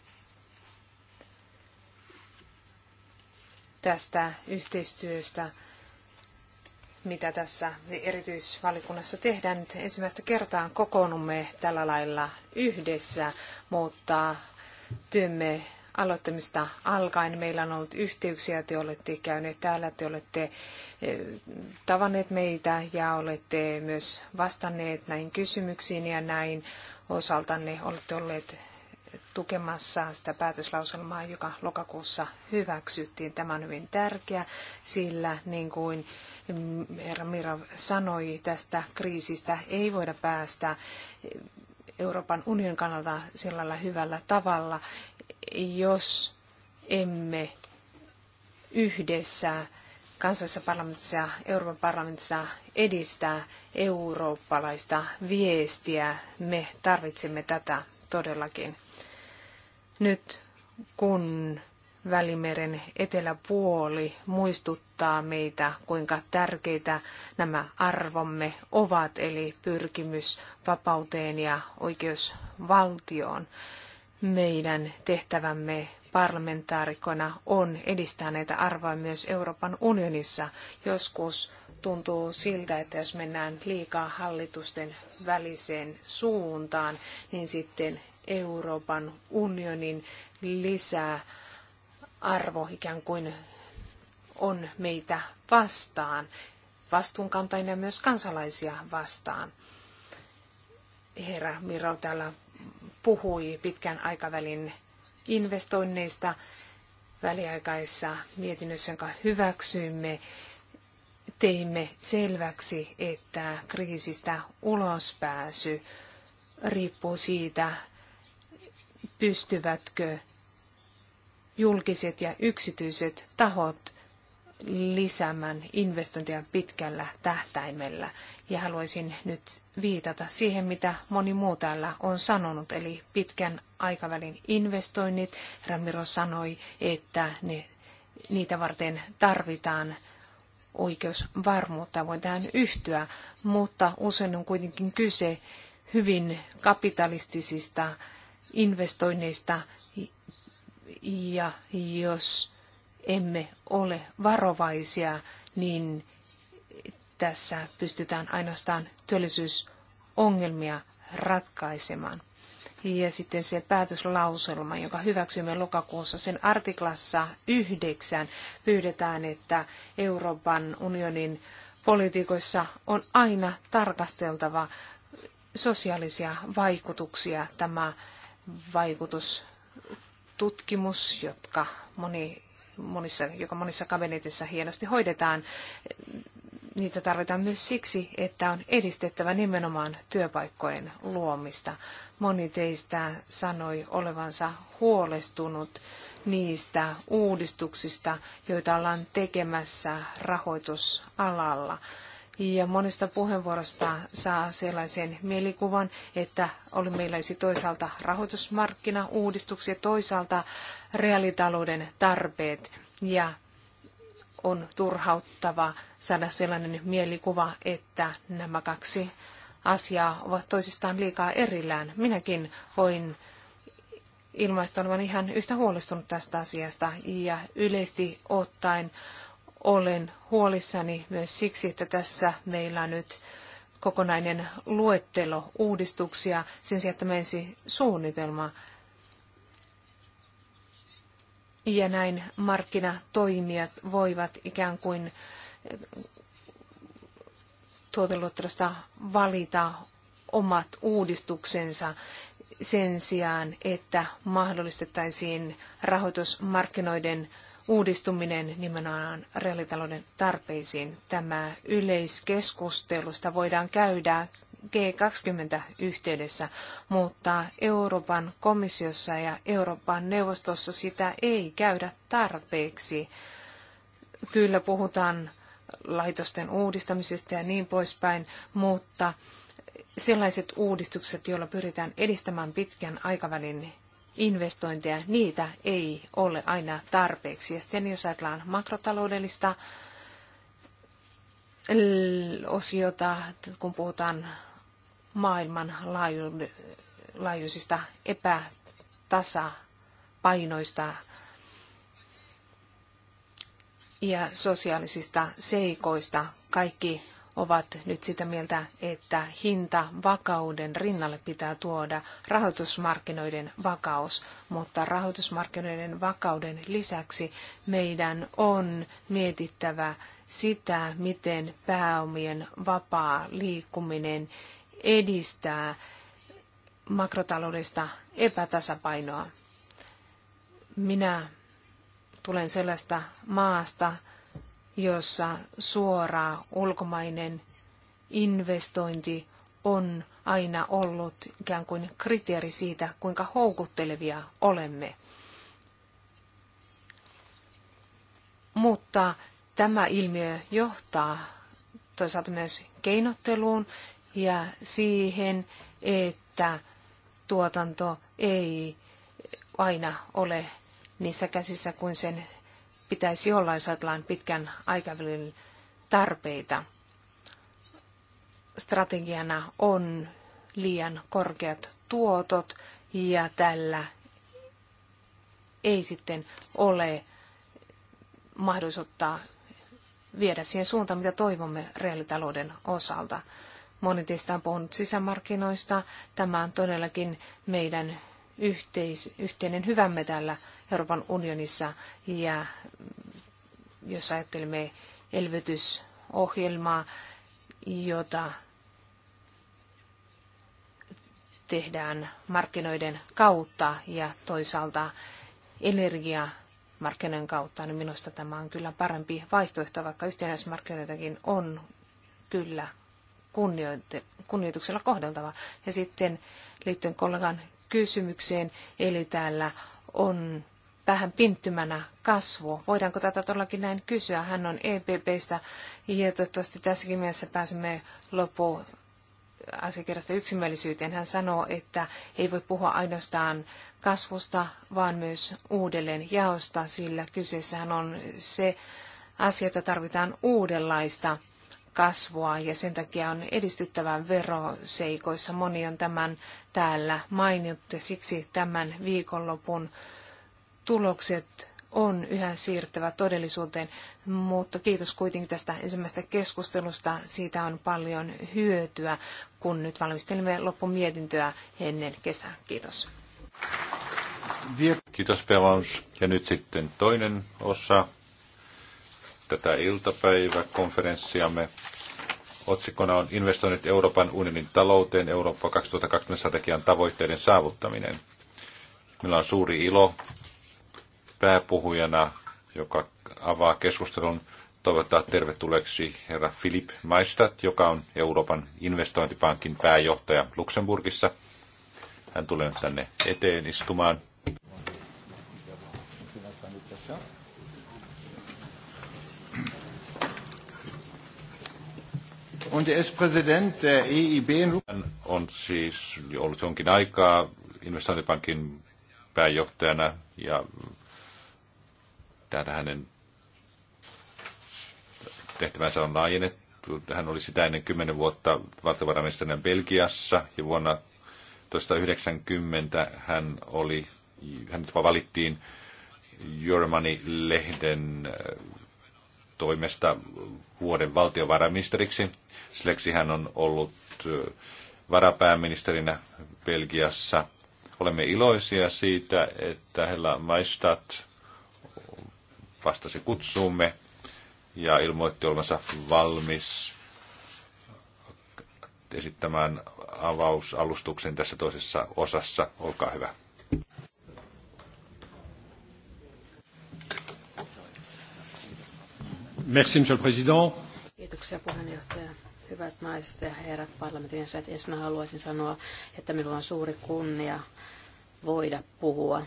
tästä yhteistyöstä, mitä tässä erityisvalikunnassa tehdään. Nyt ensimmäistä kertaa kokoonnumme tällä lailla yhdessä, mutta työmme aloittamista alkaen meillä on ollut yhteyksiä, te olette käyneet täällä, te olette eh, tavanneet meitä ja olette myös vastanneet näihin kysymyksiin ja näin osaltanne olette olleet tukemassa sitä päätöslauselmaa, joka lokakuussa hyväksyttiin. Tämä on hyvin tärkeä, sillä niin kuin herra Mira sanoi, tästä kriisistä ei voida päästä Euroopan unionin kannalta sillä hyvällä tavalla, jos emme yhdessä kansallisessa parlamentissa ja Euroopan parlamentissa edistää eurooppalaista viestiä. Me tarvitsemme tätä todellakin. Nyt kun Välimeren eteläpuoli muistuttaa meitä, kuinka tärkeitä nämä arvomme ovat, eli pyrkimys vapauteen ja oikeusvaltioon. Meidän tehtävämme parlamentaarikona on edistää näitä arvoja myös Euroopan unionissa. Joskus tuntuu siltä, että jos mennään liikaa hallitusten väliseen suuntaan, niin sitten Euroopan unionin lisää arvo ikään kuin on meitä vastaan, vastuunkantajina ja myös kansalaisia vastaan. Herra Miro täällä puhui pitkän aikavälin investoinneista väliaikaisessa mietinnössä, jonka hyväksyimme. Teimme selväksi, että kriisistä ulospääsy riippuu siitä, pystyvätkö julkiset ja yksityiset tahot lisäämään investointia pitkällä tähtäimellä. Ja haluaisin nyt viitata siihen, mitä moni muu täällä on sanonut, eli pitkän aikavälin investoinnit. Ramiro sanoi, että ne, niitä varten tarvitaan oikeusvarmuutta, voin tähän yhtyä, mutta usein on kuitenkin kyse hyvin kapitalistisista investoinneista ja jos emme ole varovaisia, niin tässä pystytään ainoastaan työllisyysongelmia ratkaisemaan. Ja sitten se päätöslauselma, jonka hyväksymme lokakuussa, sen artiklassa yhdeksän pyydetään, että Euroopan unionin politiikoissa on aina tarkasteltava sosiaalisia vaikutuksia. Tämä vaikutustutkimus, jotka moni, monissa, joka monissa kabinetissa hienosti hoidetaan. Niitä tarvitaan myös siksi, että on edistettävä nimenomaan työpaikkojen luomista. Moni teistä sanoi olevansa huolestunut niistä uudistuksista, joita ollaan tekemässä rahoitusalalla ja monesta puheenvuorosta saa sellaisen mielikuvan, että oli meillä toisaalta rahoitusmarkkinauudistuksia, toisaalta reaalitalouden tarpeet ja on turhauttava saada sellainen mielikuva, että nämä kaksi asiaa ovat toisistaan liikaa erillään. Minäkin voin ilmaista olevan ihan yhtä huolestunut tästä asiasta ja yleisesti ottaen olen huolissani myös siksi, että tässä meillä on nyt kokonainen luettelo uudistuksia sen sijaan, että menisi suunnitelma. Ja näin markkinatoimijat voivat ikään kuin tuoteluottelusta valita omat uudistuksensa sen sijaan, että mahdollistettaisiin rahoitusmarkkinoiden uudistuminen nimenomaan reaalitalouden tarpeisiin. Tämä yleiskeskustelusta voidaan käydä G20-yhteydessä, mutta Euroopan komissiossa ja Euroopan neuvostossa sitä ei käydä tarpeeksi. Kyllä puhutaan laitosten uudistamisesta ja niin poispäin, mutta sellaiset uudistukset, joilla pyritään edistämään pitkän aikavälin investointeja, niitä ei ole aina tarpeeksi. Ja sitten jos ajatellaan makrotaloudellista osiota, kun puhutaan maailman laajuisista epätasapainoista ja sosiaalisista seikoista, kaikki ovat nyt sitä mieltä, että hinta vakauden rinnalle pitää tuoda rahoitusmarkkinoiden vakaus, mutta rahoitusmarkkinoiden vakauden lisäksi meidän on mietittävä sitä, miten pääomien vapaa liikkuminen edistää makrotaloudesta epätasapainoa. Minä tulen sellaista maasta, jossa suora ulkomainen investointi on aina ollut ikään kuin kriteeri siitä, kuinka houkuttelevia olemme. Mutta tämä ilmiö johtaa toisaalta myös keinotteluun ja siihen, että tuotanto ei aina ole niissä käsissä kuin sen pitäisi olla, jos ajatellaan pitkän aikavälin tarpeita. Strategiana on liian korkeat tuotot ja tällä ei sitten ole mahdollisuutta viedä siihen suuntaan, mitä toivomme reaalitalouden osalta. Moni teistä on puhunut sisämarkkinoista. Tämä on todellakin meidän yhteis, yhteinen hyvämme täällä Euroopan unionissa ja jos ajattelemme elvytysohjelmaa, jota tehdään markkinoiden kautta ja toisaalta energiamarkkinoiden kautta, niin minusta tämä on kyllä parempi vaihtoehto, vaikka yhtenäismarkkinoitakin on kyllä kunnioituksella kohdeltava. Ja sitten liittyen kollegan kysymykseen, eli täällä on vähän pinttymänä kasvu. Voidaanko tätä todellakin näin kysyä? Hän on EPPstä ja toivottavasti tässäkin mielessä pääsemme loppu asiakirjasta yksimielisyyteen. Hän sanoo, että ei voi puhua ainoastaan kasvusta, vaan myös uudelleen jaosta, sillä kyseessähän on se asia, että tarvitaan uudenlaista kasvua ja sen takia on edistyttävän veroseikoissa. Moni on tämän täällä mainittu ja siksi tämän viikonlopun tulokset on yhä siirtävä todellisuuteen, mutta kiitos kuitenkin tästä ensimmäisestä keskustelusta. Siitä on paljon hyötyä, kun nyt valmistelemme loppumietintöä ennen kesää. Kiitos. Kiitos Pelaus. Ja nyt sitten toinen osa tätä iltapäiväkonferenssiamme. Otsikkona on Investoinnit Euroopan unionin talouteen Eurooppa 2020 strategian tavoitteiden saavuttaminen. Meillä on suuri ilo pääpuhujana, joka avaa keskustelun toivottaa tervetulleeksi herra Philip Maistat, joka on Euroopan investointipankin pääjohtaja Luxemburgissa. Hän tulee tänne eteen istumaan. Und er der e on siis ollut jonkin aikaa investointipankin pääjohtajana ja tähän hänen tehtävänsä on laajennettu. Hän oli sitä ennen kymmenen vuotta valtiovarainministerinä Belgiassa ja vuonna 1990 hän oli, hänet valittiin Euromani lehden toimesta vuoden valtiovarainministeriksi. Sleksi hän on ollut varapääministerinä Belgiassa. Olemme iloisia siitä, että Hella Maistat vastasi kutsuumme ja ilmoitti olevansa valmis esittämään avausalustuksen tässä toisessa osassa. Olkaa hyvä. Merci, monsieur le président. Kiitoksia puheenjohtaja. Hyvät naiset ja herrat parlamentin jäsenet, ensinnä haluaisin sanoa, että minulla on suuri kunnia voida puhua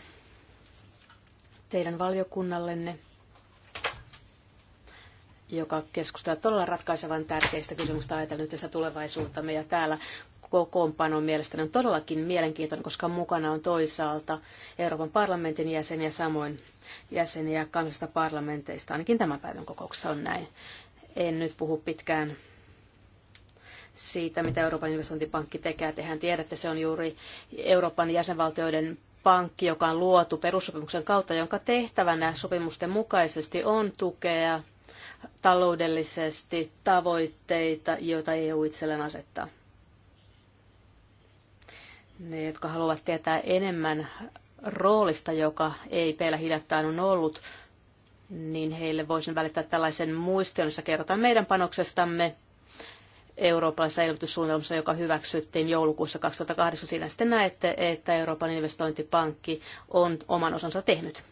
teidän valiokunnallenne, joka keskustaa todella ratkaisevan tärkeistä kysymyksistä ajatellen yhteistä tulevaisuuttamme. Ja täällä kokoonpano mielestäni on todellakin mielenkiintoinen, koska mukana on toisaalta Euroopan parlamentin jäseniä, samoin jäseniä kansallisista parlamenteista. Ainakin tämän päivän kokouksessa on näin. En nyt puhu pitkään siitä, mitä Euroopan investointipankki tekee. Tehän tiedätte, se on juuri Euroopan jäsenvaltioiden pankki, joka on luotu perussopimuksen kautta, jonka tehtävänä sopimusten mukaisesti on tukea taloudellisesti tavoitteita, joita EU itselleen asettaa. Ne, jotka haluavat tietää enemmän roolista, joka ei peillä hiljattain on ollut, niin heille voisin välittää tällaisen muistion, jossa kerrotaan meidän panoksestamme eurooppalaisessa elvytyssuunnitelmassa, joka hyväksyttiin joulukuussa 2008. Siinä sitten näette, että Euroopan investointipankki on oman osansa tehnyt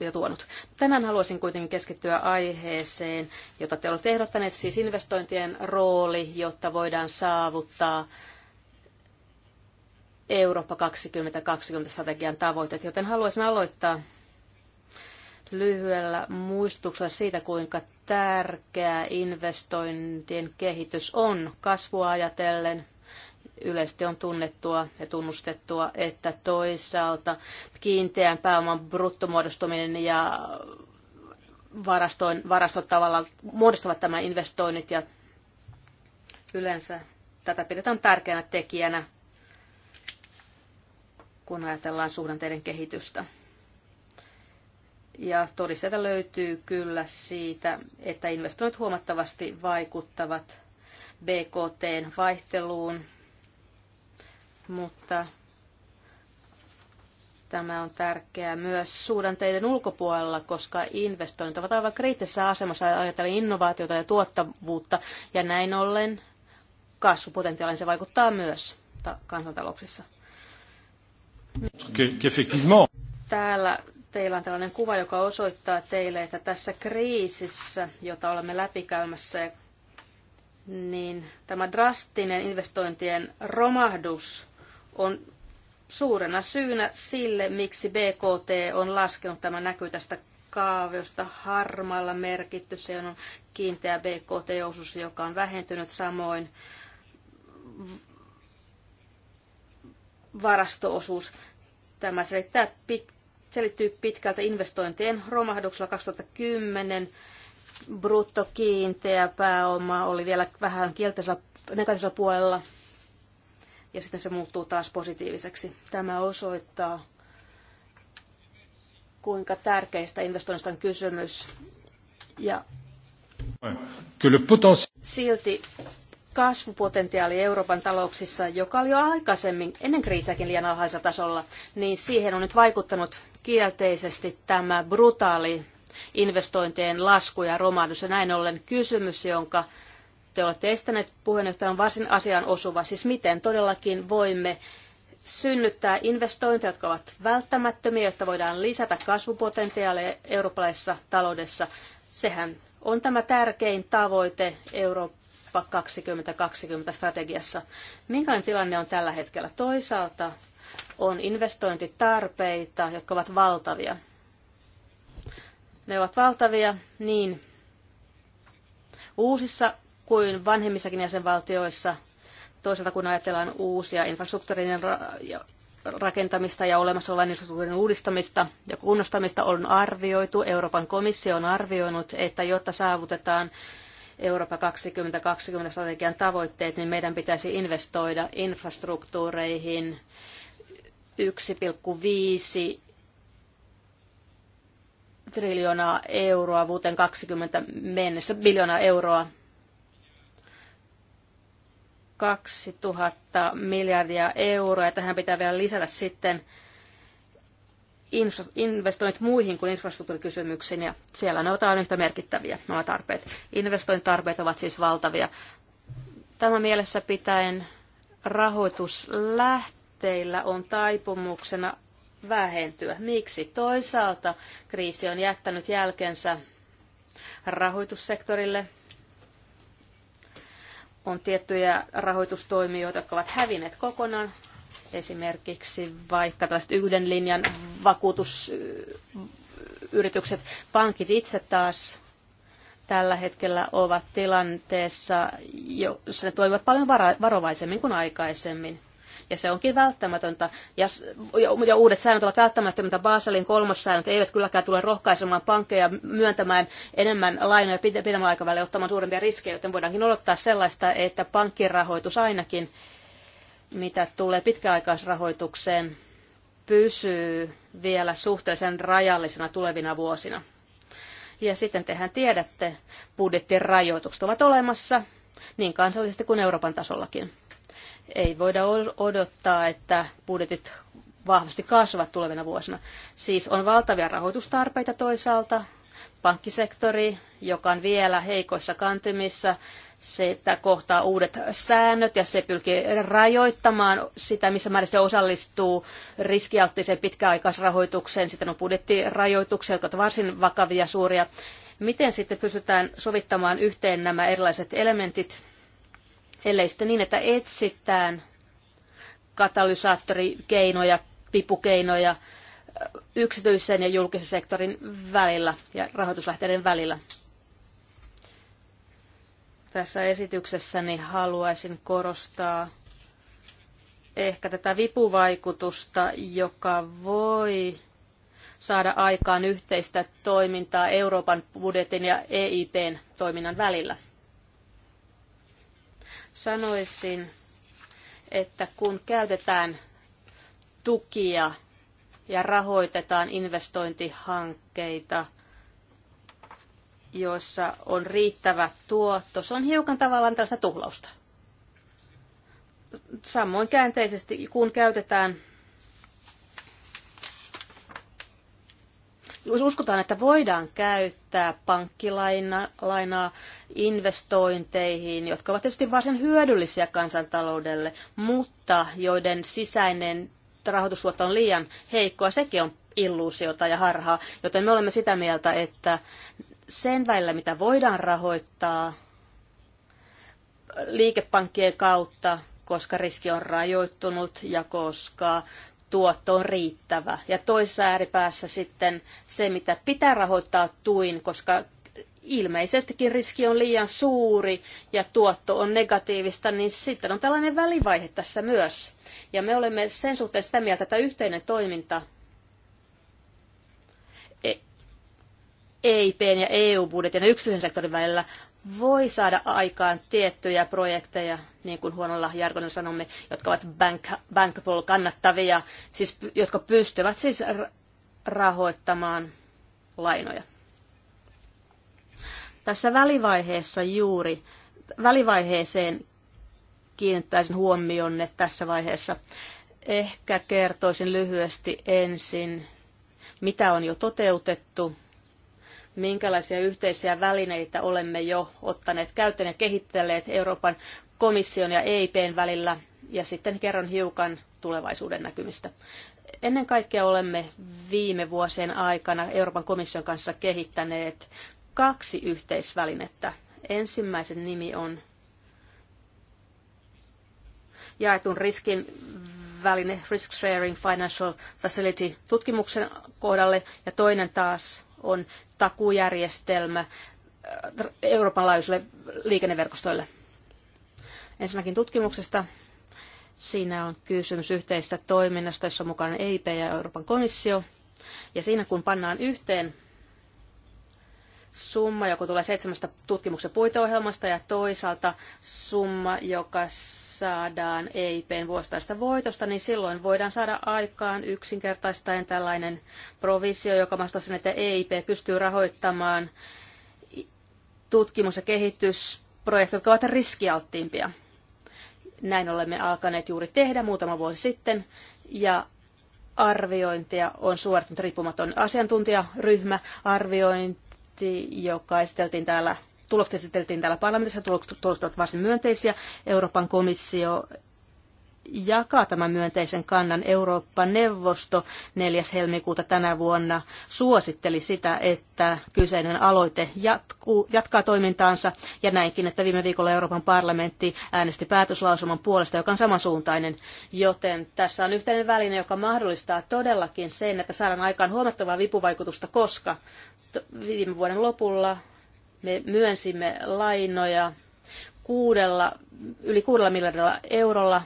ja tuonut. Tänään haluaisin kuitenkin keskittyä aiheeseen, jota te olette ehdottaneet, siis investointien rooli, jotta voidaan saavuttaa Eurooppa 2020 strategian tavoitteet, joten haluaisin aloittaa lyhyellä muistutuksella siitä, kuinka tärkeää investointien kehitys on kasvua ajatellen. Yleisesti on tunnettua ja tunnustettua, että toisaalta kiinteän pääoman bruttomuodostuminen ja varastoin, varastot tavallaan muodostavat tämän investoinnit ja yleensä tätä pidetään tärkeänä tekijänä kun ajatellaan suhdanteiden kehitystä. Ja todisteita löytyy kyllä siitä, että investoinnit huomattavasti vaikuttavat BKTn vaihteluun, mutta tämä on tärkeää myös suhdanteiden ulkopuolella, koska investoinnit ovat aivan kriittisessä asemassa ajatellen innovaatiota ja tuottavuutta, ja näin ollen kasvupotentiaalinen se vaikuttaa myös kansantalouksissa. Täällä teillä on tällainen kuva, joka osoittaa teille, että tässä kriisissä, jota olemme läpikäymässä, niin tämä drastinen investointien romahdus on suurena syynä sille, miksi BKT on laskenut. Tämä näkyy tästä kaaviosta harmaalla merkitty. Se on kiinteä BKT-osuus, joka on vähentynyt samoin varastoosuus. Tämä selittää pit, selittyy pitkältä investointien romahduksella 2010. Bruttokiinteä pääoma oli vielä vähän kielteisellä negatiivisella puolella ja sitten se muuttuu taas positiiviseksi. Tämä osoittaa, kuinka tärkeistä investoinnista on kysymys. Ja Silti kasvupotentiaali Euroopan talouksissa, joka oli jo aikaisemmin, ennen kriisiäkin liian alhaisella tasolla, niin siihen on nyt vaikuttanut kielteisesti tämä brutaali investointien lasku ja romahdus. Ja näin ollen kysymys, jonka te olette estäneet puheenjohtaja, on varsin asiaan osuva. Siis miten todellakin voimme synnyttää investointeja, jotka ovat välttämättömiä, jotta voidaan lisätä kasvupotentiaalia eurooppalaisessa taloudessa. Sehän on tämä tärkein tavoite Euroopan Eurooppa 2020 strategiassa. Minkälainen tilanne on tällä hetkellä? Toisaalta on investointitarpeita, jotka ovat valtavia. Ne ovat valtavia niin uusissa kuin vanhemmissakin jäsenvaltioissa. Toisaalta kun ajatellaan uusia infrastruktuurin rakentamista ja olemassa olevan infrastruktuurin uudistamista ja kunnostamista on arvioitu. Euroopan komissio on arvioinut, että jotta saavutetaan Eurooppa 2020 strategian tavoitteet, niin meidän pitäisi investoida infrastruktuureihin 1,5 triljoonaa euroa vuoteen 20 mennessä, biljoonaa euroa 2000 miljardia euroa. Ja tähän pitää vielä lisätä sitten infra- investoinnit muihin kuin infrastruktuurikysymyksiin, ja siellä ne ovat aina yhtä merkittäviä, nämä tarpeet. Investointitarpeet ovat siis valtavia. Tämä mielessä pitäen rahoituslähteillä on taipumuksena vähentyä. Miksi? Toisaalta kriisi on jättänyt jälkensä rahoitussektorille. On tiettyjä rahoitustoimijoita, jotka ovat hävinneet kokonaan. Esimerkiksi vaikka tällaiset yhden linjan vakuutusyritykset, pankit itse taas tällä hetkellä ovat tilanteessa, jossa ne toimivat paljon varovaisemmin kuin aikaisemmin. Ja se onkin välttämätöntä. Ja, ja uudet säännöt ovat välttämättömiä. Baselin kolmossäännöt eivät kylläkään tule rohkaisemaan pankkeja myöntämään enemmän lainoja pidemmällä aikavälillä ottamaan suurempia riskejä, joten voidaankin odottaa sellaista, että pankkirahoitus ainakin mitä tulee pitkäaikaisrahoitukseen, pysyy vielä suhteellisen rajallisena tulevina vuosina. Ja sitten tehän tiedätte, budjettien rajoitukset ovat olemassa niin kansallisesti kuin Euroopan tasollakin. Ei voida odottaa, että budjetit vahvasti kasvavat tulevina vuosina. Siis on valtavia rahoitustarpeita toisaalta, pankkisektori, joka on vielä heikoissa kantimissa, se, että kohtaa uudet säännöt ja se pyrkii rajoittamaan sitä, missä määrin se osallistuu riskialttiseen pitkäaikaisrahoitukseen. Sitten on budjettirajoituksia, jotka ovat varsin vakavia suuria. Miten sitten pystytään sovittamaan yhteen nämä erilaiset elementit, ellei sitten niin, että etsitään katalysaattorikeinoja, pipukeinoja yksityisen ja julkisen sektorin välillä ja rahoituslähteiden välillä? Tässä esityksessäni haluaisin korostaa ehkä tätä vipuvaikutusta, joka voi saada aikaan yhteistä toimintaa Euroopan budjetin ja EIT:n toiminnan välillä. Sanoisin, että kun käytetään tukia ja rahoitetaan investointihankkeita, joissa on riittävä tuotto. Se on hiukan tavallaan tällaista tuhlausta. Samoin käänteisesti, kun käytetään jos uskotaan, että voidaan käyttää pankkilainaa investointeihin, jotka ovat tietysti varsin hyödyllisiä kansantaloudelle, mutta joiden sisäinen rahoitusluotto on liian heikkoa, sekin on illuusiota ja harhaa, joten me olemme sitä mieltä, että sen välillä, mitä voidaan rahoittaa liikepankkien kautta, koska riski on rajoittunut ja koska tuotto on riittävä. Ja toisessa ääripäässä sitten se, mitä pitää rahoittaa tuin, koska ilmeisestikin riski on liian suuri ja tuotto on negatiivista, niin sitten on tällainen välivaihe tässä myös. Ja me olemme sen suhteen sitä mieltä, että yhteinen toiminta EIPn ja EU-budjetin ja yksityisen sektorin välillä voi saada aikaan tiettyjä projekteja, niin kuin huonolla jargonilla sanomme, jotka ovat bank, bankable kannattavia, siis, jotka pystyvät siis rahoittamaan lainoja. Tässä välivaiheessa juuri, välivaiheeseen kiinnittäisin huomionne tässä vaiheessa. Ehkä kertoisin lyhyesti ensin, mitä on jo toteutettu minkälaisia yhteisiä välineitä olemme jo ottaneet käyttöön ja kehittelleet Euroopan komission ja EIPn välillä. Ja sitten kerron hiukan tulevaisuuden näkymistä. Ennen kaikkea olemme viime vuosien aikana Euroopan komission kanssa kehittäneet kaksi yhteisvälinettä. Ensimmäisen nimi on jaetun riskin väline Risk Sharing Financial Facility tutkimuksen kohdalle ja toinen taas on takujärjestelmä äh, Euroopan laajuisille liikenneverkostoille. Ensinnäkin tutkimuksesta. Siinä on kysymys yhteistä toiminnasta, jossa mukana EIP ja Euroopan komissio. Ja siinä kun pannaan yhteen summa, joka tulee seitsemästä tutkimuksen puiteohjelmasta ja toisaalta summa, joka saadaan EIPn vuosittaisesta voitosta, niin silloin voidaan saada aikaan yksinkertaistaen tällainen provisio, joka vastaa sen, että EIP pystyy rahoittamaan tutkimus- ja kehitysprojektit, jotka ovat riskialttiimpia. Näin olemme alkaneet juuri tehdä muutama vuosi sitten ja arviointia on suorittanut riippumaton asiantuntijaryhmä. Arviointi raportti, joka esiteltiin täällä Tulokset esiteltiin täällä parlamentissa, tulokset ovat varsin myönteisiä. Euroopan komissio jakaa tämän myönteisen kannan. Eurooppa-neuvosto 4. helmikuuta tänä vuonna suositteli sitä, että kyseinen aloite jatkuu, jatkaa toimintaansa ja näinkin, että viime viikolla Euroopan parlamentti äänesti päätöslausuman puolesta, joka on samansuuntainen. Joten tässä on yhteinen väline, joka mahdollistaa todellakin sen, että saadaan aikaan huomattavaa vipuvaikutusta, koska viime vuoden lopulla me myönsimme lainoja kuudella, yli kuudella miljardilla eurolla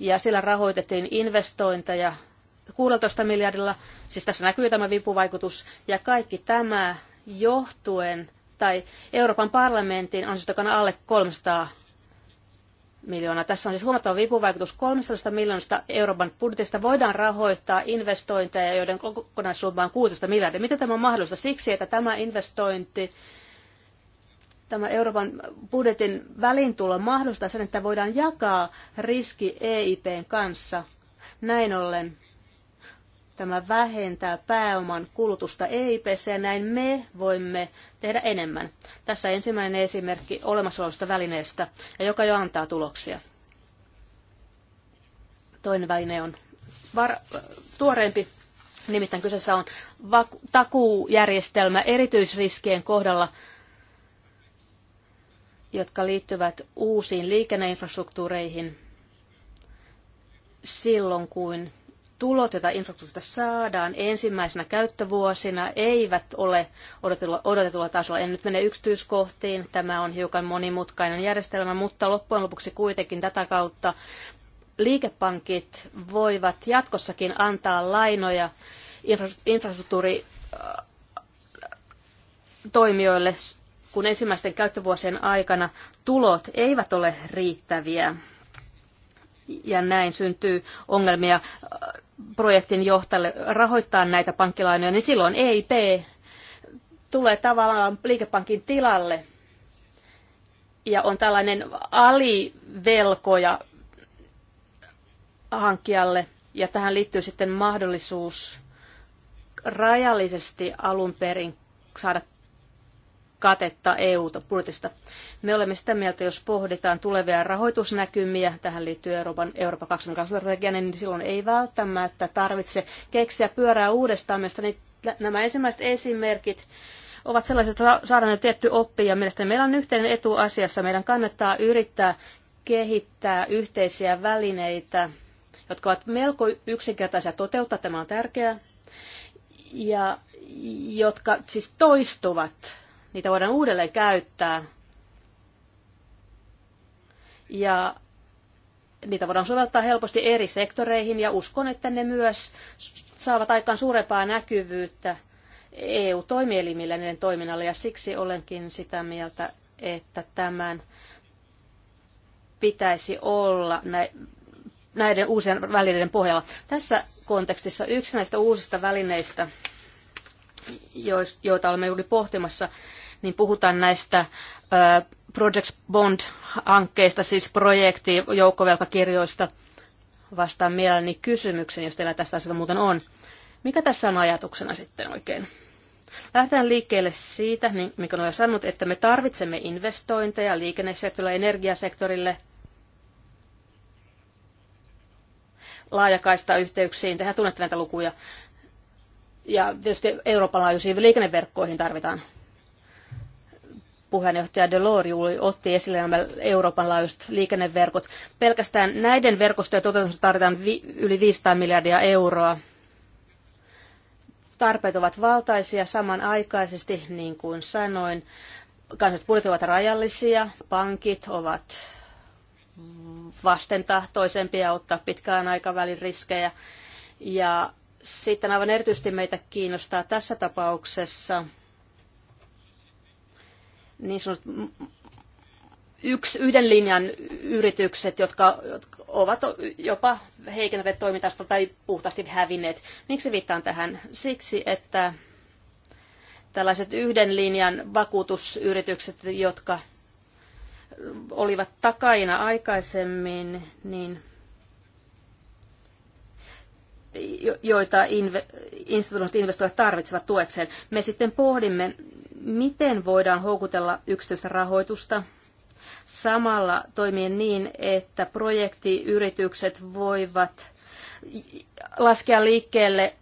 ja sillä rahoitettiin investointeja 16 miljardilla, siis tässä näkyy tämä vipuvaikutus, ja kaikki tämä johtuen, tai Euroopan parlamentin ansiotokana alle 300 miljoonaa. Tässä on siis huomattava vipuvaikutus. 13 miljoonasta Euroopan budjetista voidaan rahoittaa investointeja, joiden kokonaissumma on 16 miljardia. Miten tämä on mahdollista? Siksi, että tämä investointi, tämä Euroopan budjetin välintulo mahdollistaa sen, että voidaan jakaa riski EIPn kanssa. Näin ollen Tämä vähentää pääoman kulutusta EIPssä ja näin me voimme tehdä enemmän. Tässä ensimmäinen esimerkki olemassa olevasta välineestä, ja joka jo antaa tuloksia. Toinen väline on var- tuoreempi, nimittäin kyseessä on vaku- takuujärjestelmä erityisriskien kohdalla, jotka liittyvät uusiin liikenneinfrastruktuureihin silloin, kuin tulot, joita infrastruktuurista saadaan ensimmäisenä käyttövuosina, eivät ole odotetulla, odotetulla tasolla. En nyt mene yksityiskohtiin, tämä on hiukan monimutkainen järjestelmä, mutta loppujen lopuksi kuitenkin tätä kautta liikepankit voivat jatkossakin antaa lainoja infrastruktuuri äh, toimijoille, kun ensimmäisten käyttövuosien aikana tulot eivät ole riittäviä ja näin syntyy ongelmia äh, projektin johtajalle rahoittaa näitä pankkilainoja, niin silloin EIP tulee tavallaan liikepankin tilalle ja on tällainen alivelkoja hankkijalle. Ja tähän liittyy sitten mahdollisuus rajallisesti alun perin saada katetta EU-budjetista. Me olemme sitä mieltä, jos pohditaan tulevia rahoitusnäkymiä, tähän liittyy Euroopan, Euroopan 2020-strategia, niin silloin ei välttämättä tarvitse keksiä pyörää uudestaan. Mielestäni nämä ensimmäiset esimerkit ovat sellaiset, että saadaan jo tietty oppi, ja mielestäni meillä on yhteinen etu asiassa. Meidän kannattaa yrittää kehittää yhteisiä välineitä, jotka ovat melko yksinkertaisia toteuttaa, tämä on tärkeää, ja jotka siis toistuvat niitä voidaan uudelleen käyttää ja niitä voidaan soveltaa helposti eri sektoreihin ja uskon, että ne myös saavat aikaan suurempaa näkyvyyttä eu toimielimille niiden toiminnalle ja siksi olenkin sitä mieltä, että tämän pitäisi olla näiden uusien välineiden pohjalla. Tässä kontekstissa yksi näistä uusista välineistä, joita olemme juuri pohtimassa, niin puhutaan näistä Project Bond-hankkeista, siis projekti joukkovelkakirjoista. Vastaan mielelläni kysymyksen, jos teillä tästä asiasta muuten on. Mikä tässä on ajatuksena sitten oikein? Lähdetään liikkeelle siitä, niin mikä on jo sanonut, että me tarvitsemme investointeja liikennesektorille, energiasektorille, laajakaista yhteyksiin. tehdään tunnettavia lukuja. Ja tietysti Euroopan laajuisiin liikenneverkkoihin tarvitaan puheenjohtaja Delori otti esille nämä Euroopan laajuiset liikenneverkot. Pelkästään näiden verkostojen toteutumista tarvitaan vi- yli 500 miljardia euroa. Tarpeet ovat valtaisia samanaikaisesti, niin kuin sanoin. Kansalliset budjetit ovat rajallisia, pankit ovat vastentahtoisempia ottaa pitkään aikavälin riskejä. Ja sitten aivan erityisesti meitä kiinnostaa tässä tapauksessa – niin sanotusti yks, yhden linjan yritykset, jotka, jotka ovat jopa heikentäneet toimintasta tai puhtaasti hävinneet. Miksi viittaan tähän? Siksi, että tällaiset yhden linjan vakuutusyritykset, jotka olivat takaina aikaisemmin, niin joita inve, institutionaaliset investoijat tarvitsevat tuekseen. Me sitten pohdimme, miten voidaan houkutella yksityistä rahoitusta samalla toimien niin, että projektiyritykset voivat laskea liikkeelle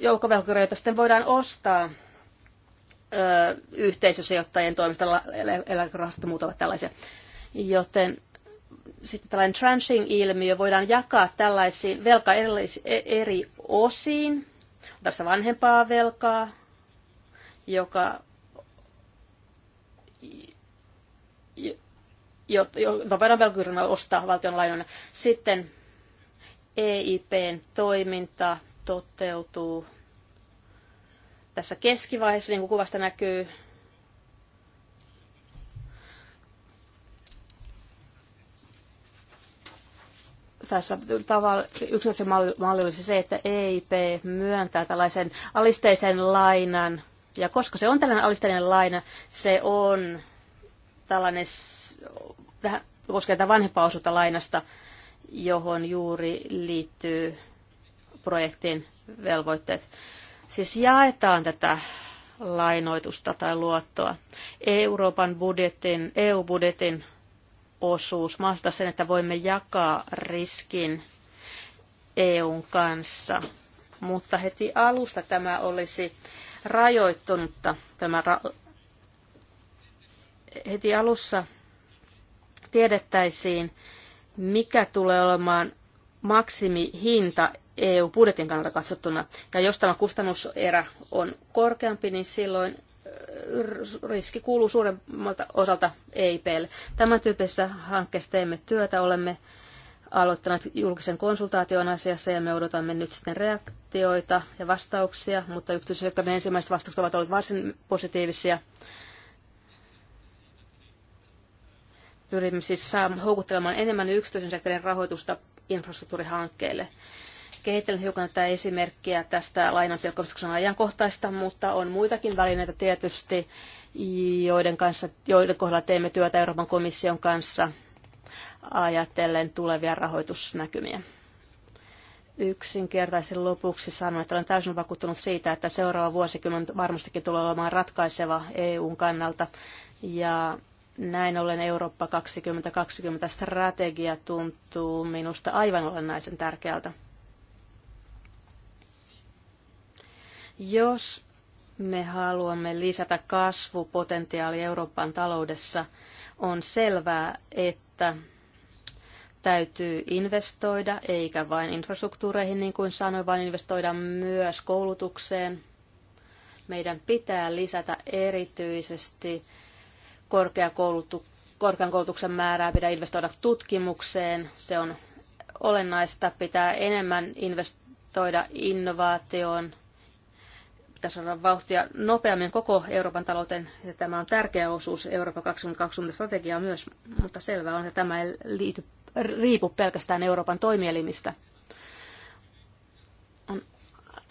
joukkovelkakirjoja, sitten voidaan ostaa ö, yhteisösijoittajien toimesta, eläkerahastot ja muut ovat tällaisia. Joten sitten tällainen tranching-ilmiö voidaan jakaa tällaisiin velka e-, eri osiin. Tässä vanhempaa velkaa, joka jo, voidaan velkakirjana ostaa valtion lainoina. Sitten EIPn toiminta toteutuu tässä keskivaiheessa, niin kuin kuvasta näkyy. Tässä yksi malli, malli olisi se, että EIP myöntää tällaisen alisteisen lainan – ja koska se on tällainen alisteinen laina, se on tällainen, vähän koskee tätä vanhempaa osuutta lainasta, johon juuri liittyy projektin velvoitteet. Siis jaetaan tätä lainoitusta tai luottoa. Euroopan budjetin, EU-budjetin osuus mahdollistaa sen, että voimme jakaa riskin EUn kanssa. Mutta heti alusta tämä olisi rajoittunutta tämä ra- heti alussa tiedettäisiin, mikä tulee olemaan maksimihinta EU-budjetin kannalta katsottuna. Ja jos tämä kustannuserä on korkeampi, niin silloin äh, riski kuuluu suuremmalta osalta EIPlle. Tämän tyyppisessä hankkeessa teemme työtä, olemme aloittanut julkisen konsultaation asiassa ja me odotamme nyt sitten reaktioita ja vastauksia, mutta yksityissektorin ensimmäiset vastaukset ovat olleet varsin positiivisia. Pyrimme siis saamaan houkuttelemaan enemmän yksityisen sektorin rahoitusta infrastruktuurihankkeille. Kehittelen hiukan tätä esimerkkiä tästä lainanpilkkoistuksen ajankohtaista, mutta on muitakin välineitä tietysti, joiden, kanssa, joiden kohdalla teemme työtä Euroopan komission kanssa – ajatellen tulevia rahoitusnäkymiä. Yksinkertaisen lopuksi sanon, että olen täysin vakuuttunut siitä, että seuraava vuosikymmen varmastikin tulee olemaan ratkaiseva EUn kannalta. Ja näin ollen Eurooppa 2020 strategia tuntuu minusta aivan olennaisen tärkeältä. Jos me haluamme lisätä kasvupotentiaalia Euroopan taloudessa – on selvää, että täytyy investoida, eikä vain infrastruktuureihin, niin kuin sanoin, vaan investoida myös koulutukseen. Meidän pitää lisätä erityisesti korkeakoulutu- korkean koulutuksen määrää, pitää investoida tutkimukseen. Se on olennaista, pitää enemmän investoida innovaatioon, pitäisi saada vauhtia nopeammin koko Euroopan talouteen, ja tämä on tärkeä osuus Euroopan 2020 strategiaa myös, mutta selvää on, että tämä ei liity, riipu pelkästään Euroopan toimielimistä. On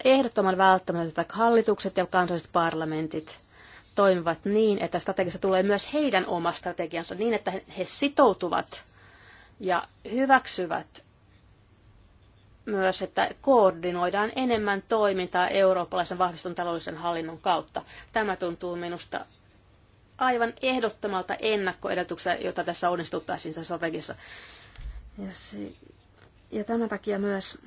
ehdottoman välttämätöntä, että hallitukset ja kansalliset parlamentit toimivat niin, että strategiassa tulee myös heidän oma strategiansa, niin että he sitoutuvat ja hyväksyvät myös, että koordinoidaan enemmän toimintaa eurooppalaisen vahvistun taloudellisen hallinnon kautta. Tämä tuntuu minusta aivan ehdottomalta ennakkoedellytykseltä, jota tässä onnistuttaisiin strategiassa. Ja, si- ja tämän takia myös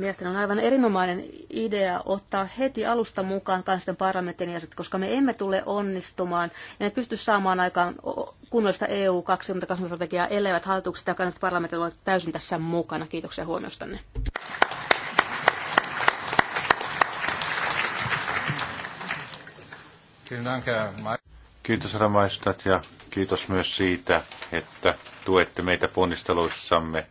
Mielestäni on aivan erinomainen idea ottaa heti alusta mukaan kansallisten parlamentin jäsenet, koska me emme tule onnistumaan ja me pysty saamaan aikaan kunnollista EU 2020-strategiaa, elleivät hallitukset ja kansalliset parlamentit ole täysin tässä mukana. Kiitoksia huomiostanne. Kiitos Ramaistat ja kiitos myös siitä, että tuette meitä ponnisteluissamme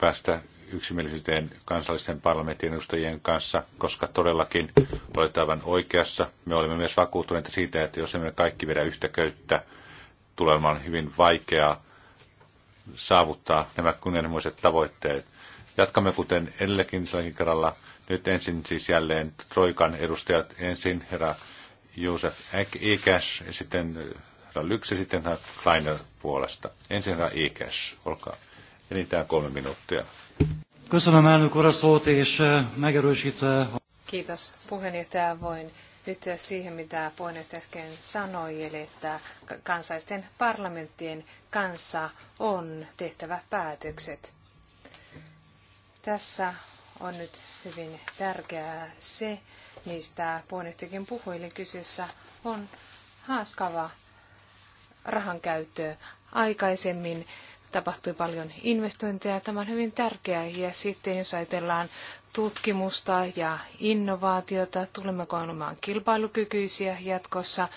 päästä yksimielisyyteen kansallisten parlamenttien edustajien kanssa, koska todellakin olet aivan oikeassa. Me olemme myös vakuuttuneita siitä, että jos emme kaikki vedä yhtä köyttä, tulee olemaan hyvin vaikeaa saavuttaa nämä kunnianhimoiset tavoitteet. Jatkamme kuten edelläkin silläkin kerralla. Nyt ensin siis jälleen Troikan edustajat, ensin herra Josef ja sitten herra ja sitten herra Kleiner puolesta. Ensin herra Ikäs, olkaa enintään kolme minuuttia. Eh, Kiitos puheenjohtaja. Voin nyt siihen, mitä puheenjohtaja äsken sanoi, eli että kansaisten parlamenttien kanssa on tehtävä päätökset. Tässä on nyt hyvin tärkeää se, mistä puheenjohtajakin puhui, eli kyseessä on haaskava rahankäyttö. Aikaisemmin tapahtui paljon investointeja. Tämä on hyvin tärkeää ja sitten jos ajatellaan tutkimusta ja innovaatiota, tulemmeko olemaan kilpailukykyisiä jatkossa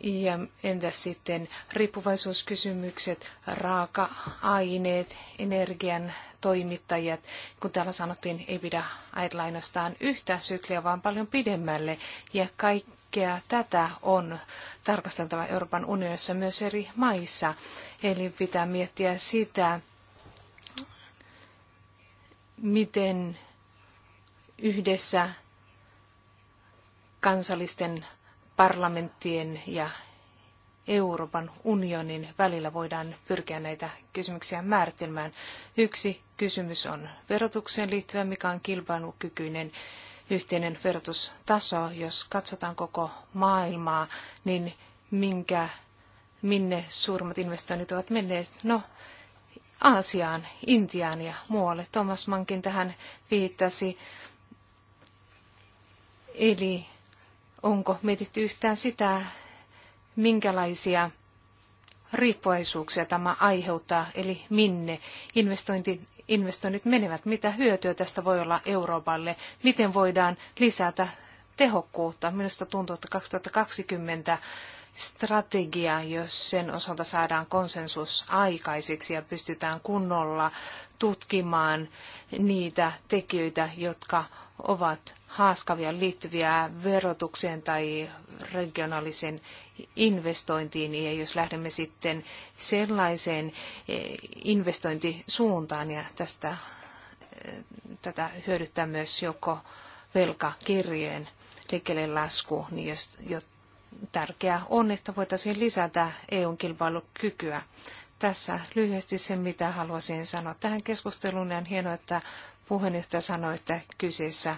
ja entä sitten riippuvaisuuskysymykset, raaka-aineet, energian toimittajat, kun täällä sanottiin, ei pidä ajatella ainoastaan yhtä sykliä, vaan paljon pidemmälle. Ja kaikki kaikkea tätä on tarkasteltava Euroopan unionissa myös eri maissa. Eli pitää miettiä sitä, miten yhdessä kansallisten parlamenttien ja Euroopan unionin välillä voidaan pyrkiä näitä kysymyksiä määrittelemään. Yksi kysymys on verotukseen liittyvä, mikä on kilpailukykyinen yhteinen verotustaso, jos katsotaan koko maailmaa, niin minkä, minne suurimmat investoinnit ovat menneet? No, Aasiaan, Intiaan ja muualle. Thomas Mankin tähän viittasi. Eli onko mietitty yhtään sitä, minkälaisia riippuvaisuuksia tämä aiheuttaa, eli minne investointi investoinnit menevät, mitä hyötyä tästä voi olla Euroopalle, miten voidaan lisätä tehokkuutta. Minusta tuntuu, että 2020 strategia, jos sen osalta saadaan konsensus aikaiseksi ja pystytään kunnolla tutkimaan niitä tekijöitä, jotka ovat haaskavia liittyviä verotukseen tai regionaalisen investointiin. Ja jos lähdemme sitten sellaiseen eh, investointisuuntaan, ja tästä, eh, tätä hyödyttää myös joko velkakirjeen liikkeelle lasku, niin jos, jo, tärkeää on, että voitaisiin lisätä EUn kilpailukykyä. Tässä lyhyesti se, mitä haluaisin sanoa tähän keskusteluun. Ja on hienoa, että puheenjohtaja sanoi, että kyseessä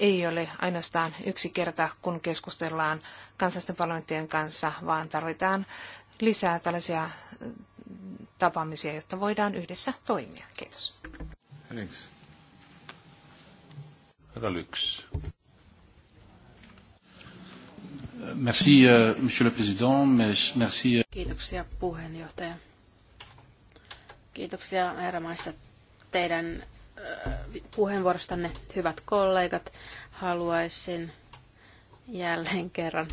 ei ole ainoastaan yksi kerta, kun keskustellaan kansallisten parlamenttien kanssa, vaan tarvitaan lisää tällaisia mm, tapaamisia, jotta voidaan yhdessä toimia. Kiitos. Thanks. Merci, euh, monsieur le président. Merci. Euh. Kiitoksia puheenjohtaja. Kiitoksia herra teidän puheenvuorostanne, hyvät kollegat. Haluaisin jälleen kerran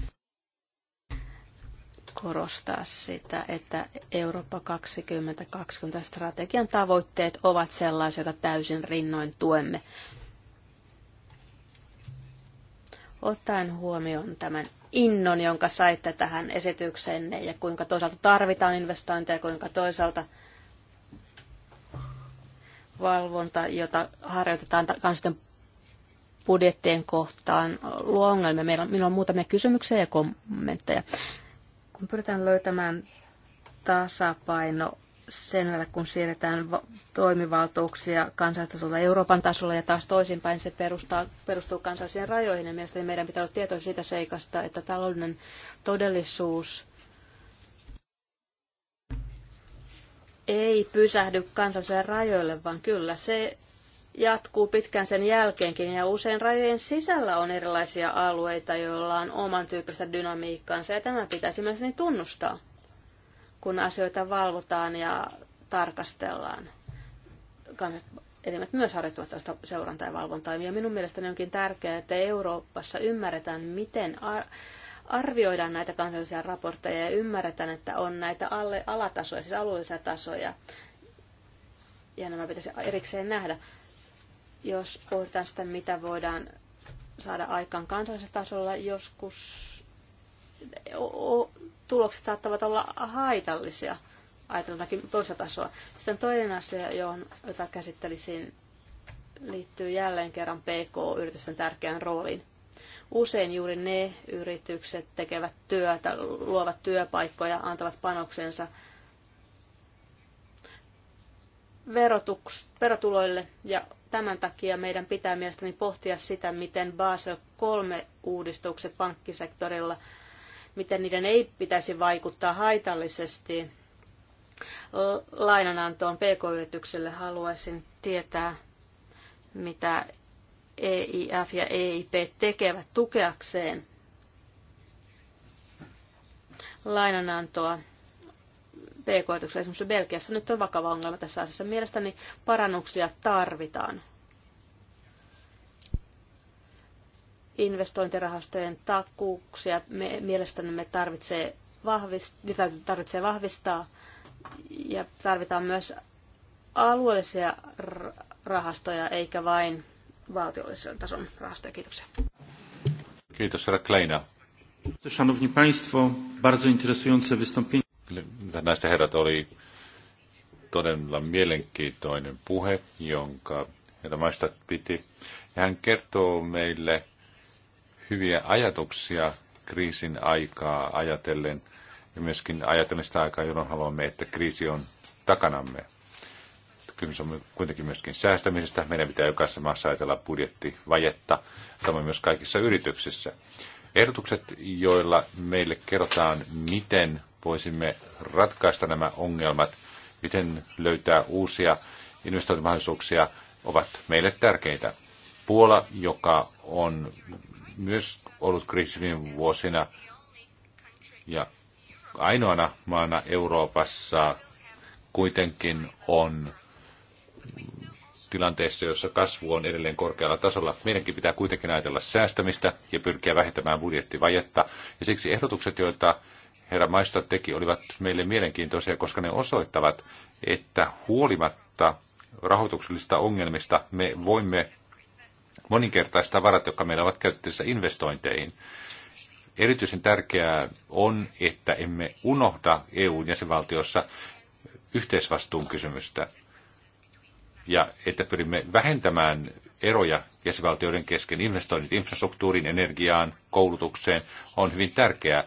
korostaa sitä, että Eurooppa 2020 strategian tavoitteet ovat sellaisia, joita täysin rinnoin tuemme. Ottaen huomioon tämän innon, jonka saitte tähän esitykseenne ja kuinka toisaalta tarvitaan investointeja, kuinka toisaalta – valvonta, jota harjoitetaan kansallisten budjettien kohtaan, luo ongelmia. Meillä on, meillä on muutamia kysymyksiä ja kommentteja. Kun pyritään löytämään tasapaino sen välillä, kun siirretään toimivaltuuksia kansallisella Euroopan tasolla ja taas toisinpäin se perustaa, perustuu kansallisiin rajoihin. Ja mielestäni meidän pitää olla tietoisia siitä seikasta, että taloudellinen todellisuus ei pysähdy kansalliseen rajoille, vaan kyllä se jatkuu pitkään sen jälkeenkin ja usein rajojen sisällä on erilaisia alueita, joilla on oman tyyppistä dynamiikkaansa ja tämä pitäisi myös niin tunnustaa, kun asioita valvotaan ja tarkastellaan. Elimet myös harjoittavat tällaista seurantaa ja valvontaa ja minun mielestäni onkin tärkeää, että Euroopassa ymmärretään, miten ar- arvioidaan näitä kansallisia raportteja ja ymmärretään, että on näitä alle, alatasoja, siis alueellisia tasoja, ja nämä pitäisi erikseen nähdä. Jos pohditaan sitä, mitä voidaan saada aikaan kansallisella tasolla, joskus tulokset saattavat olla haitallisia ajatellaankin toista tasoa. Sitten toinen asia, johon, jota käsittelisin, liittyy jälleen kerran PK-yritysten tärkeään rooliin. Usein juuri ne yritykset tekevät työtä, luovat työpaikkoja, antavat panoksensa verotuks, verotuloille ja tämän takia meidän pitää mielestäni pohtia sitä, miten Basel 3 uudistukset pankkisektorilla, miten niiden ei pitäisi vaikuttaa haitallisesti lainanantoon pk-yritykselle. Haluaisin tietää, mitä EIF ja EIP tekevät tukeakseen lainanantoa pk Esimerkiksi Belgiassa nyt on vakava ongelma tässä asiassa. Mielestäni parannuksia tarvitaan. Investointirahastojen takuuksia me, mielestäni me tarvitsee, vahvist, tarvitsee vahvistaa ja tarvitaan myös alueellisia rahastoja eikä vain valtiollisen tason rahastoja. Kiitoksia. Kiitos, herra Kleina. Szanowni Państwo, bardzo interesujące wystąpienie. Näistä herrat oli todella mielenkiintoinen puhe, jonka herra Maistat piti. hän kertoo meille hyviä ajatuksia kriisin aikaa ajatellen ja myöskin ajatellen sitä aikaa, jolloin haluamme, että kriisi on takanamme kysymys on kuitenkin myöskin säästämisestä. Meidän pitää jokaisessa maassa ajatella budjettivajetta, samoin myös kaikissa yrityksissä. Ehdotukset, joilla meille kerrotaan, miten voisimme ratkaista nämä ongelmat, miten löytää uusia investointimahdollisuuksia, ovat meille tärkeitä. Puola, joka on myös ollut kriisivien vuosina ja ainoana maana Euroopassa kuitenkin on tilanteessa, jossa kasvu on edelleen korkealla tasolla. Meidänkin pitää kuitenkin ajatella säästämistä ja pyrkiä vähentämään budjettivajetta. Ja siksi ehdotukset, joita herra Maista teki, olivat meille mielenkiintoisia, koska ne osoittavat, että huolimatta rahoituksellisista ongelmista me voimme moninkertaista varat, jotka meillä ovat käytettävissä investointeihin. Erityisen tärkeää on, että emme unohda EUn jäsenvaltiossa yhteisvastuun kysymystä ja että pyrimme vähentämään eroja jäsenvaltioiden kesken. Investoinnit infrastruktuuriin, energiaan, koulutukseen on hyvin tärkeää.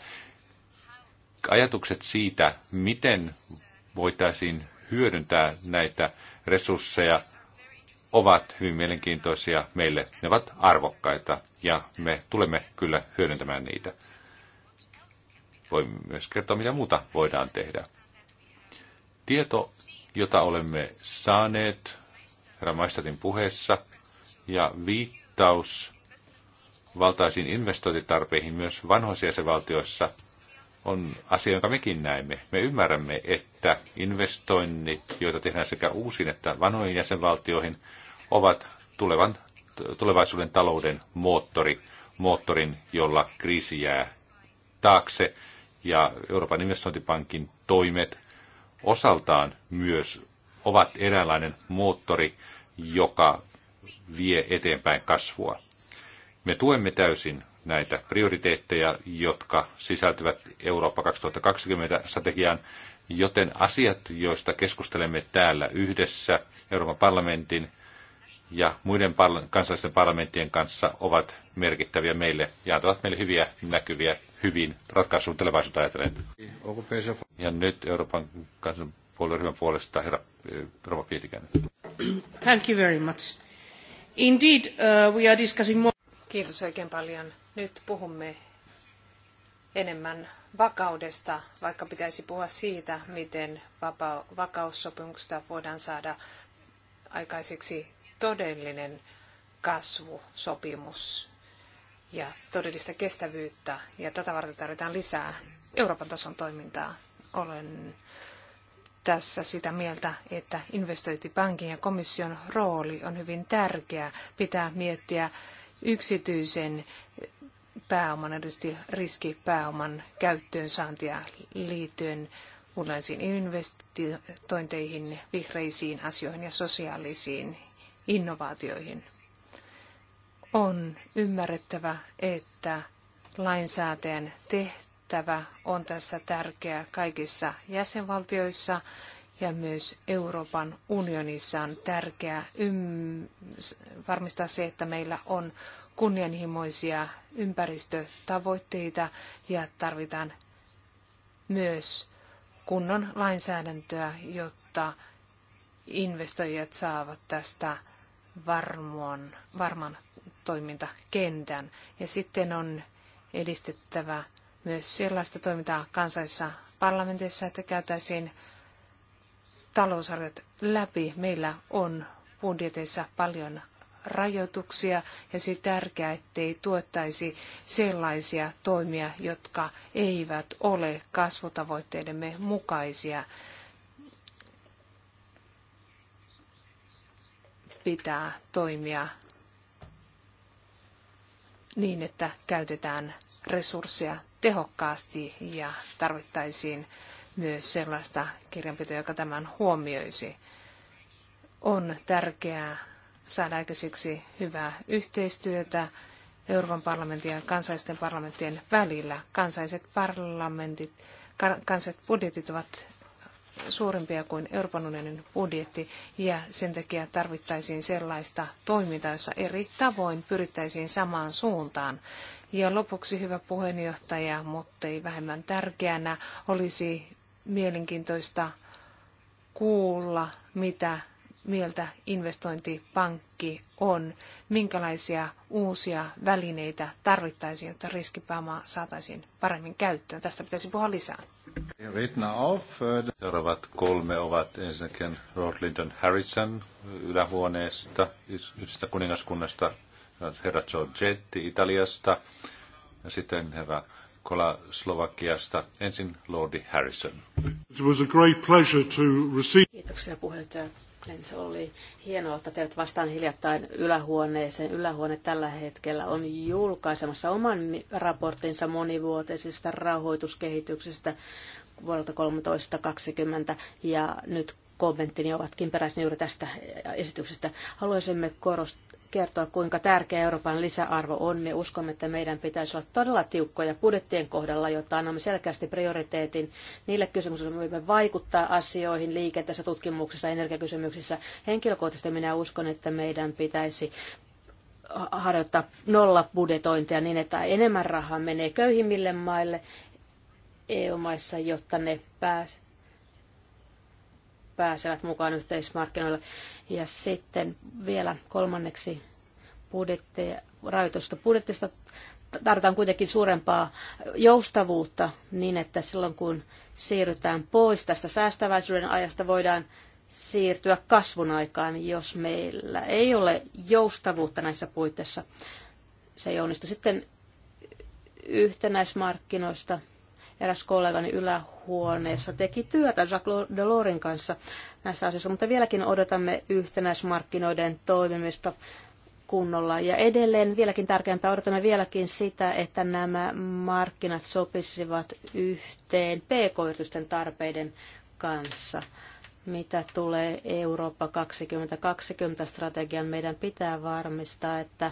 Ajatukset siitä, miten voitaisiin hyödyntää näitä resursseja, ovat hyvin mielenkiintoisia meille. Ne ovat arvokkaita ja me tulemme kyllä hyödyntämään niitä. Voi myös kertoa, mitä muuta voidaan tehdä. Tieto, jota olemme saaneet herra Maistatin puheessa, ja viittaus valtaisiin investointitarpeihin myös vanhoissa jäsenvaltioissa on asia, jonka mekin näemme. Me ymmärrämme, että investoinnit, joita tehdään sekä uusiin että vanhoihin jäsenvaltioihin, ovat tulevan, tulevaisuuden talouden moottori, moottorin, jolla kriisi jää taakse. Ja Euroopan investointipankin toimet osaltaan myös ovat eräänlainen moottori, joka vie eteenpäin kasvua. Me tuemme täysin näitä prioriteetteja, jotka sisältyvät Eurooppa 2020 strategiaan, joten asiat, joista keskustelemme täällä yhdessä Euroopan parlamentin ja muiden parla- kansallisten parlamenttien kanssa, ovat merkittäviä meille ja antavat meille hyviä näkyviä hyvin ratkaisuun tulevaisuutta ajatellen. Ja nyt Euroopan kansan puolueryhmän puolesta herra eh, Rova Pietikäinen. Thank you very much. Indeed, uh, we are discussing more... Kiitos oikein paljon. Nyt puhumme enemmän vakaudesta, vaikka pitäisi puhua siitä, miten vapa- vakaussopimuksesta voidaan saada aikaiseksi todellinen kasvusopimus ja todellista kestävyyttä. Ja tätä varten tarvitaan lisää Euroopan tason toimintaa. Olen tässä sitä mieltä, että investointipankin ja komission rooli on hyvin tärkeä. Pitää miettiä yksityisen pääoman, erityisesti riskipääoman käyttöön saantia liittyen uudenlaisiin investointeihin, vihreisiin asioihin ja sosiaalisiin innovaatioihin. On ymmärrettävä, että lainsäätäjän tehtävä tehtävä on tässä tärkeä kaikissa jäsenvaltioissa ja myös Euroopan unionissa on tärkeää varmistaa se, että meillä on kunnianhimoisia ympäristötavoitteita ja tarvitaan myös kunnon lainsäädäntöä, jotta investoijat saavat tästä varmuan, varman toimintakentän. Ja sitten on edistettävä myös sellaista toimintaa kansallisissa parlamenteissa, että käytäisiin talousarviot läpi. Meillä on budjeteissa paljon rajoituksia ja se tärkeää, ettei tuettaisi sellaisia toimia, jotka eivät ole kasvutavoitteidemme mukaisia. Pitää toimia niin, että käytetään resursseja tehokkaasti ja tarvittaisiin myös sellaista kirjanpitoa, joka tämän huomioisi. On tärkeää saada aikaiseksi hyvää yhteistyötä Euroopan parlamentin ja kansallisten parlamenttien välillä. Kansalliset parlamentit, kansalliset budjetit ovat suurempia kuin Euroopan unionin budjetti ja sen takia tarvittaisiin sellaista toimintaa, jossa eri tavoin pyrittäisiin samaan suuntaan. Ja lopuksi hyvä puheenjohtaja, mutta ei vähemmän tärkeänä, olisi mielenkiintoista kuulla, mitä mieltä investointipankki on, minkälaisia uusia välineitä tarvittaisiin, jotta riskipääoma saataisiin paremmin käyttöön. Tästä pitäisi puhua lisää. Uh, Seuraavat kolme ovat ensinnäkin Lord Lyndon Harrison ylähuoneesta, yhdestä kuningaskunnasta herra Giorgetti Italiasta ja sitten herra Kola Slovakiasta. Ensin Lordi Harrison. It was a great pleasure to receive... Kiitoksia puheenjohtaja. Se oli hienoa, että teidät vastaan hiljattain ylähuoneeseen. Ylähuone tällä hetkellä on julkaisemassa oman raporttinsa monivuotisesta rahoituskehityksestä vuodelta 1320 ja nyt kommenttini ovatkin peräisin juuri tästä esityksestä. Haluaisimme korostaa kertoa, kuinka tärkeä Euroopan lisäarvo on. Me uskomme, että meidän pitäisi olla todella tiukkoja budjettien kohdalla, jotta annamme selkeästi prioriteetin niille kysymyksille, joilla voimme vaikuttaa asioihin liikenteessä, tutkimuksessa, energiakysymyksissä. Henkilökohtaisesti minä uskon, että meidän pitäisi harjoittaa nollabudjetointia niin, että enemmän rahaa menee köyhimmille maille EU-maissa, jotta ne pääsevät pääsevät mukaan yhteismarkkinoille. Ja sitten vielä kolmanneksi budjetteja, rajoitusta budjettista tarvitaan kuitenkin suurempaa joustavuutta niin, että silloin kun siirrytään pois tästä säästäväisyyden ajasta, voidaan siirtyä kasvun aikaan, jos meillä ei ole joustavuutta näissä puitteissa. Se ei onnistu. Sitten yhtenäismarkkinoista eräs kollegani ylähuoneessa teki työtä Jacques Delorin kanssa näissä asioissa, mutta vieläkin odotamme yhtenäismarkkinoiden toimimista kunnolla. Ja edelleen vieläkin tärkeämpää odotamme vieläkin sitä, että nämä markkinat sopisivat yhteen pk-yritysten tarpeiden kanssa. Mitä tulee Eurooppa 2020 strategian, meidän pitää varmistaa, että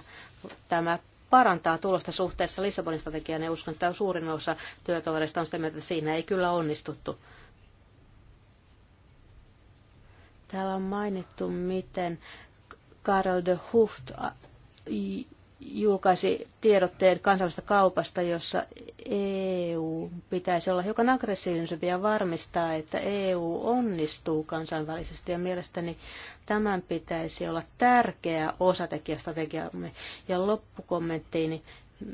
tämä parantaa tulosta suhteessa Lissabonin strategiaan ja uskon, että suurin osa työtovereista on sitä mieltä, että siinä ei kyllä onnistuttu. Täällä on mainittu, miten Karel de Hucht julkaisi tiedotteen kansallisesta kaupasta, jossa EU pitäisi olla hiukan aggressiivisempi ja varmistaa, että EU onnistuu kansainvälisesti. Ja mielestäni tämän pitäisi olla tärkeä osatekijä strategiamme. Ja loppukommenttiini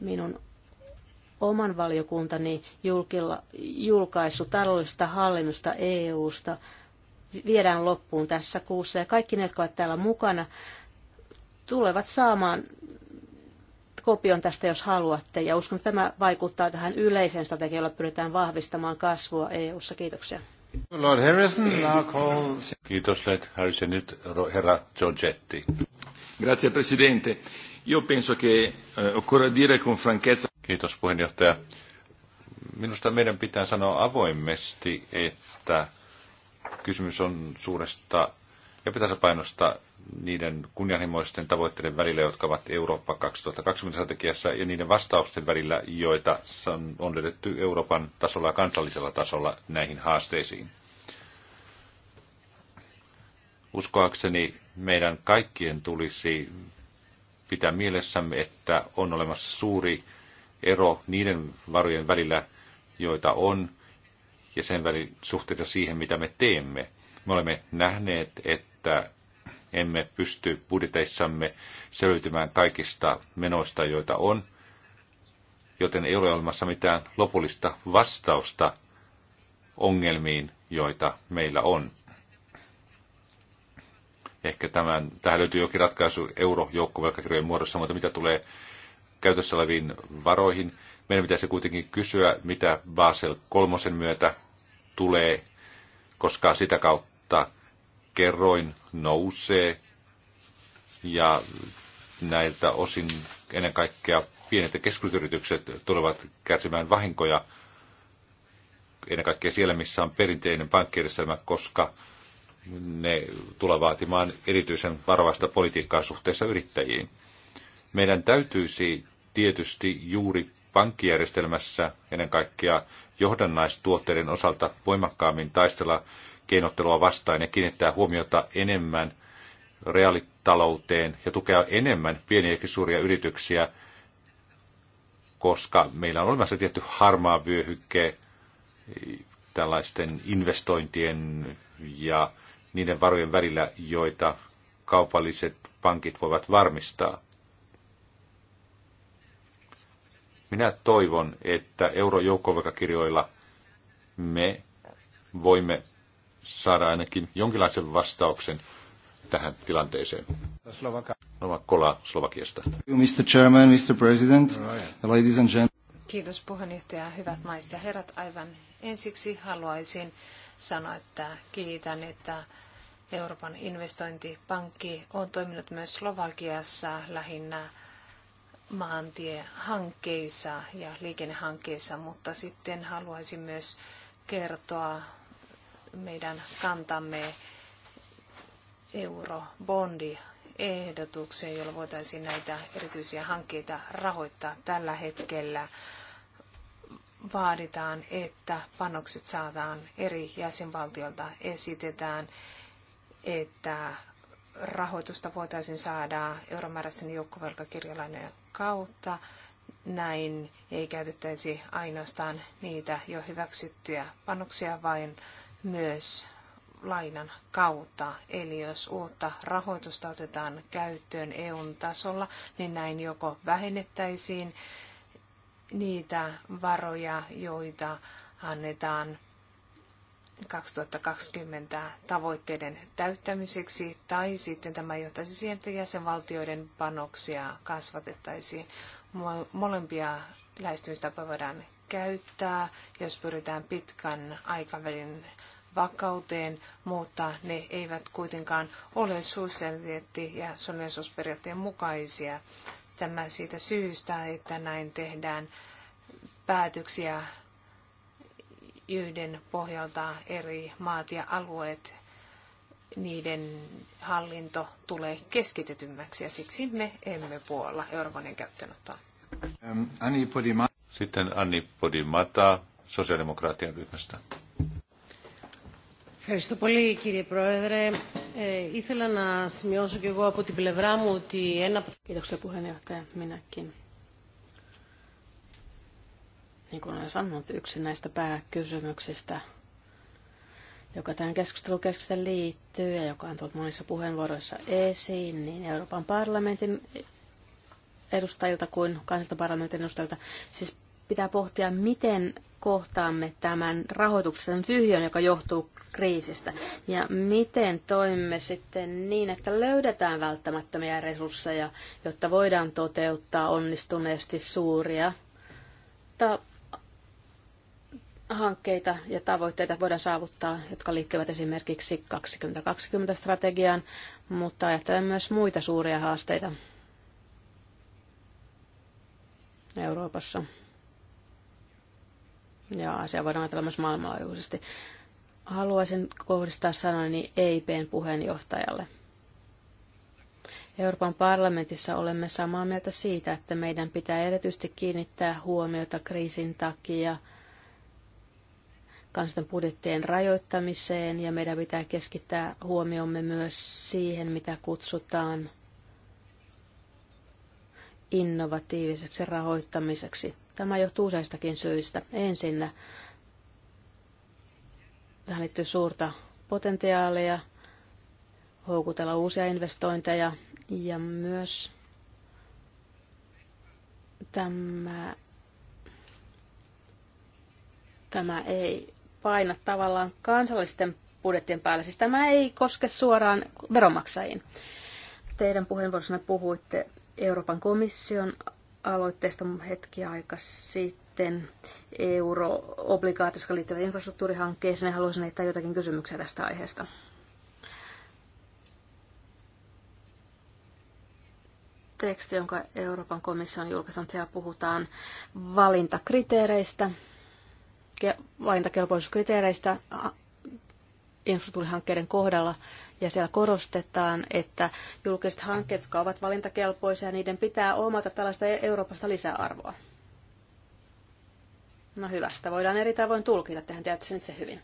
minun oman valiokuntani julkilla, julkaissut taloudellisesta hallinnosta EUsta viedään loppuun tässä kuussa. Ja kaikki ne, jotka ovat täällä mukana, tulevat saamaan kopion tästä, jos haluatte. Ja uskon, että tämä vaikuttaa tähän yleiseen strategiaan, jolla pyritään vahvistamaan kasvua EU-ssa. Kiitoksia. Lord Harrison, Kiitos, Lord Harrison. Nyt herra Giorgetti. Grazie, Presidente. Io penso che eh, dire con franchezza... Kiitos, puheenjohtaja. Minusta meidän pitää sanoa avoimesti, että kysymys on suuresta ja pitäisi painostaa niiden kunnianhimoisten tavoitteiden välillä, jotka ovat Eurooppa 2020-strategiassa, ja niiden vastausten välillä, joita on löydetty Euroopan tasolla ja kansallisella tasolla näihin haasteisiin. Uskoakseni meidän kaikkien tulisi pitää mielessämme, että on olemassa suuri ero niiden varojen välillä, joita on, ja sen välin suhteessa siihen, mitä me teemme. Me olemme nähneet, että emme pysty budjeteissamme selviytymään kaikista menoista, joita on, joten ei ole olemassa mitään lopullista vastausta ongelmiin, joita meillä on. Ehkä tämän, tähän löytyy jokin ratkaisu eurojoukkovelkakirjojen muodossa, mutta mitä tulee käytössä oleviin varoihin, meidän pitäisi kuitenkin kysyä, mitä Basel kolmosen myötä tulee, koska sitä kautta kerroin nousee ja näiltä osin ennen kaikkea pienet ja keskusyritykset tulevat kärsimään vahinkoja ennen kaikkea siellä, missä on perinteinen pankkijärjestelmä, koska ne tulee vaatimaan erityisen varovaista politiikkaa suhteessa yrittäjiin. Meidän täytyisi tietysti juuri pankkijärjestelmässä ennen kaikkea johdannaistuotteiden osalta voimakkaammin taistella keinottelua vastaan ja kiinnittää huomiota enemmän reaalitalouteen ja tukea enemmän pieniä ja suuria yrityksiä, koska meillä on olemassa tietty harmaa vyöhykke tällaisten investointien ja niiden varojen välillä, joita kaupalliset pankit voivat varmistaa. Minä toivon, että eurojoukkovelkakirjoilla me voimme saada ainakin jonkinlaisen vastauksen tähän tilanteeseen. Novakola Slovakiasta. Mr. Chairman, Mr. President, ladies and gentlemen. Kiitos puheenjohtaja. Hyvät naiset ja herrat, aivan ensiksi haluaisin sanoa, että kiitän, että Euroopan investointipankki on toiminut myös Slovakiassa lähinnä maantiehankkeissa ja liikennehankkeissa, mutta sitten haluaisin myös kertoa meidän kantamme eurobondi ehdotukseen, jolla voitaisiin näitä erityisiä hankkeita rahoittaa tällä hetkellä. Vaaditaan, että panokset saadaan eri jäsenvaltiolta. Esitetään, että rahoitusta voitaisiin saada euromääräisten joukkovelkakirjalainojen kautta. Näin ei käytettäisi ainoastaan niitä jo hyväksyttyjä panoksia, vaan myös lainan kautta. Eli jos uutta rahoitusta otetaan käyttöön EUn tasolla, niin näin joko vähennettäisiin niitä varoja, joita annetaan 2020 tavoitteiden täyttämiseksi, tai sitten tämä johtaisi siihen, että jäsenvaltioiden panoksia kasvatettaisiin. Molempia lähestymistapoja voidaan käyttää, jos pyritään pitkän aikavälin vakauteen, mutta ne eivät kuitenkaan ole suosialiteetti- ja solidaisuusperiaatteen mukaisia. Tämä siitä syystä, että näin tehdään päätöksiä yhden pohjalta eri maat ja alueet, niiden hallinto tulee keskitetymmäksi ja siksi me emme puolla Euroopan käyttöönottoa. Sitten Anni Podimata sosiaalidemokraattien ryhmästä. Ευχαριστώ πολύ κύριε Πρόεδρε. Ε, ήθελα να σημειώσω και εγώ από την πλευρά μου ότι ένα... Kiitoksia puheenjohtaja, minäkin. Niin kuin olen sanonut, yksi näistä pääkysymyksistä, joka tähän keskustelukeskukseen liittyy ja joka on tullut monissa puheenvuoroissa esiin, niin Euroopan parlamentin edustajilta kuin kansalta parlamentin edustajilta, siis Pitää pohtia, miten kohtaamme tämän rahoituksen tyhjön, joka johtuu kriisistä, ja miten toimimme sitten niin, että löydetään välttämättömiä resursseja, jotta voidaan toteuttaa onnistuneesti suuria ta- hankkeita ja tavoitteita voidaan saavuttaa, jotka liittyvät esimerkiksi 2020-strategiaan, mutta ajattelen myös muita suuria haasteita Euroopassa ja asia voidaan ajatella myös maailmanlaajuisesti. Haluaisin kohdistaa sanani EIPn puheenjohtajalle. Euroopan parlamentissa olemme samaa mieltä siitä, että meidän pitää erityisesti kiinnittää huomiota kriisin takia kansan budjettien rajoittamiseen ja meidän pitää keskittää huomiomme myös siihen, mitä kutsutaan innovatiiviseksi rahoittamiseksi. Tämä johtuu useistakin syistä. Ensinnä tähän liittyy suurta potentiaalia houkutella uusia investointeja ja myös tämä, tämä ei paina tavallaan kansallisten budjettien päälle. Siis tämä ei koske suoraan veronmaksajiin. Teidän puheenvuorossanne puhuitte Euroopan komission aloitteesta hetki aika sitten euroobligaatiosta liittyvän infrastruktuurihankkeeseen ja haluaisin heittää jotakin kysymyksiä tästä aiheesta. teksti, jonka Euroopan komissio on Siellä puhutaan valintakriteereistä, valintakelpoisuuskriteereistä infrastruktuurihankkeiden kohdalla. Ja siellä korostetaan, että julkiset hankkeet, jotka ovat valintakelpoisia, niiden pitää omata tällaista Euroopasta lisäarvoa. No hyvä, sitä voidaan eri tavoin tulkita, tehän tiedätte sen itse hyvin.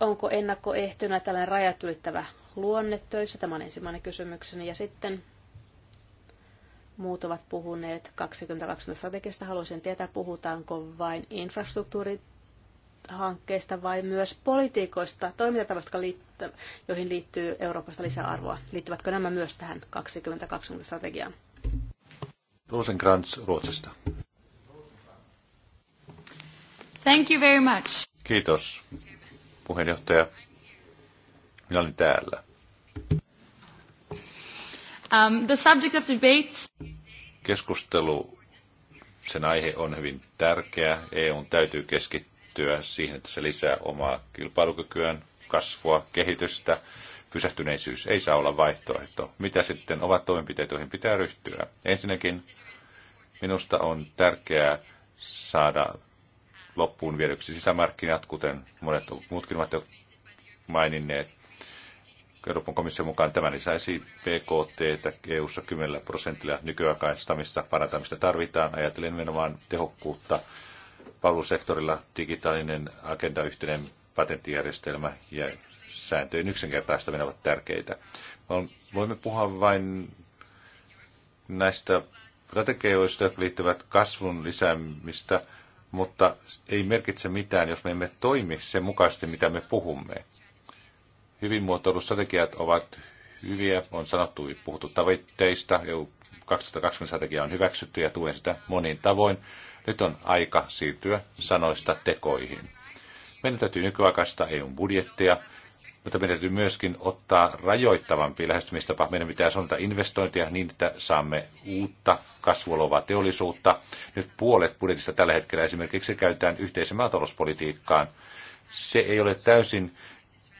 Onko ennakkoehtona tällainen rajat ylittävä luonne töissä? Tämä on ensimmäinen kysymykseni. Ja sitten muut ovat puhuneet 2020 strategiasta. Haluaisin tietää, puhutaanko vain infrastruktuurin hankkeista vai myös politiikoista, toimintatavoista, joihin liittyy Euroopasta lisäarvoa? Liittyvätkö nämä myös tähän 2020-strategiaan? Rosenkrantz Ruotsista. Thank you very much. Kiitos, puheenjohtaja. Minä olin täällä. Um, the subject of debate. Keskustelu, sen aihe on hyvin tärkeä. EUn täytyy keskittyä keskittyä siihen, että se lisää omaa kilpailukykyään, kasvua, kehitystä. Pysähtyneisyys ei saa olla vaihtoehto. Mitä sitten ovat toimenpiteet, joihin pitää ryhtyä? Ensinnäkin minusta on tärkeää saada loppuun viedyksi sisämarkkinat, kuten monet muutkin ovat jo maininneet. Euroopan komission mukaan tämä lisäisi että EU-ssa 10 prosentilla nykyaikaistamista, parantamista tarvitaan, ajatellen nimenomaan tehokkuutta palvelusektorilla digitaalinen agenda, yhteinen patenttijärjestelmä ja sääntöjen yksinkertaistaminen ovat tärkeitä. Voimme puhua vain näistä strategioista, jotka liittyvät kasvun lisäämistä, mutta ei merkitse mitään, jos me emme toimi sen mukaisesti, mitä me puhumme. Hyvin muotoilustrategiat ovat hyviä, on sanottu, puhuttu tavoitteista, 2020 strategia on hyväksytty ja tuen sitä monin tavoin. Nyt on aika siirtyä sanoista tekoihin. Meidän täytyy nykyaikaista EUn budjettia, mutta meidän täytyy myöskin ottaa rajoittavampi lähestymistapa. Meidän pitää suunnata investointia niin, että saamme uutta kasvulovaa teollisuutta. Nyt puolet budjetista tällä hetkellä esimerkiksi käytetään yhteisen maatalouspolitiikkaan. Se ei ole täysin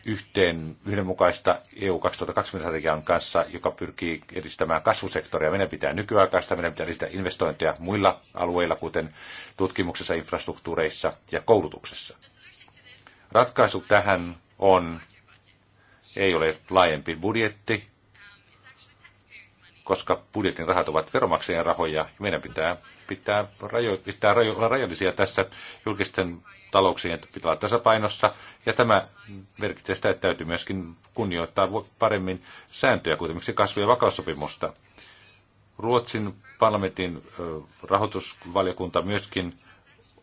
yhteen yhdenmukaista EU 2020-strategian kanssa, joka pyrkii edistämään kasvusektoria. Meidän pitää nykyaikaista, meidän pitää edistää investointeja muilla alueilla, kuten tutkimuksessa, infrastruktuureissa ja koulutuksessa. Ratkaisu tähän on, ei ole laajempi budjetti, koska budjetin rahat ovat veromaksajien rahoja. ja Meidän pitää, pitää, rajo, pitää rajo, olla rajallisia tässä julkisten talouksien pitää olla tasapainossa. Ja tämä merkitsee sitä, että täytyy myöskin kunnioittaa paremmin sääntöjä, kuten esimerkiksi kasvu- ja vakaussopimusta. Ruotsin parlamentin rahoitusvaliokunta myöskin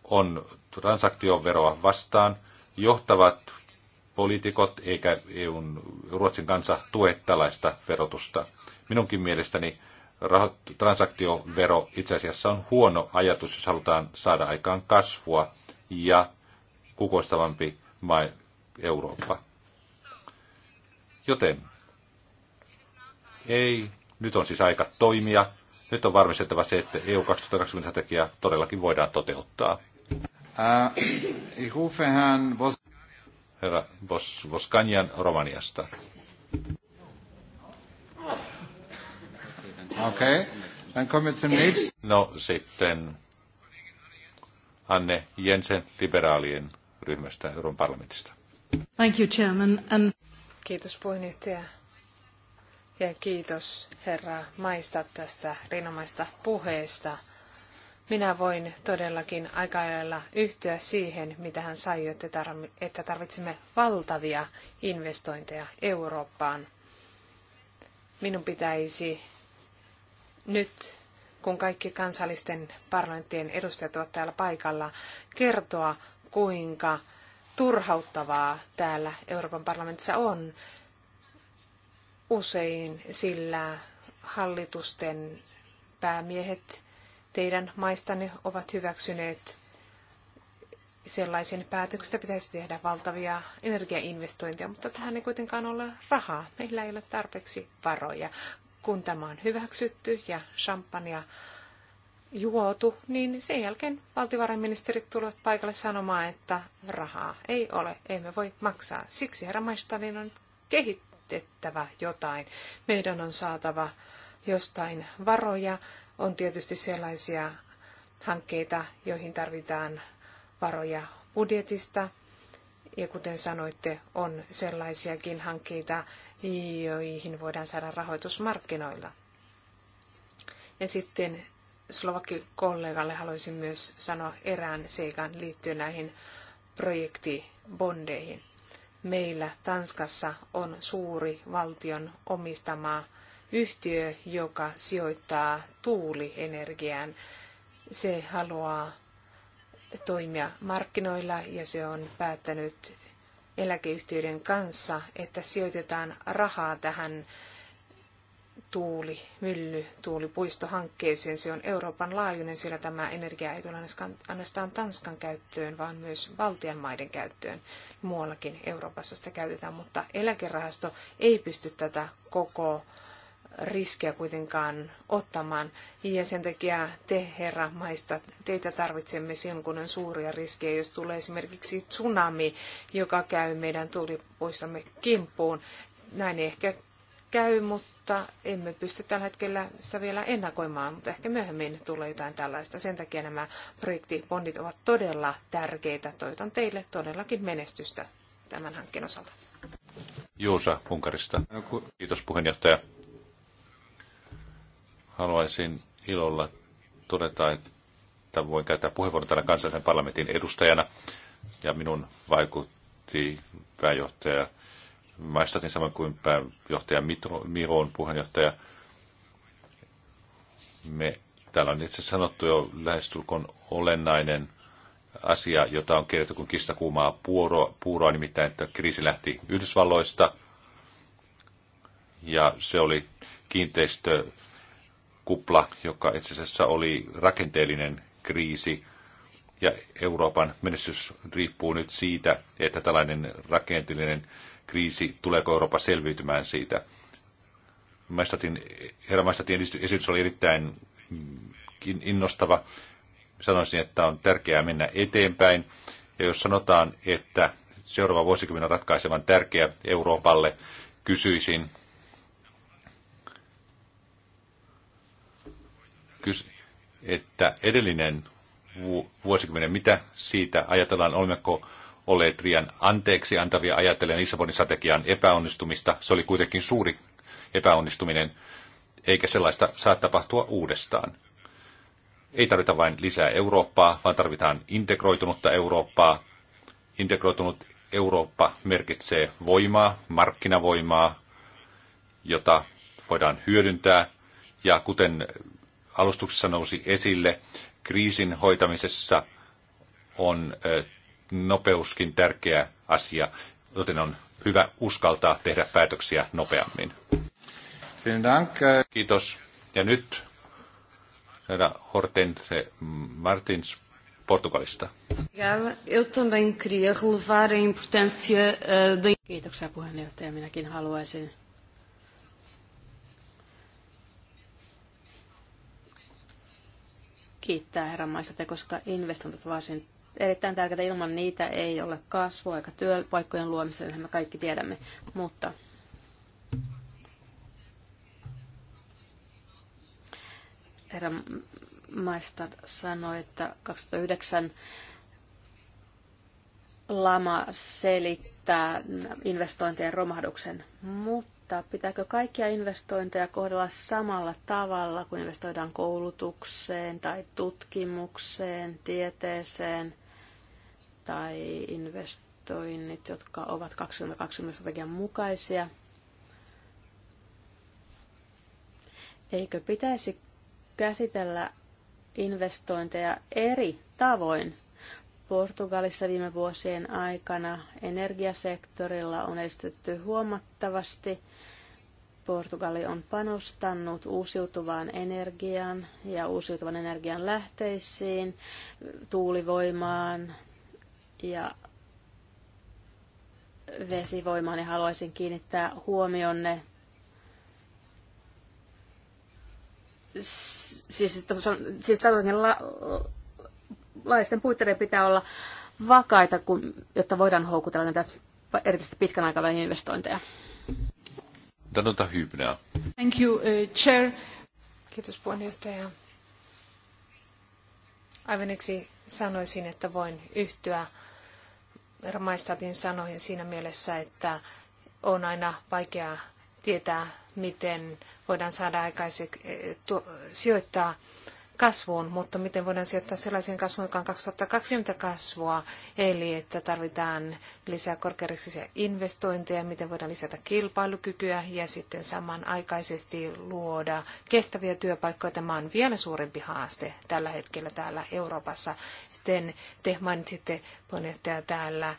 on transaktioveroa vastaan. Johtavat poliitikot eikä EUn, Ruotsin kansa tue tällaista verotusta. Minunkin mielestäni transaktiovero itse asiassa on huono ajatus, jos halutaan saada aikaan kasvua ja kukoistavampi maa Eurooppa. Joten ei, nyt on siis aika toimia. Nyt on varmistettava se, että EU 2020 strategia todellakin voidaan toteuttaa. Äh, Herra Voskanjan Romaniasta. Okay. Dann kommen wir zum nächsten. No sitten Anne Jensen liberaalien ryhmästä Euroopan parlamentista. Thank you, Chairman. And... Kiitos puheenjohtaja. Ja kiitos herra Maista tästä rinomaista puheesta. Minä voin todellakin aika lailla yhtyä siihen, mitä hän sai, että tarvitsemme valtavia investointeja Eurooppaan. Minun pitäisi nyt, kun kaikki kansallisten parlamenttien edustajat ovat täällä paikalla, kertoa, kuinka turhauttavaa täällä Euroopan parlamentissa on usein, sillä hallitusten päämiehet teidän maistanne ovat hyväksyneet sellaisen että pitäisi tehdä valtavia energiainvestointeja, mutta tähän ei kuitenkaan ole rahaa. Meillä ei ole tarpeeksi varoja kun tämä on hyväksytty ja champagnea juotu, niin sen jälkeen valtiovarainministerit tulevat paikalle sanomaan, että rahaa ei ole, emme voi maksaa. Siksi herra Maistalin on kehitettävä jotain. Meidän on saatava jostain varoja. On tietysti sellaisia hankkeita, joihin tarvitaan varoja budjetista. Ja kuten sanoitte, on sellaisiakin hankkeita, joihin voidaan saada rahoitusmarkkinoilla. Ja sitten Slovakki-kollegalle haluaisin myös sanoa erään seikan liittyen näihin projektibondeihin. Meillä Tanskassa on suuri valtion omistama yhtiö, joka sijoittaa tuulienergiaan. Se haluaa toimia markkinoilla ja se on päättänyt eläkeyhtiöiden kanssa, että sijoitetaan rahaa tähän tuuli, mylly, tuulipuistohankkeeseen. Se on Euroopan laajuinen, sillä tämä energia ei tule ainoastaan Tanskan käyttöön, vaan myös valtion maiden käyttöön. Muuallakin Euroopassa sitä käytetään, mutta eläkerahasto ei pysty tätä koko riskejä kuitenkaan ottamaan. Ja sen takia te, herra maista, teitä tarvitsemme silloin, kun on suuria riskejä, jos tulee esimerkiksi tsunami, joka käy meidän tuulipuissamme kimppuun. Näin ehkä käy, mutta emme pysty tällä hetkellä sitä vielä ennakoimaan, mutta ehkä myöhemmin tulee jotain tällaista. Sen takia nämä projektibondit ovat todella tärkeitä. Toivotan teille todellakin menestystä tämän hankkeen osalta. Juusa Unkarista. Kiitos puheenjohtaja haluaisin ilolla todeta, että voin käyttää puheenvuoron täällä kansallisen parlamentin edustajana. Ja minun vaikutti pääjohtaja Maistatin samoin kuin pääjohtaja Mitro, Miron puheenjohtaja. Me, täällä on itse sanottu jo lähestulkoon olennainen asia, jota on kerrottu kuin kista kuumaa puuroa, puuroa, nimittäin, että kriisi lähti Yhdysvalloista. Ja se oli kiinteistö kupla, joka itse asiassa oli rakenteellinen kriisi, ja Euroopan menestys riippuu nyt siitä, että tällainen rakenteellinen kriisi, tuleeko Eurooppa selviytymään siitä. Maistatin, herra Maistatin esitys oli erittäin innostava. Sanoisin, että on tärkeää mennä eteenpäin. Ja jos sanotaan, että seuraava vuosikymmen on ratkaisevan tärkeä Euroopalle, kysyisin, että edellinen vuosikymmenen, mitä siitä ajatellaan, olemmeko olleet liian anteeksi antavia ajatellen Lissabonin strategian epäonnistumista. Se oli kuitenkin suuri epäonnistuminen, eikä sellaista saa tapahtua uudestaan. Ei tarvita vain lisää Eurooppaa, vaan tarvitaan integroitunutta Eurooppaa. Integroitunut Eurooppa merkitsee voimaa, markkinavoimaa, jota voidaan hyödyntää. Ja kuten alustuksessa nousi esille, kriisin hoitamisessa on nopeuskin tärkeä asia, joten on hyvä uskaltaa tehdä päätöksiä nopeammin. Kiitos. Ja nyt herra Hortense Martins Portugalista. Eh, Kiitoksia puheenjohtaja. Minäkin haluaisin kiittää herran maista, koska investoinnit varsin erittäin tärkeitä. Ilman niitä ei ole kasvua eikä työpaikkojen luomista, niin me kaikki tiedämme. Mutta herra maista sanoi, että 2009 lama selittää investointien romahduksen, mutta osoittaa, pitääkö kaikkia investointeja kohdella samalla tavalla, kun investoidaan koulutukseen tai tutkimukseen, tieteeseen tai investoinnit, jotka ovat 2020 strategian mukaisia. Eikö pitäisi käsitellä investointeja eri tavoin Portugalissa viime vuosien aikana energiasektorilla on esitetty huomattavasti. Portugali on panostanut uusiutuvaan energiaan ja uusiutuvan energian lähteisiin, tuulivoimaan ja vesivoimaan ja haluaisin kiinnittää huomionne siis, siis, siis sanotaankin la, laisten puitteiden pitää olla vakaita, kun, jotta voidaan houkutella näitä erityisesti pitkän aikavälin investointeja. Danuta Hybner. Thank you, uh, chair. Kiitos puheenjohtaja. Aivan Aivaneksi sanoisin, että voin yhtyä Maistatin sanoihin siinä mielessä, että on aina vaikea tietää, miten voidaan saada aikaiseksi eh, sijoittaa kasvuun, mutta miten voidaan sijoittaa sellaisiin kasvuun, joka on 2020 kasvua, eli että tarvitaan lisää korkeariskisiä investointeja, miten voidaan lisätä kilpailukykyä ja sitten samanaikaisesti luoda kestäviä työpaikkoja. Tämä on vielä suurempi haaste tällä hetkellä täällä Euroopassa. Sitten te mainitsitte puheenjohtaja täällä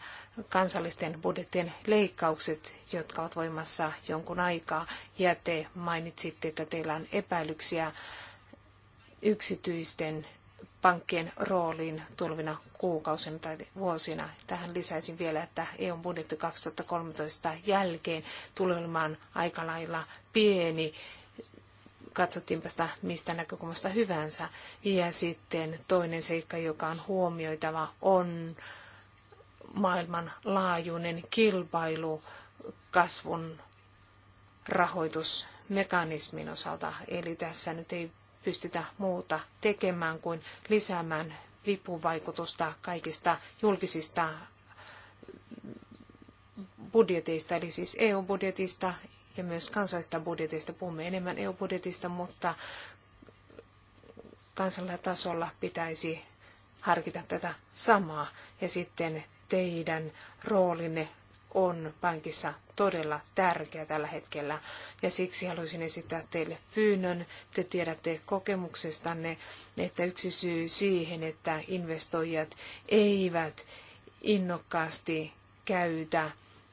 kansallisten budjettien leikkaukset, jotka ovat voimassa jonkun aikaa, ja te mainitsitte, että teillä on epäilyksiä yksityisten pankkien rooliin tulvina kuukausina tai vuosina. Tähän lisäisin vielä, että EUn budjetti 2013 jälkeen tulee olemaan aika lailla pieni. Katsottiinpa sitä mistä näkökulmasta hyvänsä. Ja sitten toinen seikka, joka on huomioitava, on maailmanlaajuinen kilpailu kasvun rahoitusmekanismin osalta. Eli tässä nyt ei pystytä muuta tekemään kuin lisäämään vipuvaikutusta kaikista julkisista budjeteista, eli siis EU-budjetista ja myös kansallisista budjeteista. Puhumme enemmän EU-budjetista, mutta kansallisella tasolla pitäisi harkita tätä samaa. Ja sitten teidän roolinne on pankissa todella tärkeä tällä hetkellä. Ja siksi haluaisin esittää teille pyynnön. Te tiedätte kokemuksestanne, että yksi syy siihen, että investoijat eivät innokkaasti käytä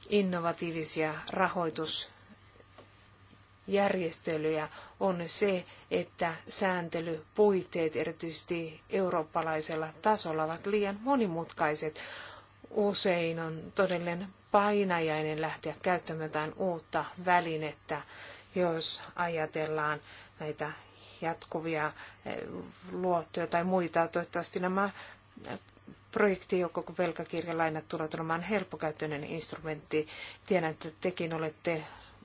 innovatiivisia rahoitusjärjestelyjä, on se, että sääntelypuitteet erityisesti eurooppalaisella tasolla ovat liian monimutkaiset. Usein on todellinen painajainen lähteä käyttämään jotain uutta välinettä, jos ajatellaan näitä jatkuvia eh, luottoja tai muita. Toivottavasti nämä joko velkakirjalainat tulevat olemaan helppokäyttöinen instrumentti. Tiedän, että tekin olette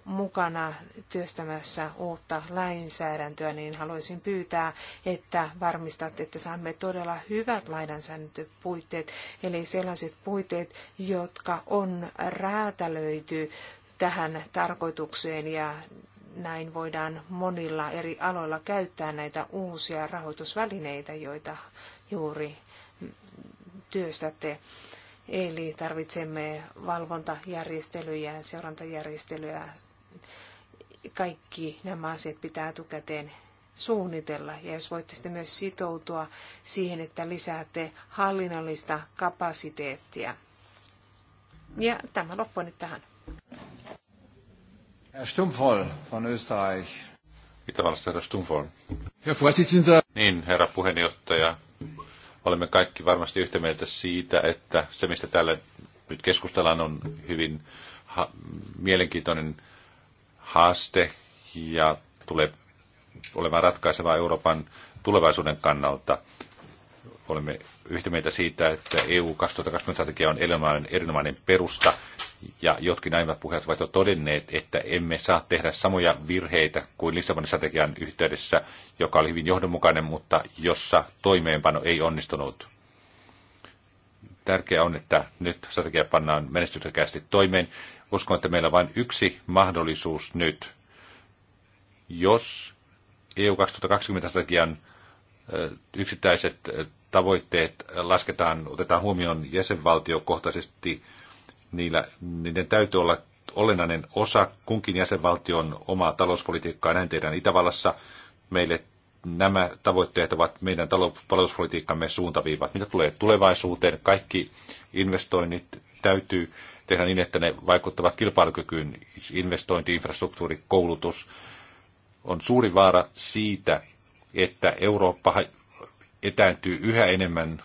mukana työstämässä uutta lainsäädäntöä, niin haluaisin pyytää, että varmistatte, että saamme todella hyvät lainsäädäntöpuitteet, eli sellaiset puitteet, jotka on räätälöity tähän tarkoitukseen ja näin voidaan monilla eri aloilla käyttää näitä uusia rahoitusvälineitä, joita juuri työstätte. Eli tarvitsemme valvontajärjestelyjä, seurantajärjestelyjä, kaikki nämä asiat pitää tukäteen suunnitella. Ja jos voitte sitten myös sitoutua siihen, että lisäätte hallinnollista kapasiteettia. Ja tämä loppuu nyt tähän. Herr Stumpfol von Österreich. Itävallasta herra Stumpfol. Herr Vorsitzender. Niin, herra puheenjohtaja. Olemme kaikki varmasti yhtä mieltä siitä, että se, mistä täällä nyt keskustellaan, on hyvin mielenkiintoinen haaste ja tulee olemaan ratkaisevaa Euroopan tulevaisuuden kannalta. Olemme yhtä mieltä siitä, että EU 2020-strategia on erinomainen, erinomainen perusta, ja jotkin aiemmat puheet ovat jo todenneet, että emme saa tehdä samoja virheitä kuin Lissabonin strategian yhteydessä, joka oli hyvin johdonmukainen, mutta jossa toimeenpano ei onnistunut. Tärkeää on, että nyt strategia pannaan menestyksekkäästi toimeen, Uskon, että meillä on vain yksi mahdollisuus nyt. Jos EU 2020-strategian yksittäiset tavoitteet lasketaan, otetaan huomioon jäsenvaltiokohtaisesti, niillä, niiden täytyy olla olennainen osa kunkin jäsenvaltion omaa talouspolitiikkaa. Näin tehdään Itävallassa. Meille nämä tavoitteet ovat meidän talouspolitiikkamme suuntaviivat. Mitä tulee tulevaisuuteen, kaikki investoinnit täytyy tehdä niin, että ne vaikuttavat kilpailukykyyn, investointi, infrastruktuuri, koulutus. On suuri vaara siitä, että Eurooppa etääntyy yhä enemmän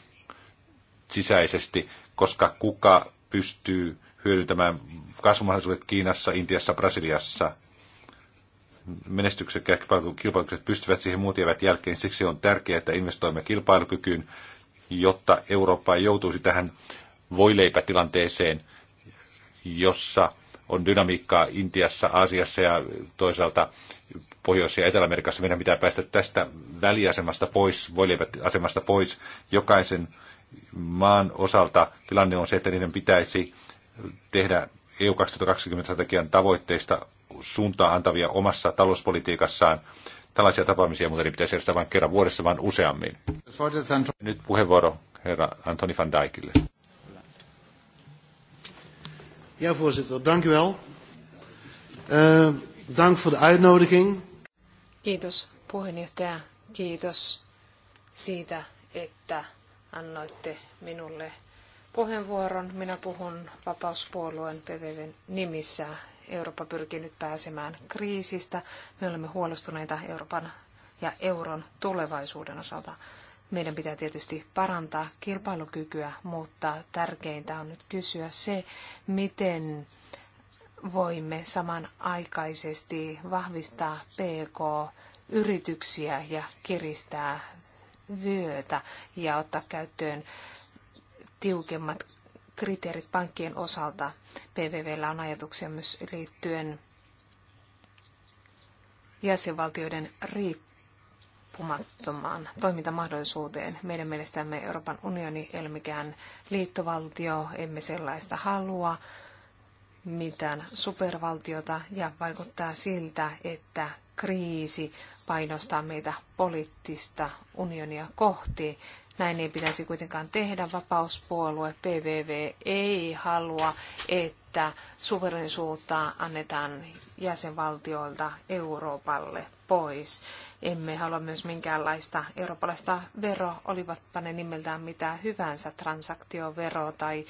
sisäisesti, koska kuka pystyy hyödyntämään kasvumahdollisuudet Kiinassa, Intiassa, Brasiliassa. ja kilpailukykyiset pystyvät siihen muut jäävät jälkeen. Siksi on tärkeää, että investoimme kilpailukykyyn, jotta Eurooppa ei joutuisi tähän voileipätilanteeseen, jossa on dynamiikkaa Intiassa, Aasiassa ja toisaalta Pohjois- ja Etelä-Amerikassa. Meidän pitää päästä tästä väliasemasta pois, asemasta pois. Jokaisen maan osalta tilanne on se, että niiden pitäisi tehdä EU 2020-strategian tavoitteista suuntaa antavia omassa talouspolitiikassaan. Tällaisia tapaamisia muuten ei pitäisi järjestää vain kerran vuodessa, vaan useammin. Nyt puheenvuoro herra Antoni van Dijkille. Ja, voorzitter, dank u wel. Uh, dank voor de uitnodiging. Kiitos puheenjohtaja, kiitos siitä, että annoitte minulle puheenvuoron. Minä puhun vapauspuolueen PVVn nimissä. Eurooppa pyrkii nyt pääsemään kriisistä. Me olemme huolestuneita Euroopan ja euron tulevaisuuden osalta. Meidän pitää tietysti parantaa kilpailukykyä, mutta tärkeintä on nyt kysyä se, miten voimme samanaikaisesti vahvistaa PK-yrityksiä ja kiristää vyötä ja ottaa käyttöön tiukemmat kriteerit pankkien osalta. PVVllä on ajatuksia myös liittyen jäsenvaltioiden riippuvuuteen riippumattomaan toimintamahdollisuuteen. Meidän mielestämme Euroopan unioni ei ole mikään liittovaltio, emme sellaista halua mitään supervaltiota ja vaikuttaa siltä, että kriisi painostaa meitä poliittista unionia kohti. Näin ei pitäisi kuitenkaan tehdä. Vapauspuolue PVV ei halua, että suverenisuutta annetaan jäsenvaltioilta Euroopalle pois. Emme halua myös minkäänlaista eurooppalaista veroa, olivatpa ne nimeltään mitä hyvänsä, transaktiovero tai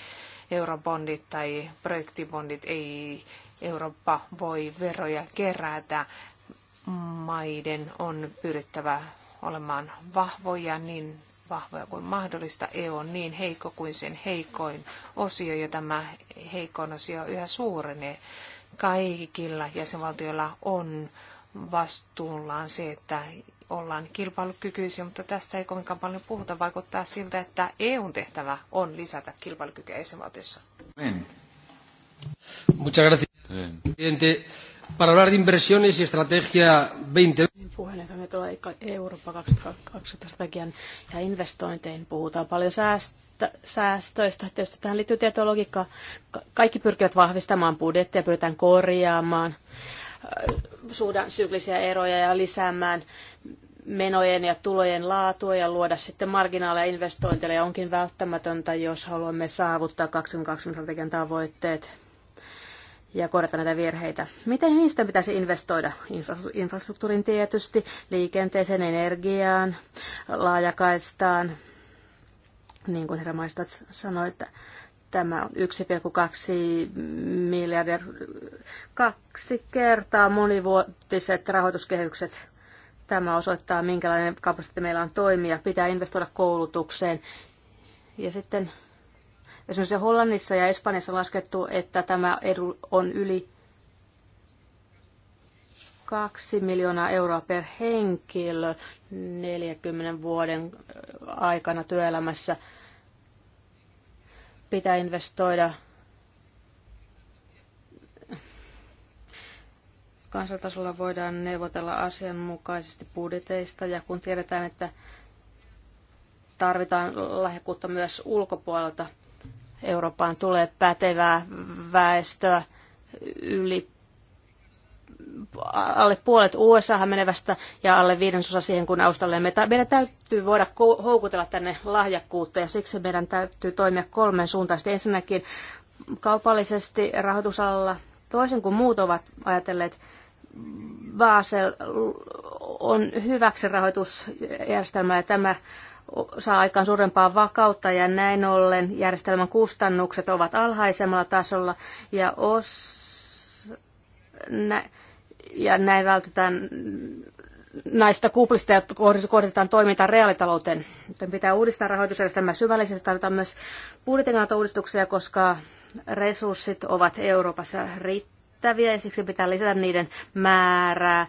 eurobondit tai projektibondit. Ei Eurooppa voi veroja kerätä. Maiden on pyrittävä olemaan vahvoja niin vahvoja kuin mahdollista. EU on niin heikko kuin sen heikoin osio ja tämä heikoin osio yhä suurenee. Kaikilla jäsenvaltioilla on vastuullaan se, että ollaan kilpailukykyisiä, mutta tästä ei kovinkaan paljon puhuta. Vaikuttaa siltä, että EUn tehtävä on lisätä kilpailukykyä jäsenvaltiossa. Muchas gracias. Presidente, para hablar de inversiones y estrategia me tulee Eurooppa 2020 strategian ja investointeihin. Puhutaan paljon säästöistä. Tietysti tähän liittyy tietologiikka. Kaikki pyrkivät vahvistamaan budjettia, pyritään korjaamaan Äh, suhdansyklisiä eroja ja lisäämään menojen ja tulojen laatua ja luoda sitten marginaaleja investointeille onkin välttämätöntä, jos haluamme saavuttaa 2020 strategian tavoitteet ja korjata näitä virheitä. Miten niistä pitäisi investoida? Infrastruktuurin tietysti, liikenteeseen, energiaan, laajakaistaan, niin kuin herra Maistat sanoi, että Tämä on 1,2 miljardia, kaksi kertaa monivuotiset rahoituskehykset. Tämä osoittaa, minkälainen kapasiteetti meillä on toimia. Pitää investoida koulutukseen. Ja sitten esimerkiksi Hollannissa ja Espanjassa on laskettu, että tämä edu on yli 2 miljoonaa euroa per henkilö 40 vuoden aikana työelämässä. Pitää investoida kansantasolla voidaan neuvotella asianmukaisesti budjeteista ja kun tiedetään, että tarvitaan lahjakkuutta myös ulkopuolelta, Eurooppaan tulee pätevää väestöä yli alle puolet USA menevästä ja alle viidensosa siihen, kun Australia. Meidän täytyy voida houkutella tänne lahjakkuutta ja siksi meidän täytyy toimia kolmen suuntaisesti. Ensinnäkin kaupallisesti rahoitusalalla, toisin kuin muut ovat ajatelleet, Vaasel on hyväksi rahoitusjärjestelmä ja tämä saa aikaan suurempaa vakautta ja näin ollen järjestelmän kustannukset ovat alhaisemmalla tasolla ja os... Nä ja näin vältetään näistä kuplista, jotka kohdistetaan toimintaan reaalitalouteen. Joten pitää uudistaa rahoitusjärjestelmää syvällisesti. Tarvitaan myös budjetin uudistuksia, koska resurssit ovat Euroopassa riittäviä ja siksi pitää lisätä niiden määrää.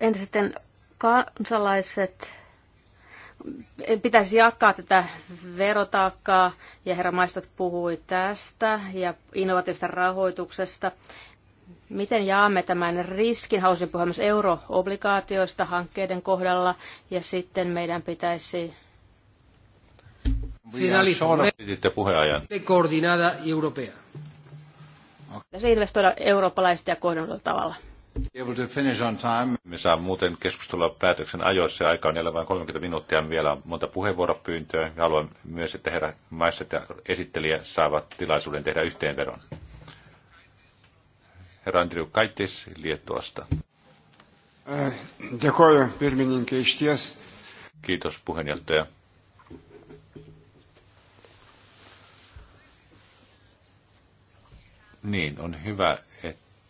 Entä sitten kansalaiset pitäisi jatkaa tätä verotaakkaa, ja herra Maistat puhui tästä, ja innovatiivisesta rahoituksesta. Miten jaamme tämän riskin? Haluaisin puhua myös euroobligaatioista hankkeiden kohdalla, ja sitten meidän pitäisi finalisoida puheajan. Koordinada europea. Tässä investoida eurooppalaisesti ja kohdennettu tavalla. Me saa muuten keskustella päätöksen ajoissa. Aika on vielä vain 30 minuuttia. Vielä on monta puheenvuoropyyntöä. Ja haluan myös, että herra maissa ja esittelijä saavat tilaisuuden tehdä yhteenvedon. Herra Andriu Kaitis Liettuasta. Äh, Kiitos puheenjohtaja. Niin, on hyvä,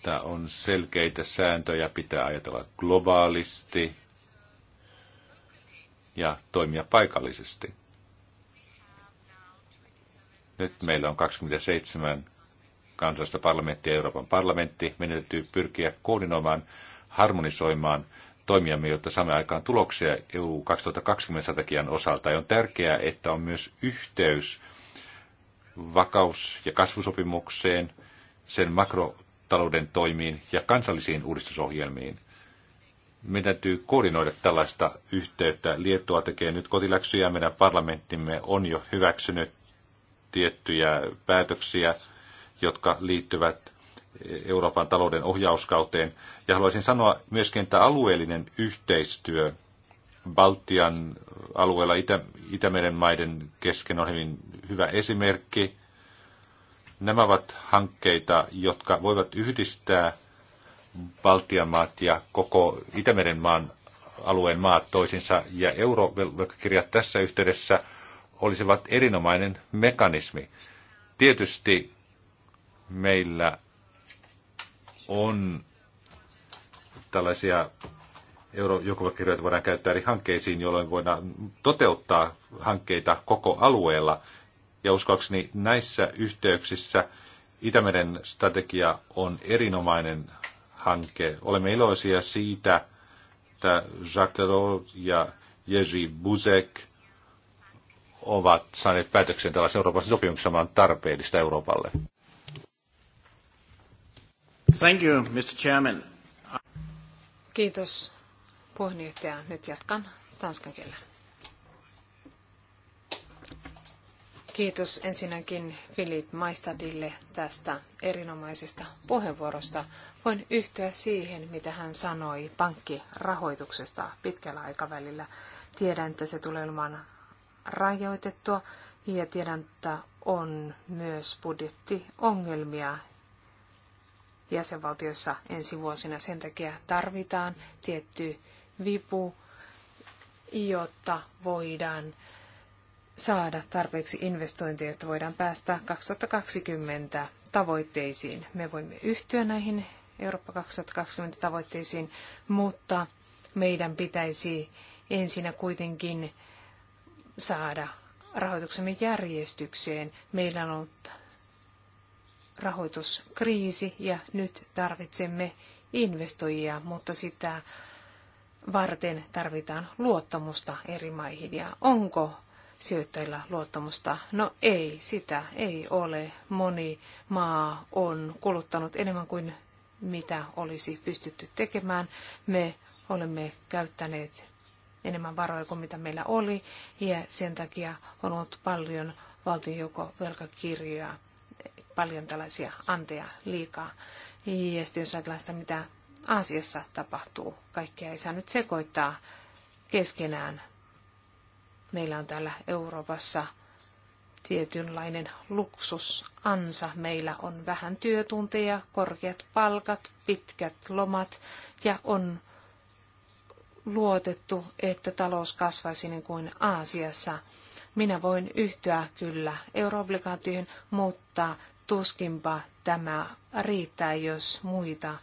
että on selkeitä sääntöjä, pitää ajatella globaalisti ja toimia paikallisesti. Nyt meillä on 27 kansallista parlamenttia ja Euroopan parlamentti. Meidän täytyy pyrkiä koordinoimaan, harmonisoimaan toimiamme, jotta saamme aikaan tuloksia EU 2020-strategian osalta. Ja on tärkeää, että on myös yhteys vakaus- ja kasvusopimukseen, sen makro talouden toimiin ja kansallisiin uudistusohjelmiin. Meidän täytyy koordinoida tällaista yhteyttä. Liettua tekee nyt kotiläksyjä. Meidän parlamenttimme on jo hyväksynyt tiettyjä päätöksiä, jotka liittyvät Euroopan talouden ohjauskauteen. Ja haluaisin sanoa myöskin, että alueellinen yhteistyö Baltian alueella Itä, Itämeren maiden kesken on hyvin hyvä esimerkki. Nämä ovat hankkeita, jotka voivat yhdistää Baltian maat ja koko Itämeren maan alueen maat toisinsa, ja eurovelkakirjat tässä yhteydessä olisivat erinomainen mekanismi. Tietysti meillä on tällaisia eurojoukkovelkakirjoja voidaan käyttää eri hankkeisiin, jolloin voidaan toteuttaa hankkeita koko alueella – ja uskoakseni näissä yhteyksissä Itämeren strategia on erinomainen hanke. Olemme iloisia siitä, että Jacques Delors ja Jerzy Buzek ovat saaneet päätöksen tällaisen Euroopan sopimuksen samaan tarpeellista Euroopalle. Thank you, Mr. Chairman. Kiitos puheenjohtaja. Nyt jatkan tanskan kielellä. Kiitos ensinnäkin Philip Maistadille tästä erinomaisesta puheenvuorosta. Voin yhtyä siihen, mitä hän sanoi pankkirahoituksesta pitkällä aikavälillä. Tiedän, että se tulee olemaan rajoitettua ja tiedän, että on myös budjettiongelmia jäsenvaltioissa ensi vuosina. Sen takia tarvitaan tietty vipu, jotta voidaan saada tarpeeksi investointeja, jotta voidaan päästä 2020 tavoitteisiin. Me voimme yhtyä näihin Eurooppa 2020 tavoitteisiin, mutta meidän pitäisi ensinnä kuitenkin saada rahoituksemme järjestykseen. Meillä on ollut rahoituskriisi ja nyt tarvitsemme investoijia, mutta sitä varten tarvitaan luottamusta eri maihin. Ja onko sijoittajilla luottamusta? No ei, sitä ei ole. Moni maa on kuluttanut enemmän kuin mitä olisi pystytty tekemään. Me olemme käyttäneet enemmän varoja kuin mitä meillä oli, ja sen takia on ollut paljon valtionjoukovelkakirjoja, paljon tällaisia anteja liikaa. Ja sitten jos ajatellaan sitä, mitä Aasiassa tapahtuu, kaikkea ei saa nyt sekoittaa keskenään, Meillä on täällä Euroopassa tietynlainen luksusansa. Meillä on vähän työtunteja, korkeat palkat, pitkät lomat ja on luotettu, että talous kasvaisi niin kuin Aasiassa. Minä voin yhtyä kyllä euroobligaatioihin, mutta tuskinpa tämä riittää, jos muita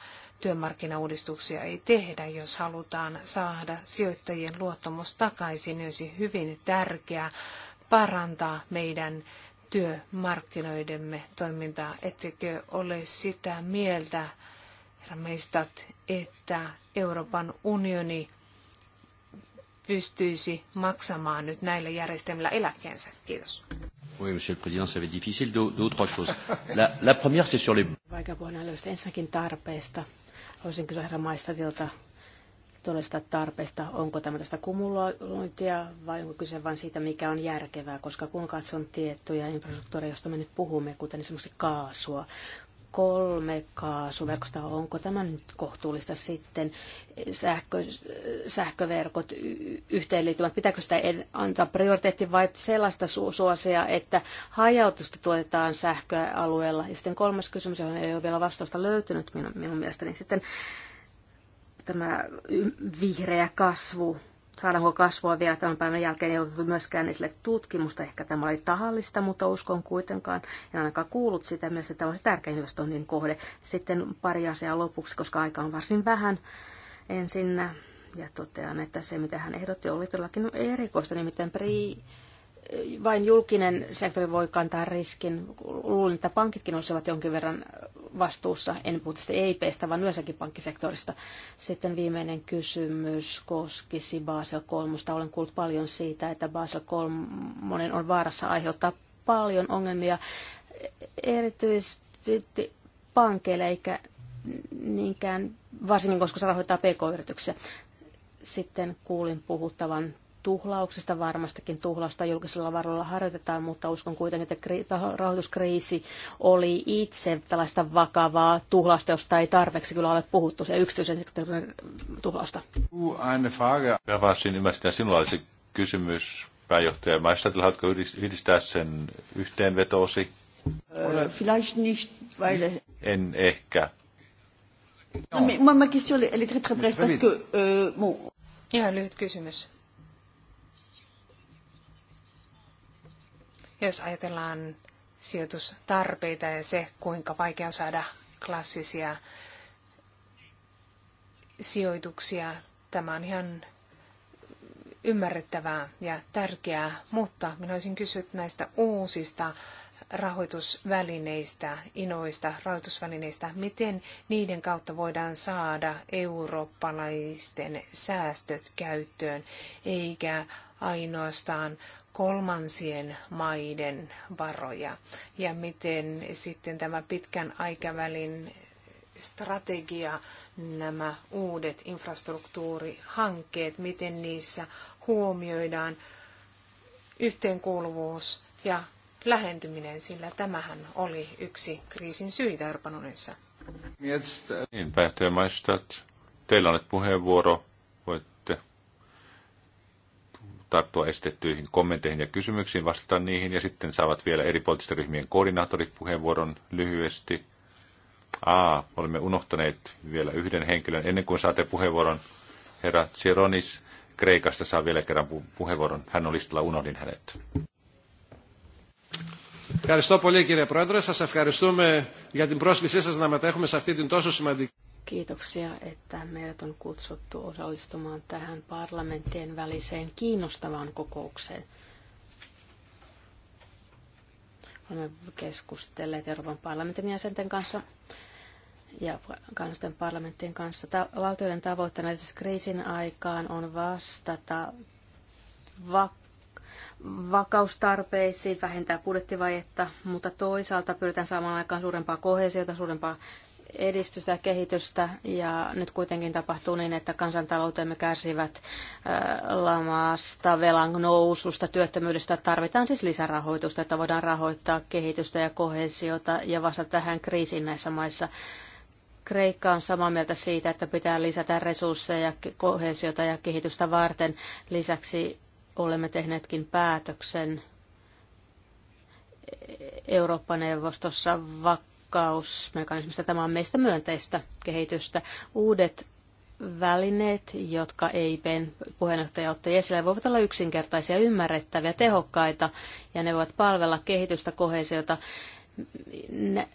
työmarkkinauudistuksia ei tehdä, jos halutaan saada sijoittajien luottamus takaisin, niin olisi hyvin tärkeää parantaa meidän työmarkkinoidemme toimintaa. Ettekö ole sitä mieltä, herra meistat, että Euroopan unioni pystyisi maksamaan nyt näillä järjestelmillä eläkkeensä? Kiitos. Oui, monsieur le président, ça va être difficile. Deux, ou trois choses. La, la première, c'est sur les... Ensinnäkin tarpeesta. Voisin kysyä herra Maistatilta todellista tarpeesta, onko tämä tästä kumulointia vai onko kyse vain siitä, mikä on järkevää, koska kun katson tiettyjä infrastruktuureja, josta me nyt puhumme, kuten esimerkiksi kaasua, kolme kaasuverkosta, onko tämä nyt kohtuullista sitten sähkö, sähköverkot yhteenliittymät, pitääkö sitä antaa prioriteetti vai sellaista su- suosia, että hajautusta tuotetaan sähköä alueella. Ja sitten kolmas kysymys, johon ei ole vielä vastausta löytynyt minun, minun mielestäni, niin sitten tämä vihreä kasvu, saadaanko kasvua vielä tämän päivän jälkeen, ei ollut myöskään esille tutkimusta. Ehkä tämä oli tahallista, mutta uskon kuitenkaan. En ainakaan kuullut sitä mielestä, että tämä olisi tärkein investoinnin kohde. Sitten pari asiaa lopuksi, koska aika on varsin vähän ensinnä. Ja totean, että se mitä hän ehdotti oli todellakin erikoista, nimittäin pri- vain julkinen sektori voi kantaa riskin. Luulen, että pankitkin olisivat jonkin verran vastuussa, en puhu tästä EIPstä, vaan yleensäkin pankkisektorista. Sitten viimeinen kysymys koskisi Basel 3. Olen kuullut paljon siitä, että Basel 3 on vaarassa aiheuttaa paljon ongelmia, erityisesti pankeille, eikä niinkään, varsinkin koska se rahoittaa pk-yrityksiä. Sitten kuulin puhuttavan tuhlauksesta, varmastakin tuhlausta julkisella varoilla harjoitetaan, mutta uskon kuitenkin, että rahoituskriisi oli itse tällaista vakavaa tuhlausta, josta ei tarpeeksi kyllä ole puhuttu, se yksityisen sektorin tuhlausta. Kavasin ymmärtää, sinulla olisi kysymys pääjohtaja Maistatilla, haluatko yhdistää sen yhteenvetosi? Vielleicht nicht, weil... En ehkä. Non, mais ma question elle est très très brève parce que euh, bon. Ihan lyhyt kysymys Jos ajatellaan sijoitustarpeita ja se, kuinka vaikea on saada klassisia sijoituksia, tämä on ihan ymmärrettävää ja tärkeää, mutta minä olisin kysynyt näistä uusista rahoitusvälineistä, inoista rahoitusvälineistä, miten niiden kautta voidaan saada eurooppalaisten säästöt käyttöön, eikä ainoastaan kolmansien maiden varoja ja miten sitten tämä pitkän aikavälin strategia, nämä uudet infrastruktuurihankkeet, miten niissä huomioidaan yhteenkuuluvuus ja lähentyminen, sillä tämähän oli yksi kriisin syitä Euroopan unionissa. Niin, Maistat, teillä on nyt puheenvuoro tarttua estettyihin kommentteihin ja kysymyksiin, vastata niihin ja sitten saavat vielä eri poliittisten ryhmien koordinaattorit puheenvuoron lyhyesti. A, olemme unohtaneet vielä yhden henkilön. Ennen kuin saatte puheenvuoron, herra Cironis Kreikasta saa vielä kerran puheenvuoron. Hän on listalla, unohdin hänet. Ευχαριστώ πολύ κύριε Πρόεδρε. Σας ευχαριστούμε για την πρόσκλησή σας να μετέχουμε σε αυτή την τόσο σημαντική... Kiitoksia, että meidät on kutsuttu osallistumaan tähän parlamenttien väliseen kiinnostavaan kokoukseen. Olemme keskustelleet Euroopan parlamentin jäsenten kanssa ja kansallisten parlamenttien kanssa. valtioiden tavoitteena kriisin aikaan on vastata vak- vakaustarpeisiin, vähentää budjettivajetta, mutta toisaalta pyritään saamaan aikaan suurempaa kohesiota, suurempaa edistystä ja kehitystä ja nyt kuitenkin tapahtuu niin, että kansantaloutemme kärsivät lamaasta, velan noususta, työttömyydestä. Tarvitaan siis lisärahoitusta, että voidaan rahoittaa kehitystä ja kohesiota ja vasta tähän kriisiin näissä maissa. Kreikka on samaa mieltä siitä, että pitää lisätä resursseja, kohesiota ja kehitystä varten. Lisäksi olemme tehneetkin päätöksen Eurooppa-neuvostossa vak- vakausmekanismista. Tämä on meistä myönteistä kehitystä. Uudet välineet, jotka EIPn puheenjohtaja otti esille, voivat olla yksinkertaisia, ymmärrettäviä, tehokkaita ja ne voivat palvella kehitystä, kohesiota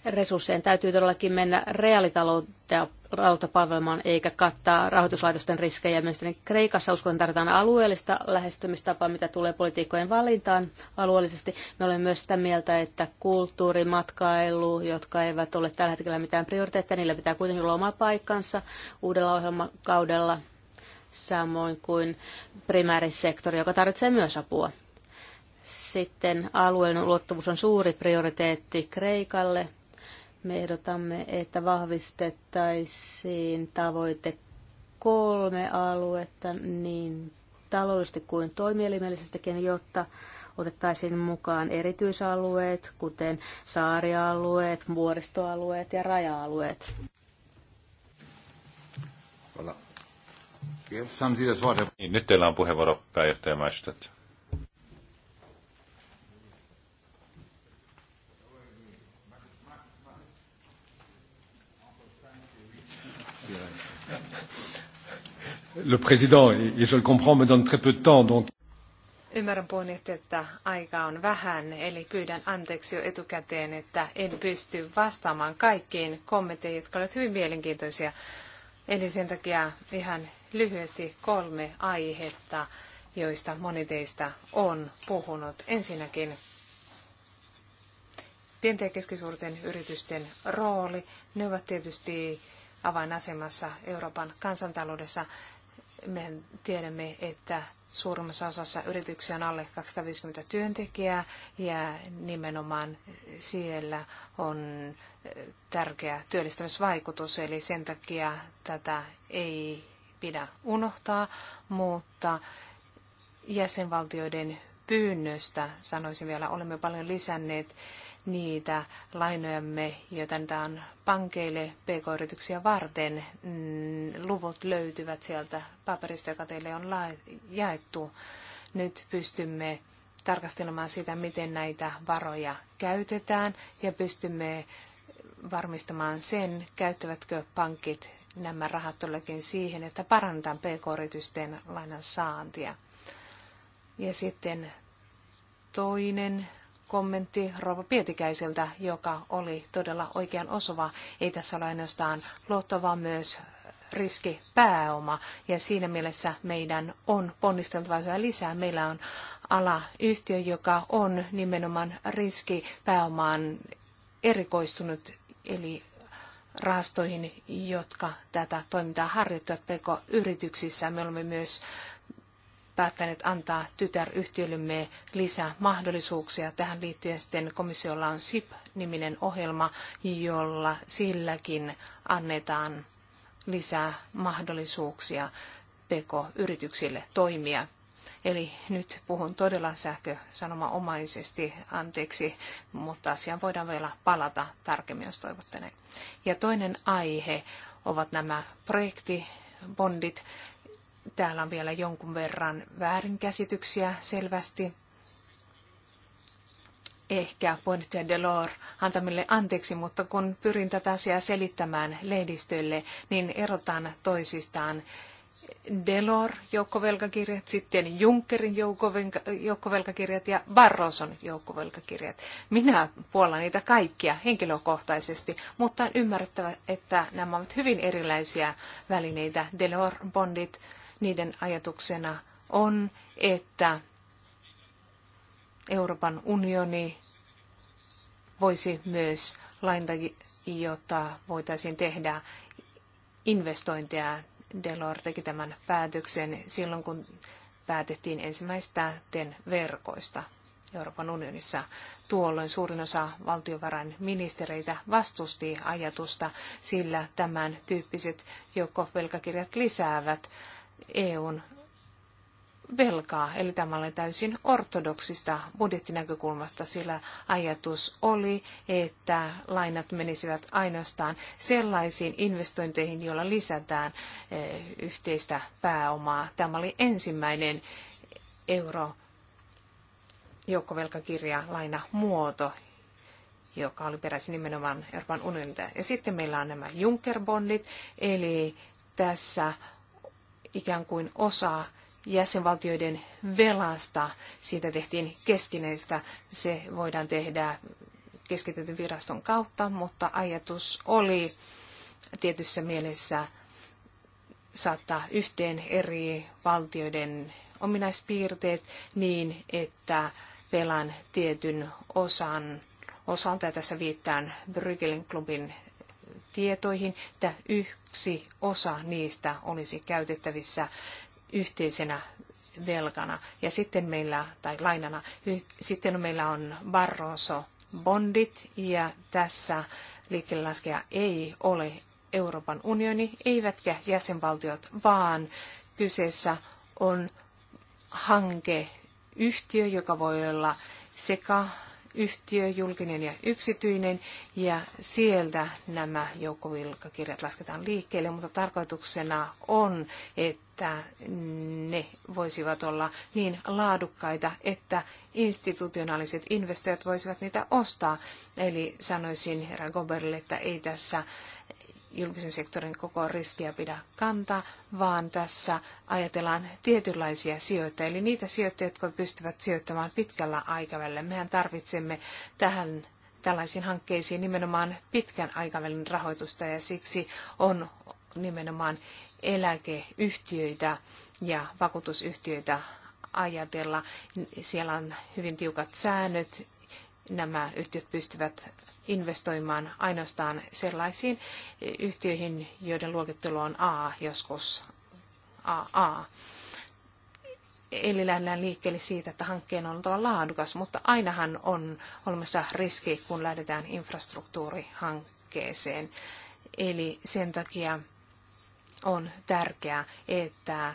resurssien täytyy todellakin mennä reaalitaloutta palvelemaan eikä kattaa rahoituslaitosten riskejä. Mielestäni Kreikassa uskon tarvitaan alueellista lähestymistapaa, mitä tulee politiikkojen valintaan alueellisesti. Me olemme myös sitä mieltä, että kulttuuri, matkailu, jotka eivät ole tällä hetkellä mitään prioriteetteja, niillä pitää kuitenkin olla oma paikkansa uudella ohjelmakaudella, samoin kuin primäärisektori, joka tarvitsee myös apua sitten alueen luottamus on suuri prioriteetti Kreikalle. Me ehdotamme, että vahvistettaisiin tavoite kolme aluetta niin taloudellisesti kuin toimielimellisestikin, jotta otettaisiin mukaan erityisalueet, kuten saarialueet, vuoristoalueet ja raja-alueet. Niin, nyt teillä on puheenvuoro pääjohtaja Maistat. Le président, et je le comprends, me donne très peu de temps, donc... Ymmärrän puheenjohtaja, että aika on vähän, eli pyydän anteeksi jo etukäteen, että en pysty vastaamaan kaikkiin kommentteihin, jotka olivat hyvin mielenkiintoisia. Eli sen takia ihan lyhyesti kolme aihetta, joista moni teistä on puhunut. Ensinnäkin pienten ja keskisuurten yritysten rooli. Ne ovat tietysti avainasemassa Euroopan kansantaloudessa mehän tiedämme, että suurimmassa osassa yrityksiä on alle 250 työntekijää ja nimenomaan siellä on eh, tärkeä työllistämisvaikutus, eli sen takia tätä ei pidä unohtaa, mutta jäsenvaltioiden pyynnöstä sanoisin vielä, olemme paljon lisänneet niitä lainojamme, joita on pankeille pk-yrityksiä varten. Mm, luvut löytyvät sieltä paperista, joka teille on jaettu. Nyt pystymme tarkastelemaan sitä, miten näitä varoja käytetään ja pystymme varmistamaan sen, käyttävätkö pankit nämä rahat tullekin siihen, että parannetaan pk-yritysten lainan saantia. Ja sitten toinen kommentti Rova Pietikäiseltä, joka oli todella oikean osuva. Ei tässä ole ainoastaan luotto, vaan myös riskipääoma Ja siinä mielessä meidän on ponnisteltava yhä lisää. Meillä on alayhtiö, joka on nimenomaan riskipääomaan erikoistunut, eli rahastoihin, jotka tätä toimintaa harjoittavat pk-yrityksissä. Me olemme myös päättäneet antaa tytäryhtiöllemme lisää mahdollisuuksia. Tähän liittyen sitten komissiolla on SIP-niminen ohjelma, jolla silläkin annetaan lisää mahdollisuuksia PK-yrityksille toimia. Eli nyt puhun todella sähkösanomaomaisesti, anteeksi, mutta asiaan voidaan vielä palata tarkemmin, jos toivotte näin. Ja toinen aihe ovat nämä projektibondit, Täällä on vielä jonkun verran väärinkäsityksiä selvästi. Ehkä puheenjohtaja Delors antamille anteeksi, mutta kun pyrin tätä asiaa selittämään lehdistölle, niin erotan toisistaan Delor joukkovelkakirjat, sitten Junckerin joukkovelkakirjat ja Barroson joukkovelkakirjat. Minä puolan niitä kaikkia henkilökohtaisesti, mutta on ymmärrettävä, että nämä ovat hyvin erilaisia välineitä. Delor-bondit niiden ajatuksena on, että Euroopan unioni voisi myös lainta, jota voitaisiin tehdä investointeja. Delor teki tämän päätöksen silloin, kun päätettiin ensimmäistä TEN-verkoista Euroopan unionissa. Tuolloin suurin osa valtiovarainministereitä vastusti ajatusta, sillä tämän tyyppiset joukkovelkakirjat lisäävät EUn velkaa, eli tämä oli täysin ortodoksista budjettinäkökulmasta, sillä ajatus oli, että lainat menisivät ainoastaan sellaisiin investointeihin, joilla lisätään eh, yhteistä pääomaa. Tämä oli ensimmäinen euro joukkovelkakirja laina muoto, joka oli peräisin nimenomaan Euroopan unionilta. Ja sitten meillä on nämä Juncker-bondit, eli tässä ikään kuin osa jäsenvaltioiden velasta. Siitä tehtiin keskinäistä. Se voidaan tehdä keskitetyn viraston kautta, mutta ajatus oli tietyssä mielessä saattaa yhteen eri valtioiden ominaispiirteet niin, että pelan tietyn osan osalta, ja tässä viittaan Brygelin klubin tietoihin, että yksi osa niistä olisi käytettävissä yhteisenä velkana. Ja sitten meillä, tai lainana, sitten meillä on Barroso bondit ja tässä liikkeelle ei ole Euroopan unioni, eivätkä jäsenvaltiot, vaan kyseessä on hankeyhtiö, joka voi olla sekä yhtiö, julkinen ja yksityinen, ja sieltä nämä joukkovelkakirjat lasketaan liikkeelle, mutta tarkoituksena on, että ne voisivat olla niin laadukkaita, että institutionaaliset investoijat voisivat niitä ostaa. Eli sanoisin herra Goberille, että ei tässä julkisen sektorin koko riskiä pidä kantaa, vaan tässä ajatellaan tietynlaisia sijoittajia, eli niitä sijoittajia, jotka pystyvät sijoittamaan pitkällä aikavälillä. Mehän tarvitsemme tähän tällaisiin hankkeisiin nimenomaan pitkän aikavälin rahoitusta ja siksi on nimenomaan eläkeyhtiöitä ja vakuutusyhtiöitä ajatella. Siellä on hyvin tiukat säännöt nämä yhtiöt pystyvät investoimaan ainoastaan sellaisiin yhtiöihin, joiden luokittelu on A, joskus AA. Eli lähdetään liikkeelle siitä, että hankkeen on oltava laadukas, mutta ainahan on olemassa riski, kun lähdetään infrastruktuurihankkeeseen. Eli sen takia on tärkeää, että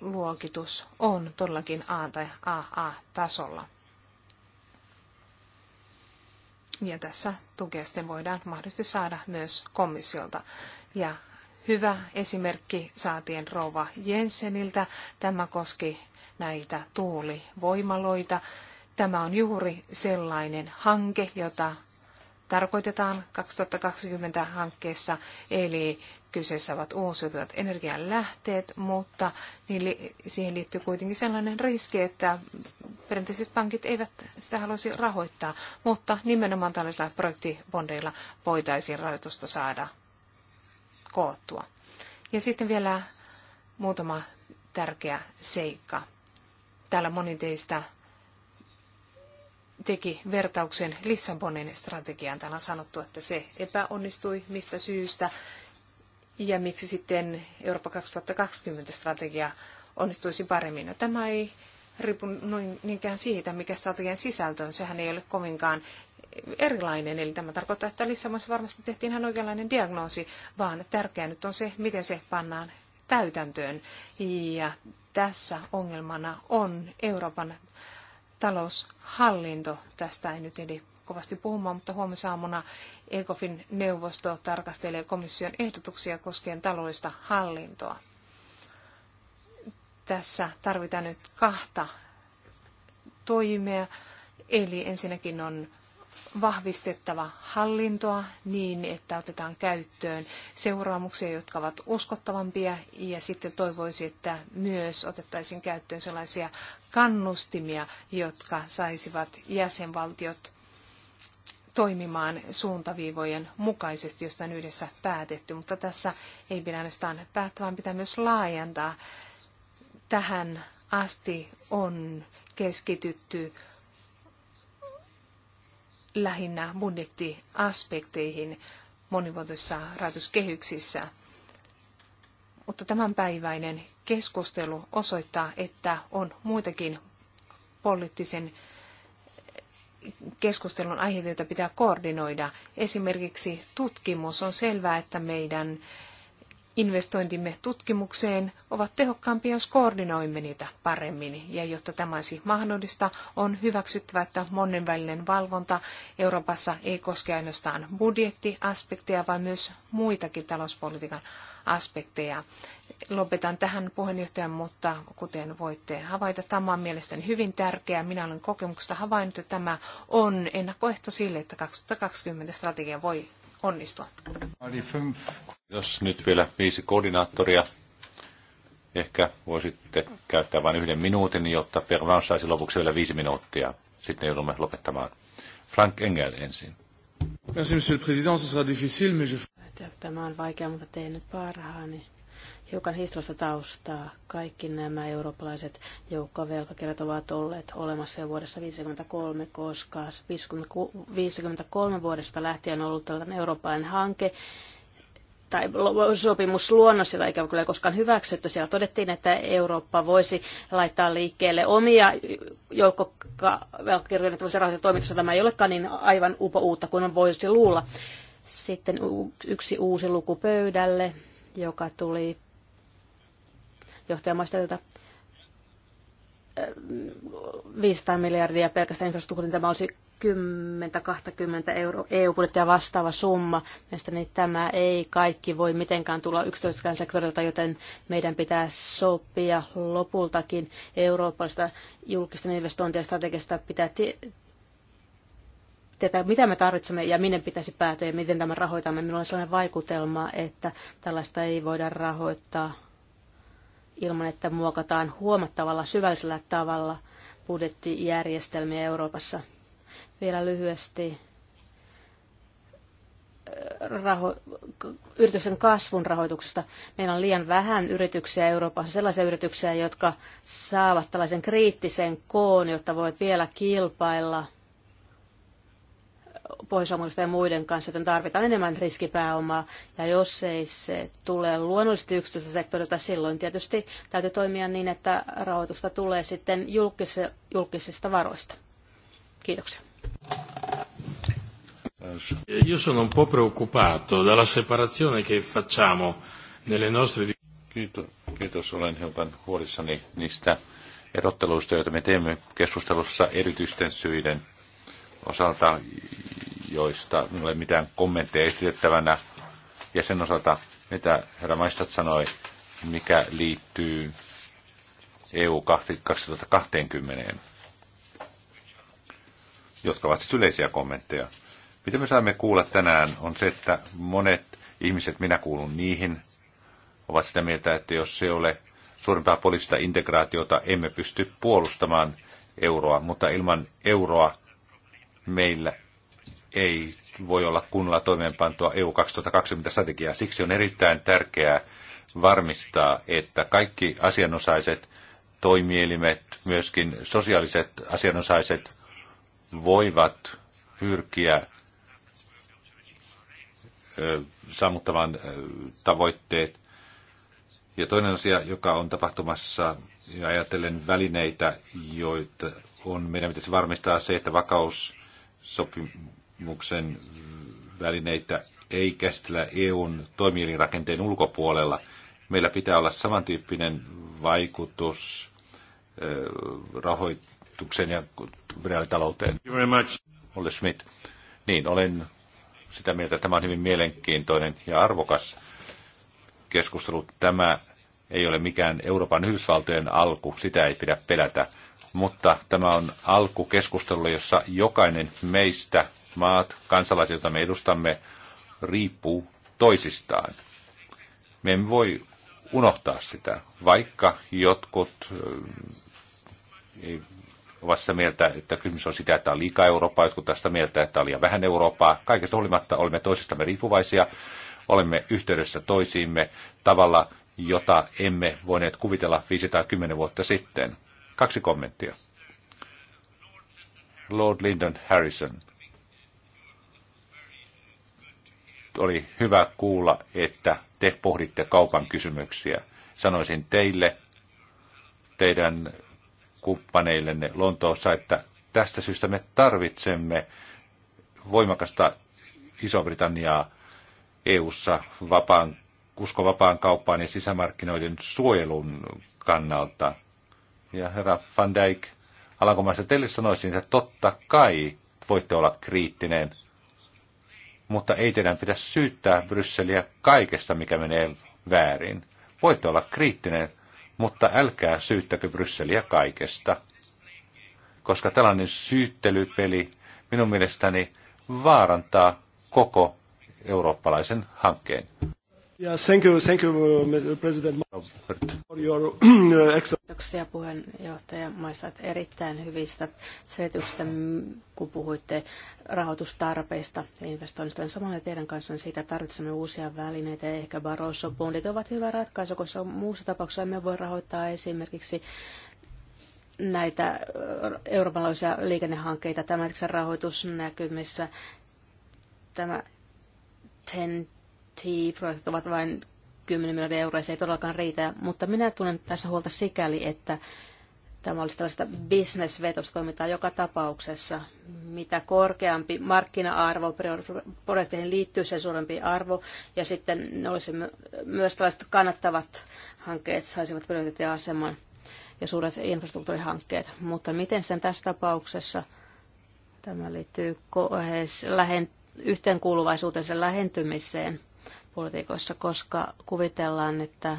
luokitus on todellakin A- tai AA-tasolla. Ja tässä tukea sitten voidaan mahdollisesti saada myös komissiolta. Ja hyvä esimerkki saatiin rova Jenseniltä. Tämä koski näitä tuulivoimaloita. Tämä on juuri sellainen hanke, jota tarkoitetaan 2020 hankkeessa, eli Kyseessä ovat uusiutuvat energianlähteet, mutta niin siihen liittyy kuitenkin sellainen riski, että perinteiset pankit eivät sitä haluaisi rahoittaa, mutta nimenomaan tällaisilla projektibondeilla voitaisiin rahoitusta saada koottua. Ja sitten vielä muutama tärkeä seikka. Täällä moni teistä teki vertauksen Lissabonin strategiaan. Täällä on sanottu, että se epäonnistui, mistä syystä ja miksi sitten Eurooppa 2020 strategia onnistuisi paremmin. No, tämä ei riipu niinkään siitä, mikä strategian sisältö on. Sehän ei ole kovinkaan erilainen, eli tämä tarkoittaa, että Lissabonissa varmasti tehtiin ihan oikeanlainen diagnoosi, vaan tärkeää nyt on se, miten se pannaan täytäntöön. Ja tässä ongelmana on Euroopan taloushallinto. Tästä ei nyt edes kovasti puhumaan, mutta huomisaamuna ECOFIN neuvosto tarkastelee komission ehdotuksia koskien taloudellista hallintoa. Tässä tarvitaan nyt kahta toimea, eli ensinnäkin on vahvistettava hallintoa niin, että otetaan käyttöön seuraamuksia, jotka ovat uskottavampia ja sitten toivoisi, että myös otettaisiin käyttöön sellaisia kannustimia, jotka saisivat jäsenvaltiot toimimaan suuntaviivojen mukaisesti, josta on yhdessä päätetty. Mutta tässä ei pidä ainoastaan päättää, vaan pitää myös laajentaa. Tähän asti on keskitytty lähinnä budjettiaspekteihin monivuotisissa rahoituskehyksissä. Mutta tämänpäiväinen keskustelu osoittaa, että on muitakin poliittisen keskustelun aiheita, joita pitää koordinoida. Esimerkiksi tutkimus on selvää, että meidän investointimme tutkimukseen ovat tehokkaampia, jos koordinoimme niitä paremmin. Ja jotta tämä olisi mahdollista, on hyväksyttävä, että monenvälinen valvonta Euroopassa ei koske ainoastaan budjettiaspekteja, vaan myös muitakin talouspolitiikan aspekteja lopetan tähän puheenjohtajan, mutta kuten voitte havaita, tämä on mielestäni hyvin tärkeää. Minä olen kokemuksesta havainnut, että tämä on ennakkoehto sille, että 2020 strategia voi onnistua. Jos nyt vielä viisi koordinaattoria, ehkä voisitte käyttää vain yhden minuutin, jotta Pervan saisi lopuksi vielä viisi minuuttia. Sitten joudumme lopettamaan. Frank Engel ensin. Merci, monsieur le président. Ce sera difficile, mais je... Tämä on vaikea, mutta teen nyt parhaani hiukan historiasta taustaa. Kaikki nämä eurooppalaiset joukkovelkakirjat ovat olleet olemassa jo vuodessa 1953, koska 1953 vuodesta lähtien on ollut tällainen eurooppalainen hanke, tai sopimusluonnos, jota ikään kuin ei koskaan hyväksytty. Siellä todettiin, että Eurooppa voisi laittaa liikkeelle omia joukkovelkakirjoja, että voisi rahoittaa toimintansa. Tämä ei olekaan niin aivan upo uutta kuin voisi luulla. Sitten yksi uusi luku pöydälle, joka tuli johtajamaisterilta 500 miljardia pelkästään infrastruktuurin. Tämä olisi 10-20 euro EU-budjettia vastaava summa. Mielestäni tämä ei kaikki voi mitenkään tulla yksityiseltä sektorilta, joten meidän pitää sopia lopultakin eurooppalaisesta julkisten investointien strategiasta pitää tietää, mitä me tarvitsemme ja minne pitäisi päätyä ja miten tämä rahoitamme. Minulla on sellainen vaikutelma, että tällaista ei voida rahoittaa ilman, että muokataan huomattavalla syvällisellä tavalla budjettijärjestelmiä Euroopassa. Vielä lyhyesti äh, raho, yritysten kasvun rahoituksesta. Meillä on liian vähän yrityksiä Euroopassa, sellaisia yrityksiä, jotka saavat tällaisen kriittisen koon, jotta voit vielä kilpailla – pohjois ja muiden kanssa, joten tarvitaan enemmän riskipääomaa. Ja jos ei se tule luonnollisesti yksityiseltä sektorilta, silloin tietysti täytyy toimia niin, että rahoitusta tulee sitten julkis- julkisista varoista. Kiitoksia. Io sono un po' preoccupato dalla separazione che facciamo nelle nostre... Kiitos, kiitos. Olen hiukan huolissani niistä erotteluista, joita me teemme keskustelussa erityisten syiden osalta, joista ei ole mitään kommentteja esitettävänä, ja sen osalta, mitä herra Maistat sanoi, mikä liittyy EU 2020, jotka ovat siis yleisiä kommentteja. Mitä me saamme kuulla tänään on se, että monet ihmiset, minä kuulun niihin, ovat sitä mieltä, että jos ei ole suurempaa poliittista integraatiota, emme pysty puolustamaan euroa, mutta ilman euroa meillä ei voi olla kunnolla toimeenpantoa EU 2020 strategiaa. Siksi on erittäin tärkeää varmistaa, että kaikki asianosaiset toimielimet, myöskin sosiaaliset asianosaiset voivat pyrkiä sammuttamaan tavoitteet. Ja toinen asia, joka on tapahtumassa, ja ajatellen välineitä, joita on, meidän pitäisi varmistaa se, että vakaus sopimuksen välineitä ei käsitellä EUn toimielinrakenteen ulkopuolella. Meillä pitää olla samantyyppinen vaikutus rahoitukseen ja reaalitalouteen. Olle Schmidt. Niin, olen sitä mieltä, että tämä on hyvin mielenkiintoinen ja arvokas keskustelu. Tämä ei ole mikään Euroopan Yhdysvaltojen alku, sitä ei pidä pelätä mutta tämä on alku keskustelulle, jossa jokainen meistä, maat, kansalaiset, joita me edustamme, riippuu toisistaan. Me emme voi unohtaa sitä, vaikka jotkut eh, ovat sitä mieltä, että kysymys on sitä, että on liikaa Eurooppaa, jotkut tästä mieltä, että on liian vähän Eurooppaa. Kaikesta huolimatta olemme toisistamme riippuvaisia, olemme yhteydessä toisiimme tavalla, jota emme voineet kuvitella 5 tai 10 vuotta sitten. Kaksi kommenttia. Lord Lyndon Harrison. Oli hyvä kuulla, että te pohditte kaupan kysymyksiä. Sanoisin teille, teidän kumppaneillenne Lontoossa, että tästä syystä me tarvitsemme voimakasta Iso-Britanniaa EU-ssa vapaan, uskon vapaan kauppaan ja sisämarkkinoiden suojelun kannalta – ja herra Van Dijk, Alankomaista teille sanoisin, että totta kai voitte olla kriittinen, mutta ei teidän pidä syyttää Brysseliä kaikesta, mikä menee väärin. Voitte olla kriittinen, mutta älkää syyttäkö Brysseliä kaikesta, koska tällainen syyttelypeli minun mielestäni vaarantaa koko eurooppalaisen hankkeen. Yeah, thank you, thank you, uh, Mr. Uh, President, uh, Kiitoksia puheenjohtaja Maistat erittäin hyvistä selityksistä, mm, kun puhuitte rahoitustarpeista ja investoinnista. Samalla teidän kanssa siitä tarvitsemme uusia välineitä ja ehkä Barroso-bondit ovat hyvä ratkaisu, koska muussa tapauksessa me voi rahoittaa esimerkiksi näitä äh, eurooppalaisia liikennehankkeita tämän rahoitusnäkymissä. Tämä 10 T-projektit ovat vain 10 miljardia euroa, se ei todellakaan riitä, mutta minä tunnen tässä huolta sikäli, että tämä olisi tällaista bisnesvetosta toimintaa joka tapauksessa. Mitä korkeampi markkina-arvo projekteihin liittyy, sen suurempi arvo, ja sitten ne olisi myös tällaiset kannattavat hankkeet saisivat aseman ja suuret infrastruktuurihankkeet. Mutta miten sen tässä tapauksessa, tämä liittyy lähen, yhteenkuuluvaisuuteen sen lähentymiseen – politiikoissa, koska kuvitellaan, että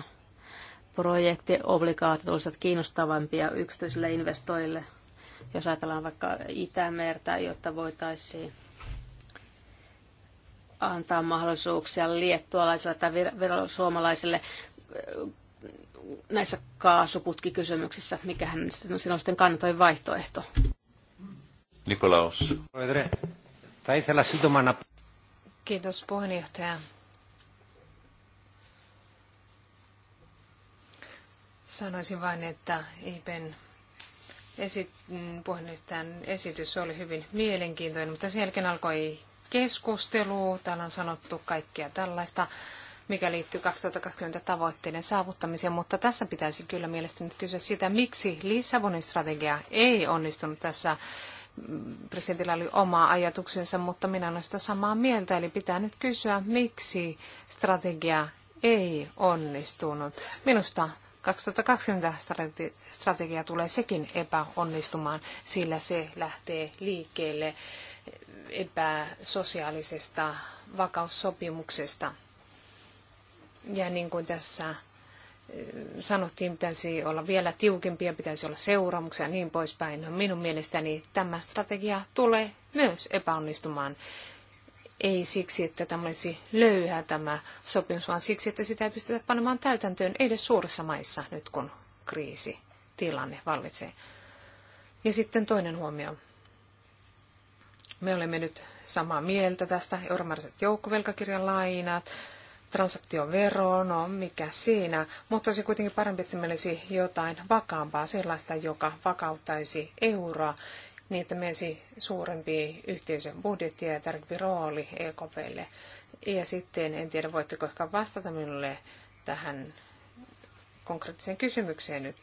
projektiobligaatiot olisivat kiinnostavampia yksityisille investoijille, jos ajatellaan vaikka Itämertä, jotta voitaisiin antaa mahdollisuuksia liettualaisille tai vir- suomalaisille äh, näissä kaasuputkikysymyksissä, mikä hän silloin sitten kannatoi vaihtoehto. Nikolaus. Kiitos puheenjohtaja. Sanoisin vain, että IPen esi- puheenjohtajan esitys oli hyvin mielenkiintoinen, mutta sen jälkeen alkoi keskustelu. Täällä on sanottu kaikkea tällaista, mikä liittyy 2020 tavoitteiden saavuttamiseen, mutta tässä pitäisi kyllä mielestäni kysyä sitä, miksi Lissabonin strategia ei onnistunut tässä mm, presidentillä oli oma ajatuksensa, mutta minä olen sitä samaa mieltä, eli pitää nyt kysyä, miksi strategia ei onnistunut. Minusta 2020 strategia tulee sekin epäonnistumaan, sillä se lähtee liikkeelle epäsosiaalisesta vakaussopimuksesta. Ja niin kuin tässä eh, sanottiin, pitäisi olla vielä tiukempia, pitäisi olla seuraamuksia ja niin poispäin. No, minun mielestäni tämä strategia tulee myös epäonnistumaan ei siksi, että tämä olisi löyhä tämä sopimus, vaan siksi, että sitä ei pystytä panemaan täytäntöön edes suurissa maissa nyt, kun kriisi tilanne vallitsee. Ja sitten toinen huomio. Me olemme nyt samaa mieltä tästä euromääräiset joukkovelkakirjan lainat, transaktiovero, no mikä siinä, mutta olisi kuitenkin parempi, että meillä olisi jotain vakaampaa, sellaista, joka vakauttaisi euroa niin että menisi suurempi yhteisön budjetti ja tärkeämpi rooli EKPlle. Ja sitten, en tiedä voitteko ehkä vastata minulle tähän konkreettiseen kysymykseen nyt,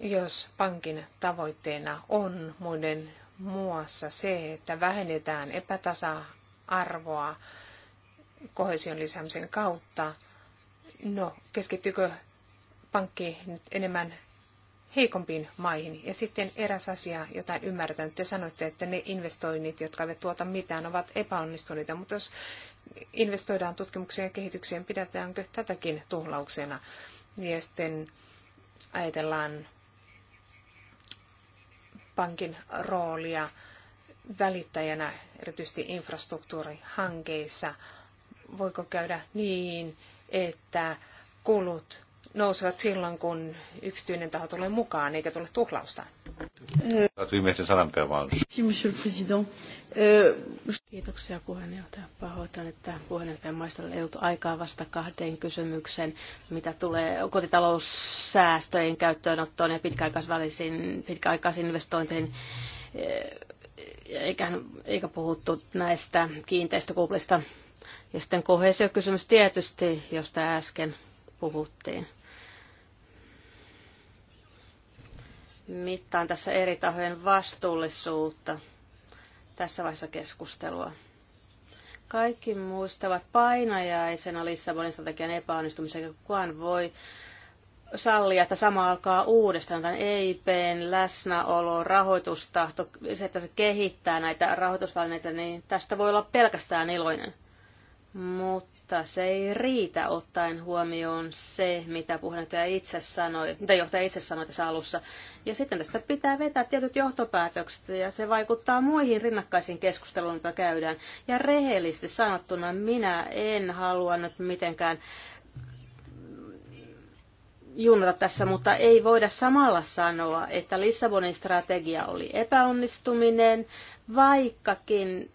jos pankin tavoitteena on muiden muassa se, että vähennetään epätasa-arvoa kohesion lisäämisen kautta. No, keskittyykö pankki nyt enemmän heikompiin maihin. Ja sitten eräs asia, jota en ymmärtänyt. Te sanoitte, että ne investoinnit, jotka eivät tuota mitään, ovat epäonnistuneita. Mutta jos investoidaan tutkimukseen ja kehitykseen, pidetäänkö tätäkin tuhlauksena? Ja sitten ajatellaan pankin roolia välittäjänä, erityisesti infrastruktuurihankkeissa. Voiko käydä niin, että kulut nousevat silloin, kun yksityinen taho tulee mukaan, eikä tule tuhlausta. Äh. Äh, Kiitoksia puheenjohtaja. Pahoitan, että puheenjohtajan maista ei ollut aikaa vasta kahteen kysymykseen, mitä tulee kotitaloussäästöjen käyttöönottoon ja pitkäaikaisvälisiin, pitkäaikaisiin investointeihin äh, eikä, eikä puhuttu näistä kiinteistökuplista. Ja sitten kohesiokysymys tietysti, josta äsken puhuttiin. Mittaan tässä eri tahojen vastuullisuutta tässä vaiheessa keskustelua. Kaikki muistavat painajaisena Lissabonin strategian epäonnistumisen, eikä kukaan voi sallia, että sama alkaa uudestaan tämän EIPn läsnäolo, rahoitustahto, se, että se kehittää näitä rahoitusvälineitä, niin tästä voi olla pelkästään iloinen. Mutta mutta se ei riitä ottaen huomioon se, mitä puheenjohtaja itse sanoi, mitä johtaja itse sanoi tässä alussa. Ja sitten tästä pitää vetää tietyt johtopäätökset ja se vaikuttaa muihin rinnakkaisiin keskusteluun, joita käydään. Ja rehellisesti sanottuna minä en halua nyt mitenkään junata tässä, mutta ei voida samalla sanoa, että Lissabonin strategia oli epäonnistuminen, vaikkakin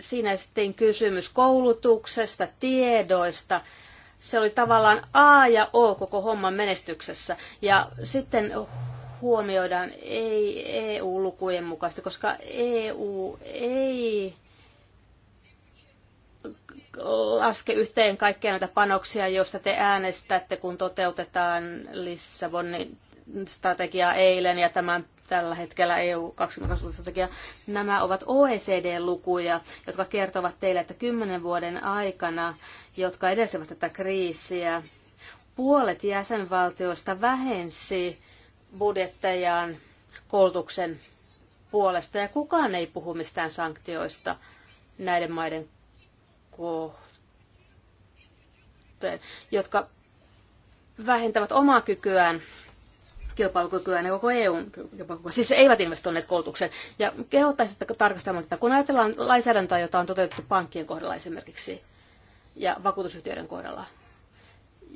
siinä esitettiin kysymys koulutuksesta, tiedoista. Se oli tavallaan A ja O koko homman menestyksessä. Ja sitten huomioidaan ei EU-lukujen mukaista, koska EU ei laske yhteen kaikkia näitä panoksia, joista te äänestätte, kun toteutetaan Lissabonin strategiaa eilen ja tämän tällä hetkellä EU 2020-strategia. Nämä ovat OECD-lukuja, jotka kertovat teille, että kymmenen vuoden aikana, jotka edelsivät tätä kriisiä, puolet jäsenvaltioista vähensi budjettejaan koulutuksen puolesta ja kukaan ei puhu mistään sanktioista näiden maiden kohteen, jotka vähentävät omaa kykyään kilpailukykyään ja koko EUn kilpailukykyä. Siis eivät investoineet koulutukseen. Ja kehottaisin että tarkastamaan että kun ajatellaan lainsäädäntöä, jota on toteutettu pankkien kohdalla esimerkiksi ja vakuutusyhtiöiden kohdalla.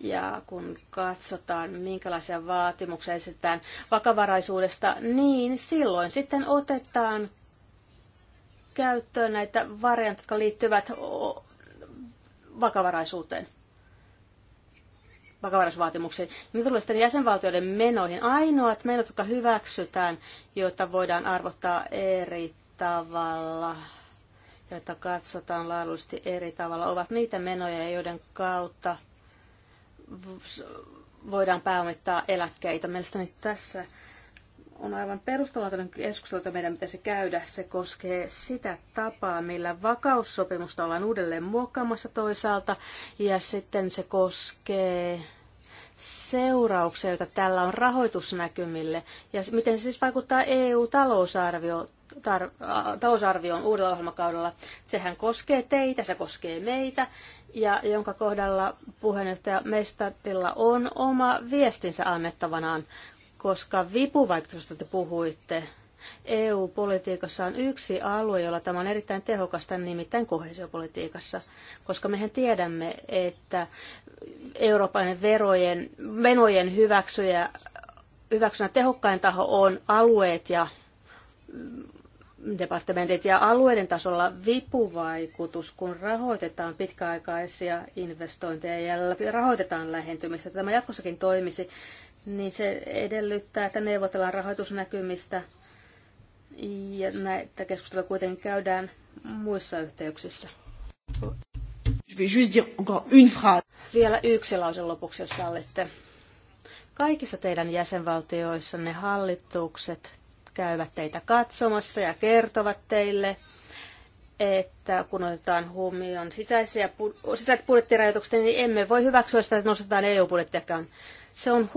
Ja kun katsotaan, minkälaisia vaatimuksia esitetään vakavaraisuudesta, niin silloin sitten otetaan käyttöön näitä variantteja, jotka liittyvät vakavaraisuuteen vakavaraisuusvaatimuksiin. Mitä tulee sitten jäsenvaltioiden menoihin? Ainoat menot, jotka hyväksytään, joita voidaan arvottaa eri tavalla, joita katsotaan laadullisesti eri tavalla, ovat niitä menoja, joiden kautta voidaan pääomittaa eläkkeitä. Mielestäni tässä on aivan perustavaltainen keskustelu, jota meidän pitäisi käydä. Se koskee sitä tapaa, millä vakaussopimusta ollaan uudelleen muokkaamassa toisaalta, ja sitten se koskee seurauksia, joita tällä on rahoitusnäkymille, ja miten se siis vaikuttaa EU-talousarvioon tar- on uudella ohjelmakaudella. Sehän koskee teitä, se koskee meitä, ja jonka kohdalla puheenjohtaja Mestatilla on oma viestinsä annettavanaan, koska vipuvaikutuksesta te puhuitte, EU-politiikassa on yksi alue, jolla tämä on erittäin tehokasta, nimittäin kohesiopolitiikassa, koska mehän tiedämme, että Euroopan verojen, menojen hyväksyjä, hyväksynä tehokkain taho on alueet ja departementit ja alueiden tasolla vipuvaikutus, kun rahoitetaan pitkäaikaisia investointeja ja rahoitetaan lähentymistä. Tämä jatkossakin toimisi, niin se edellyttää, että neuvotellaan rahoitusnäkymistä – ja näitä keskustelua kuitenkin käydään muissa yhteyksissä. Vielä yksi lause lopuksi, jos sallitte. Kaikissa teidän jäsenvaltioissanne hallitukset käyvät teitä katsomassa ja kertovat teille, että kun otetaan huomioon sisäisiä, sisäiset budjettirajoitukset, niin emme voi hyväksyä sitä, että nostetaan EU-budjettiakaan. Se on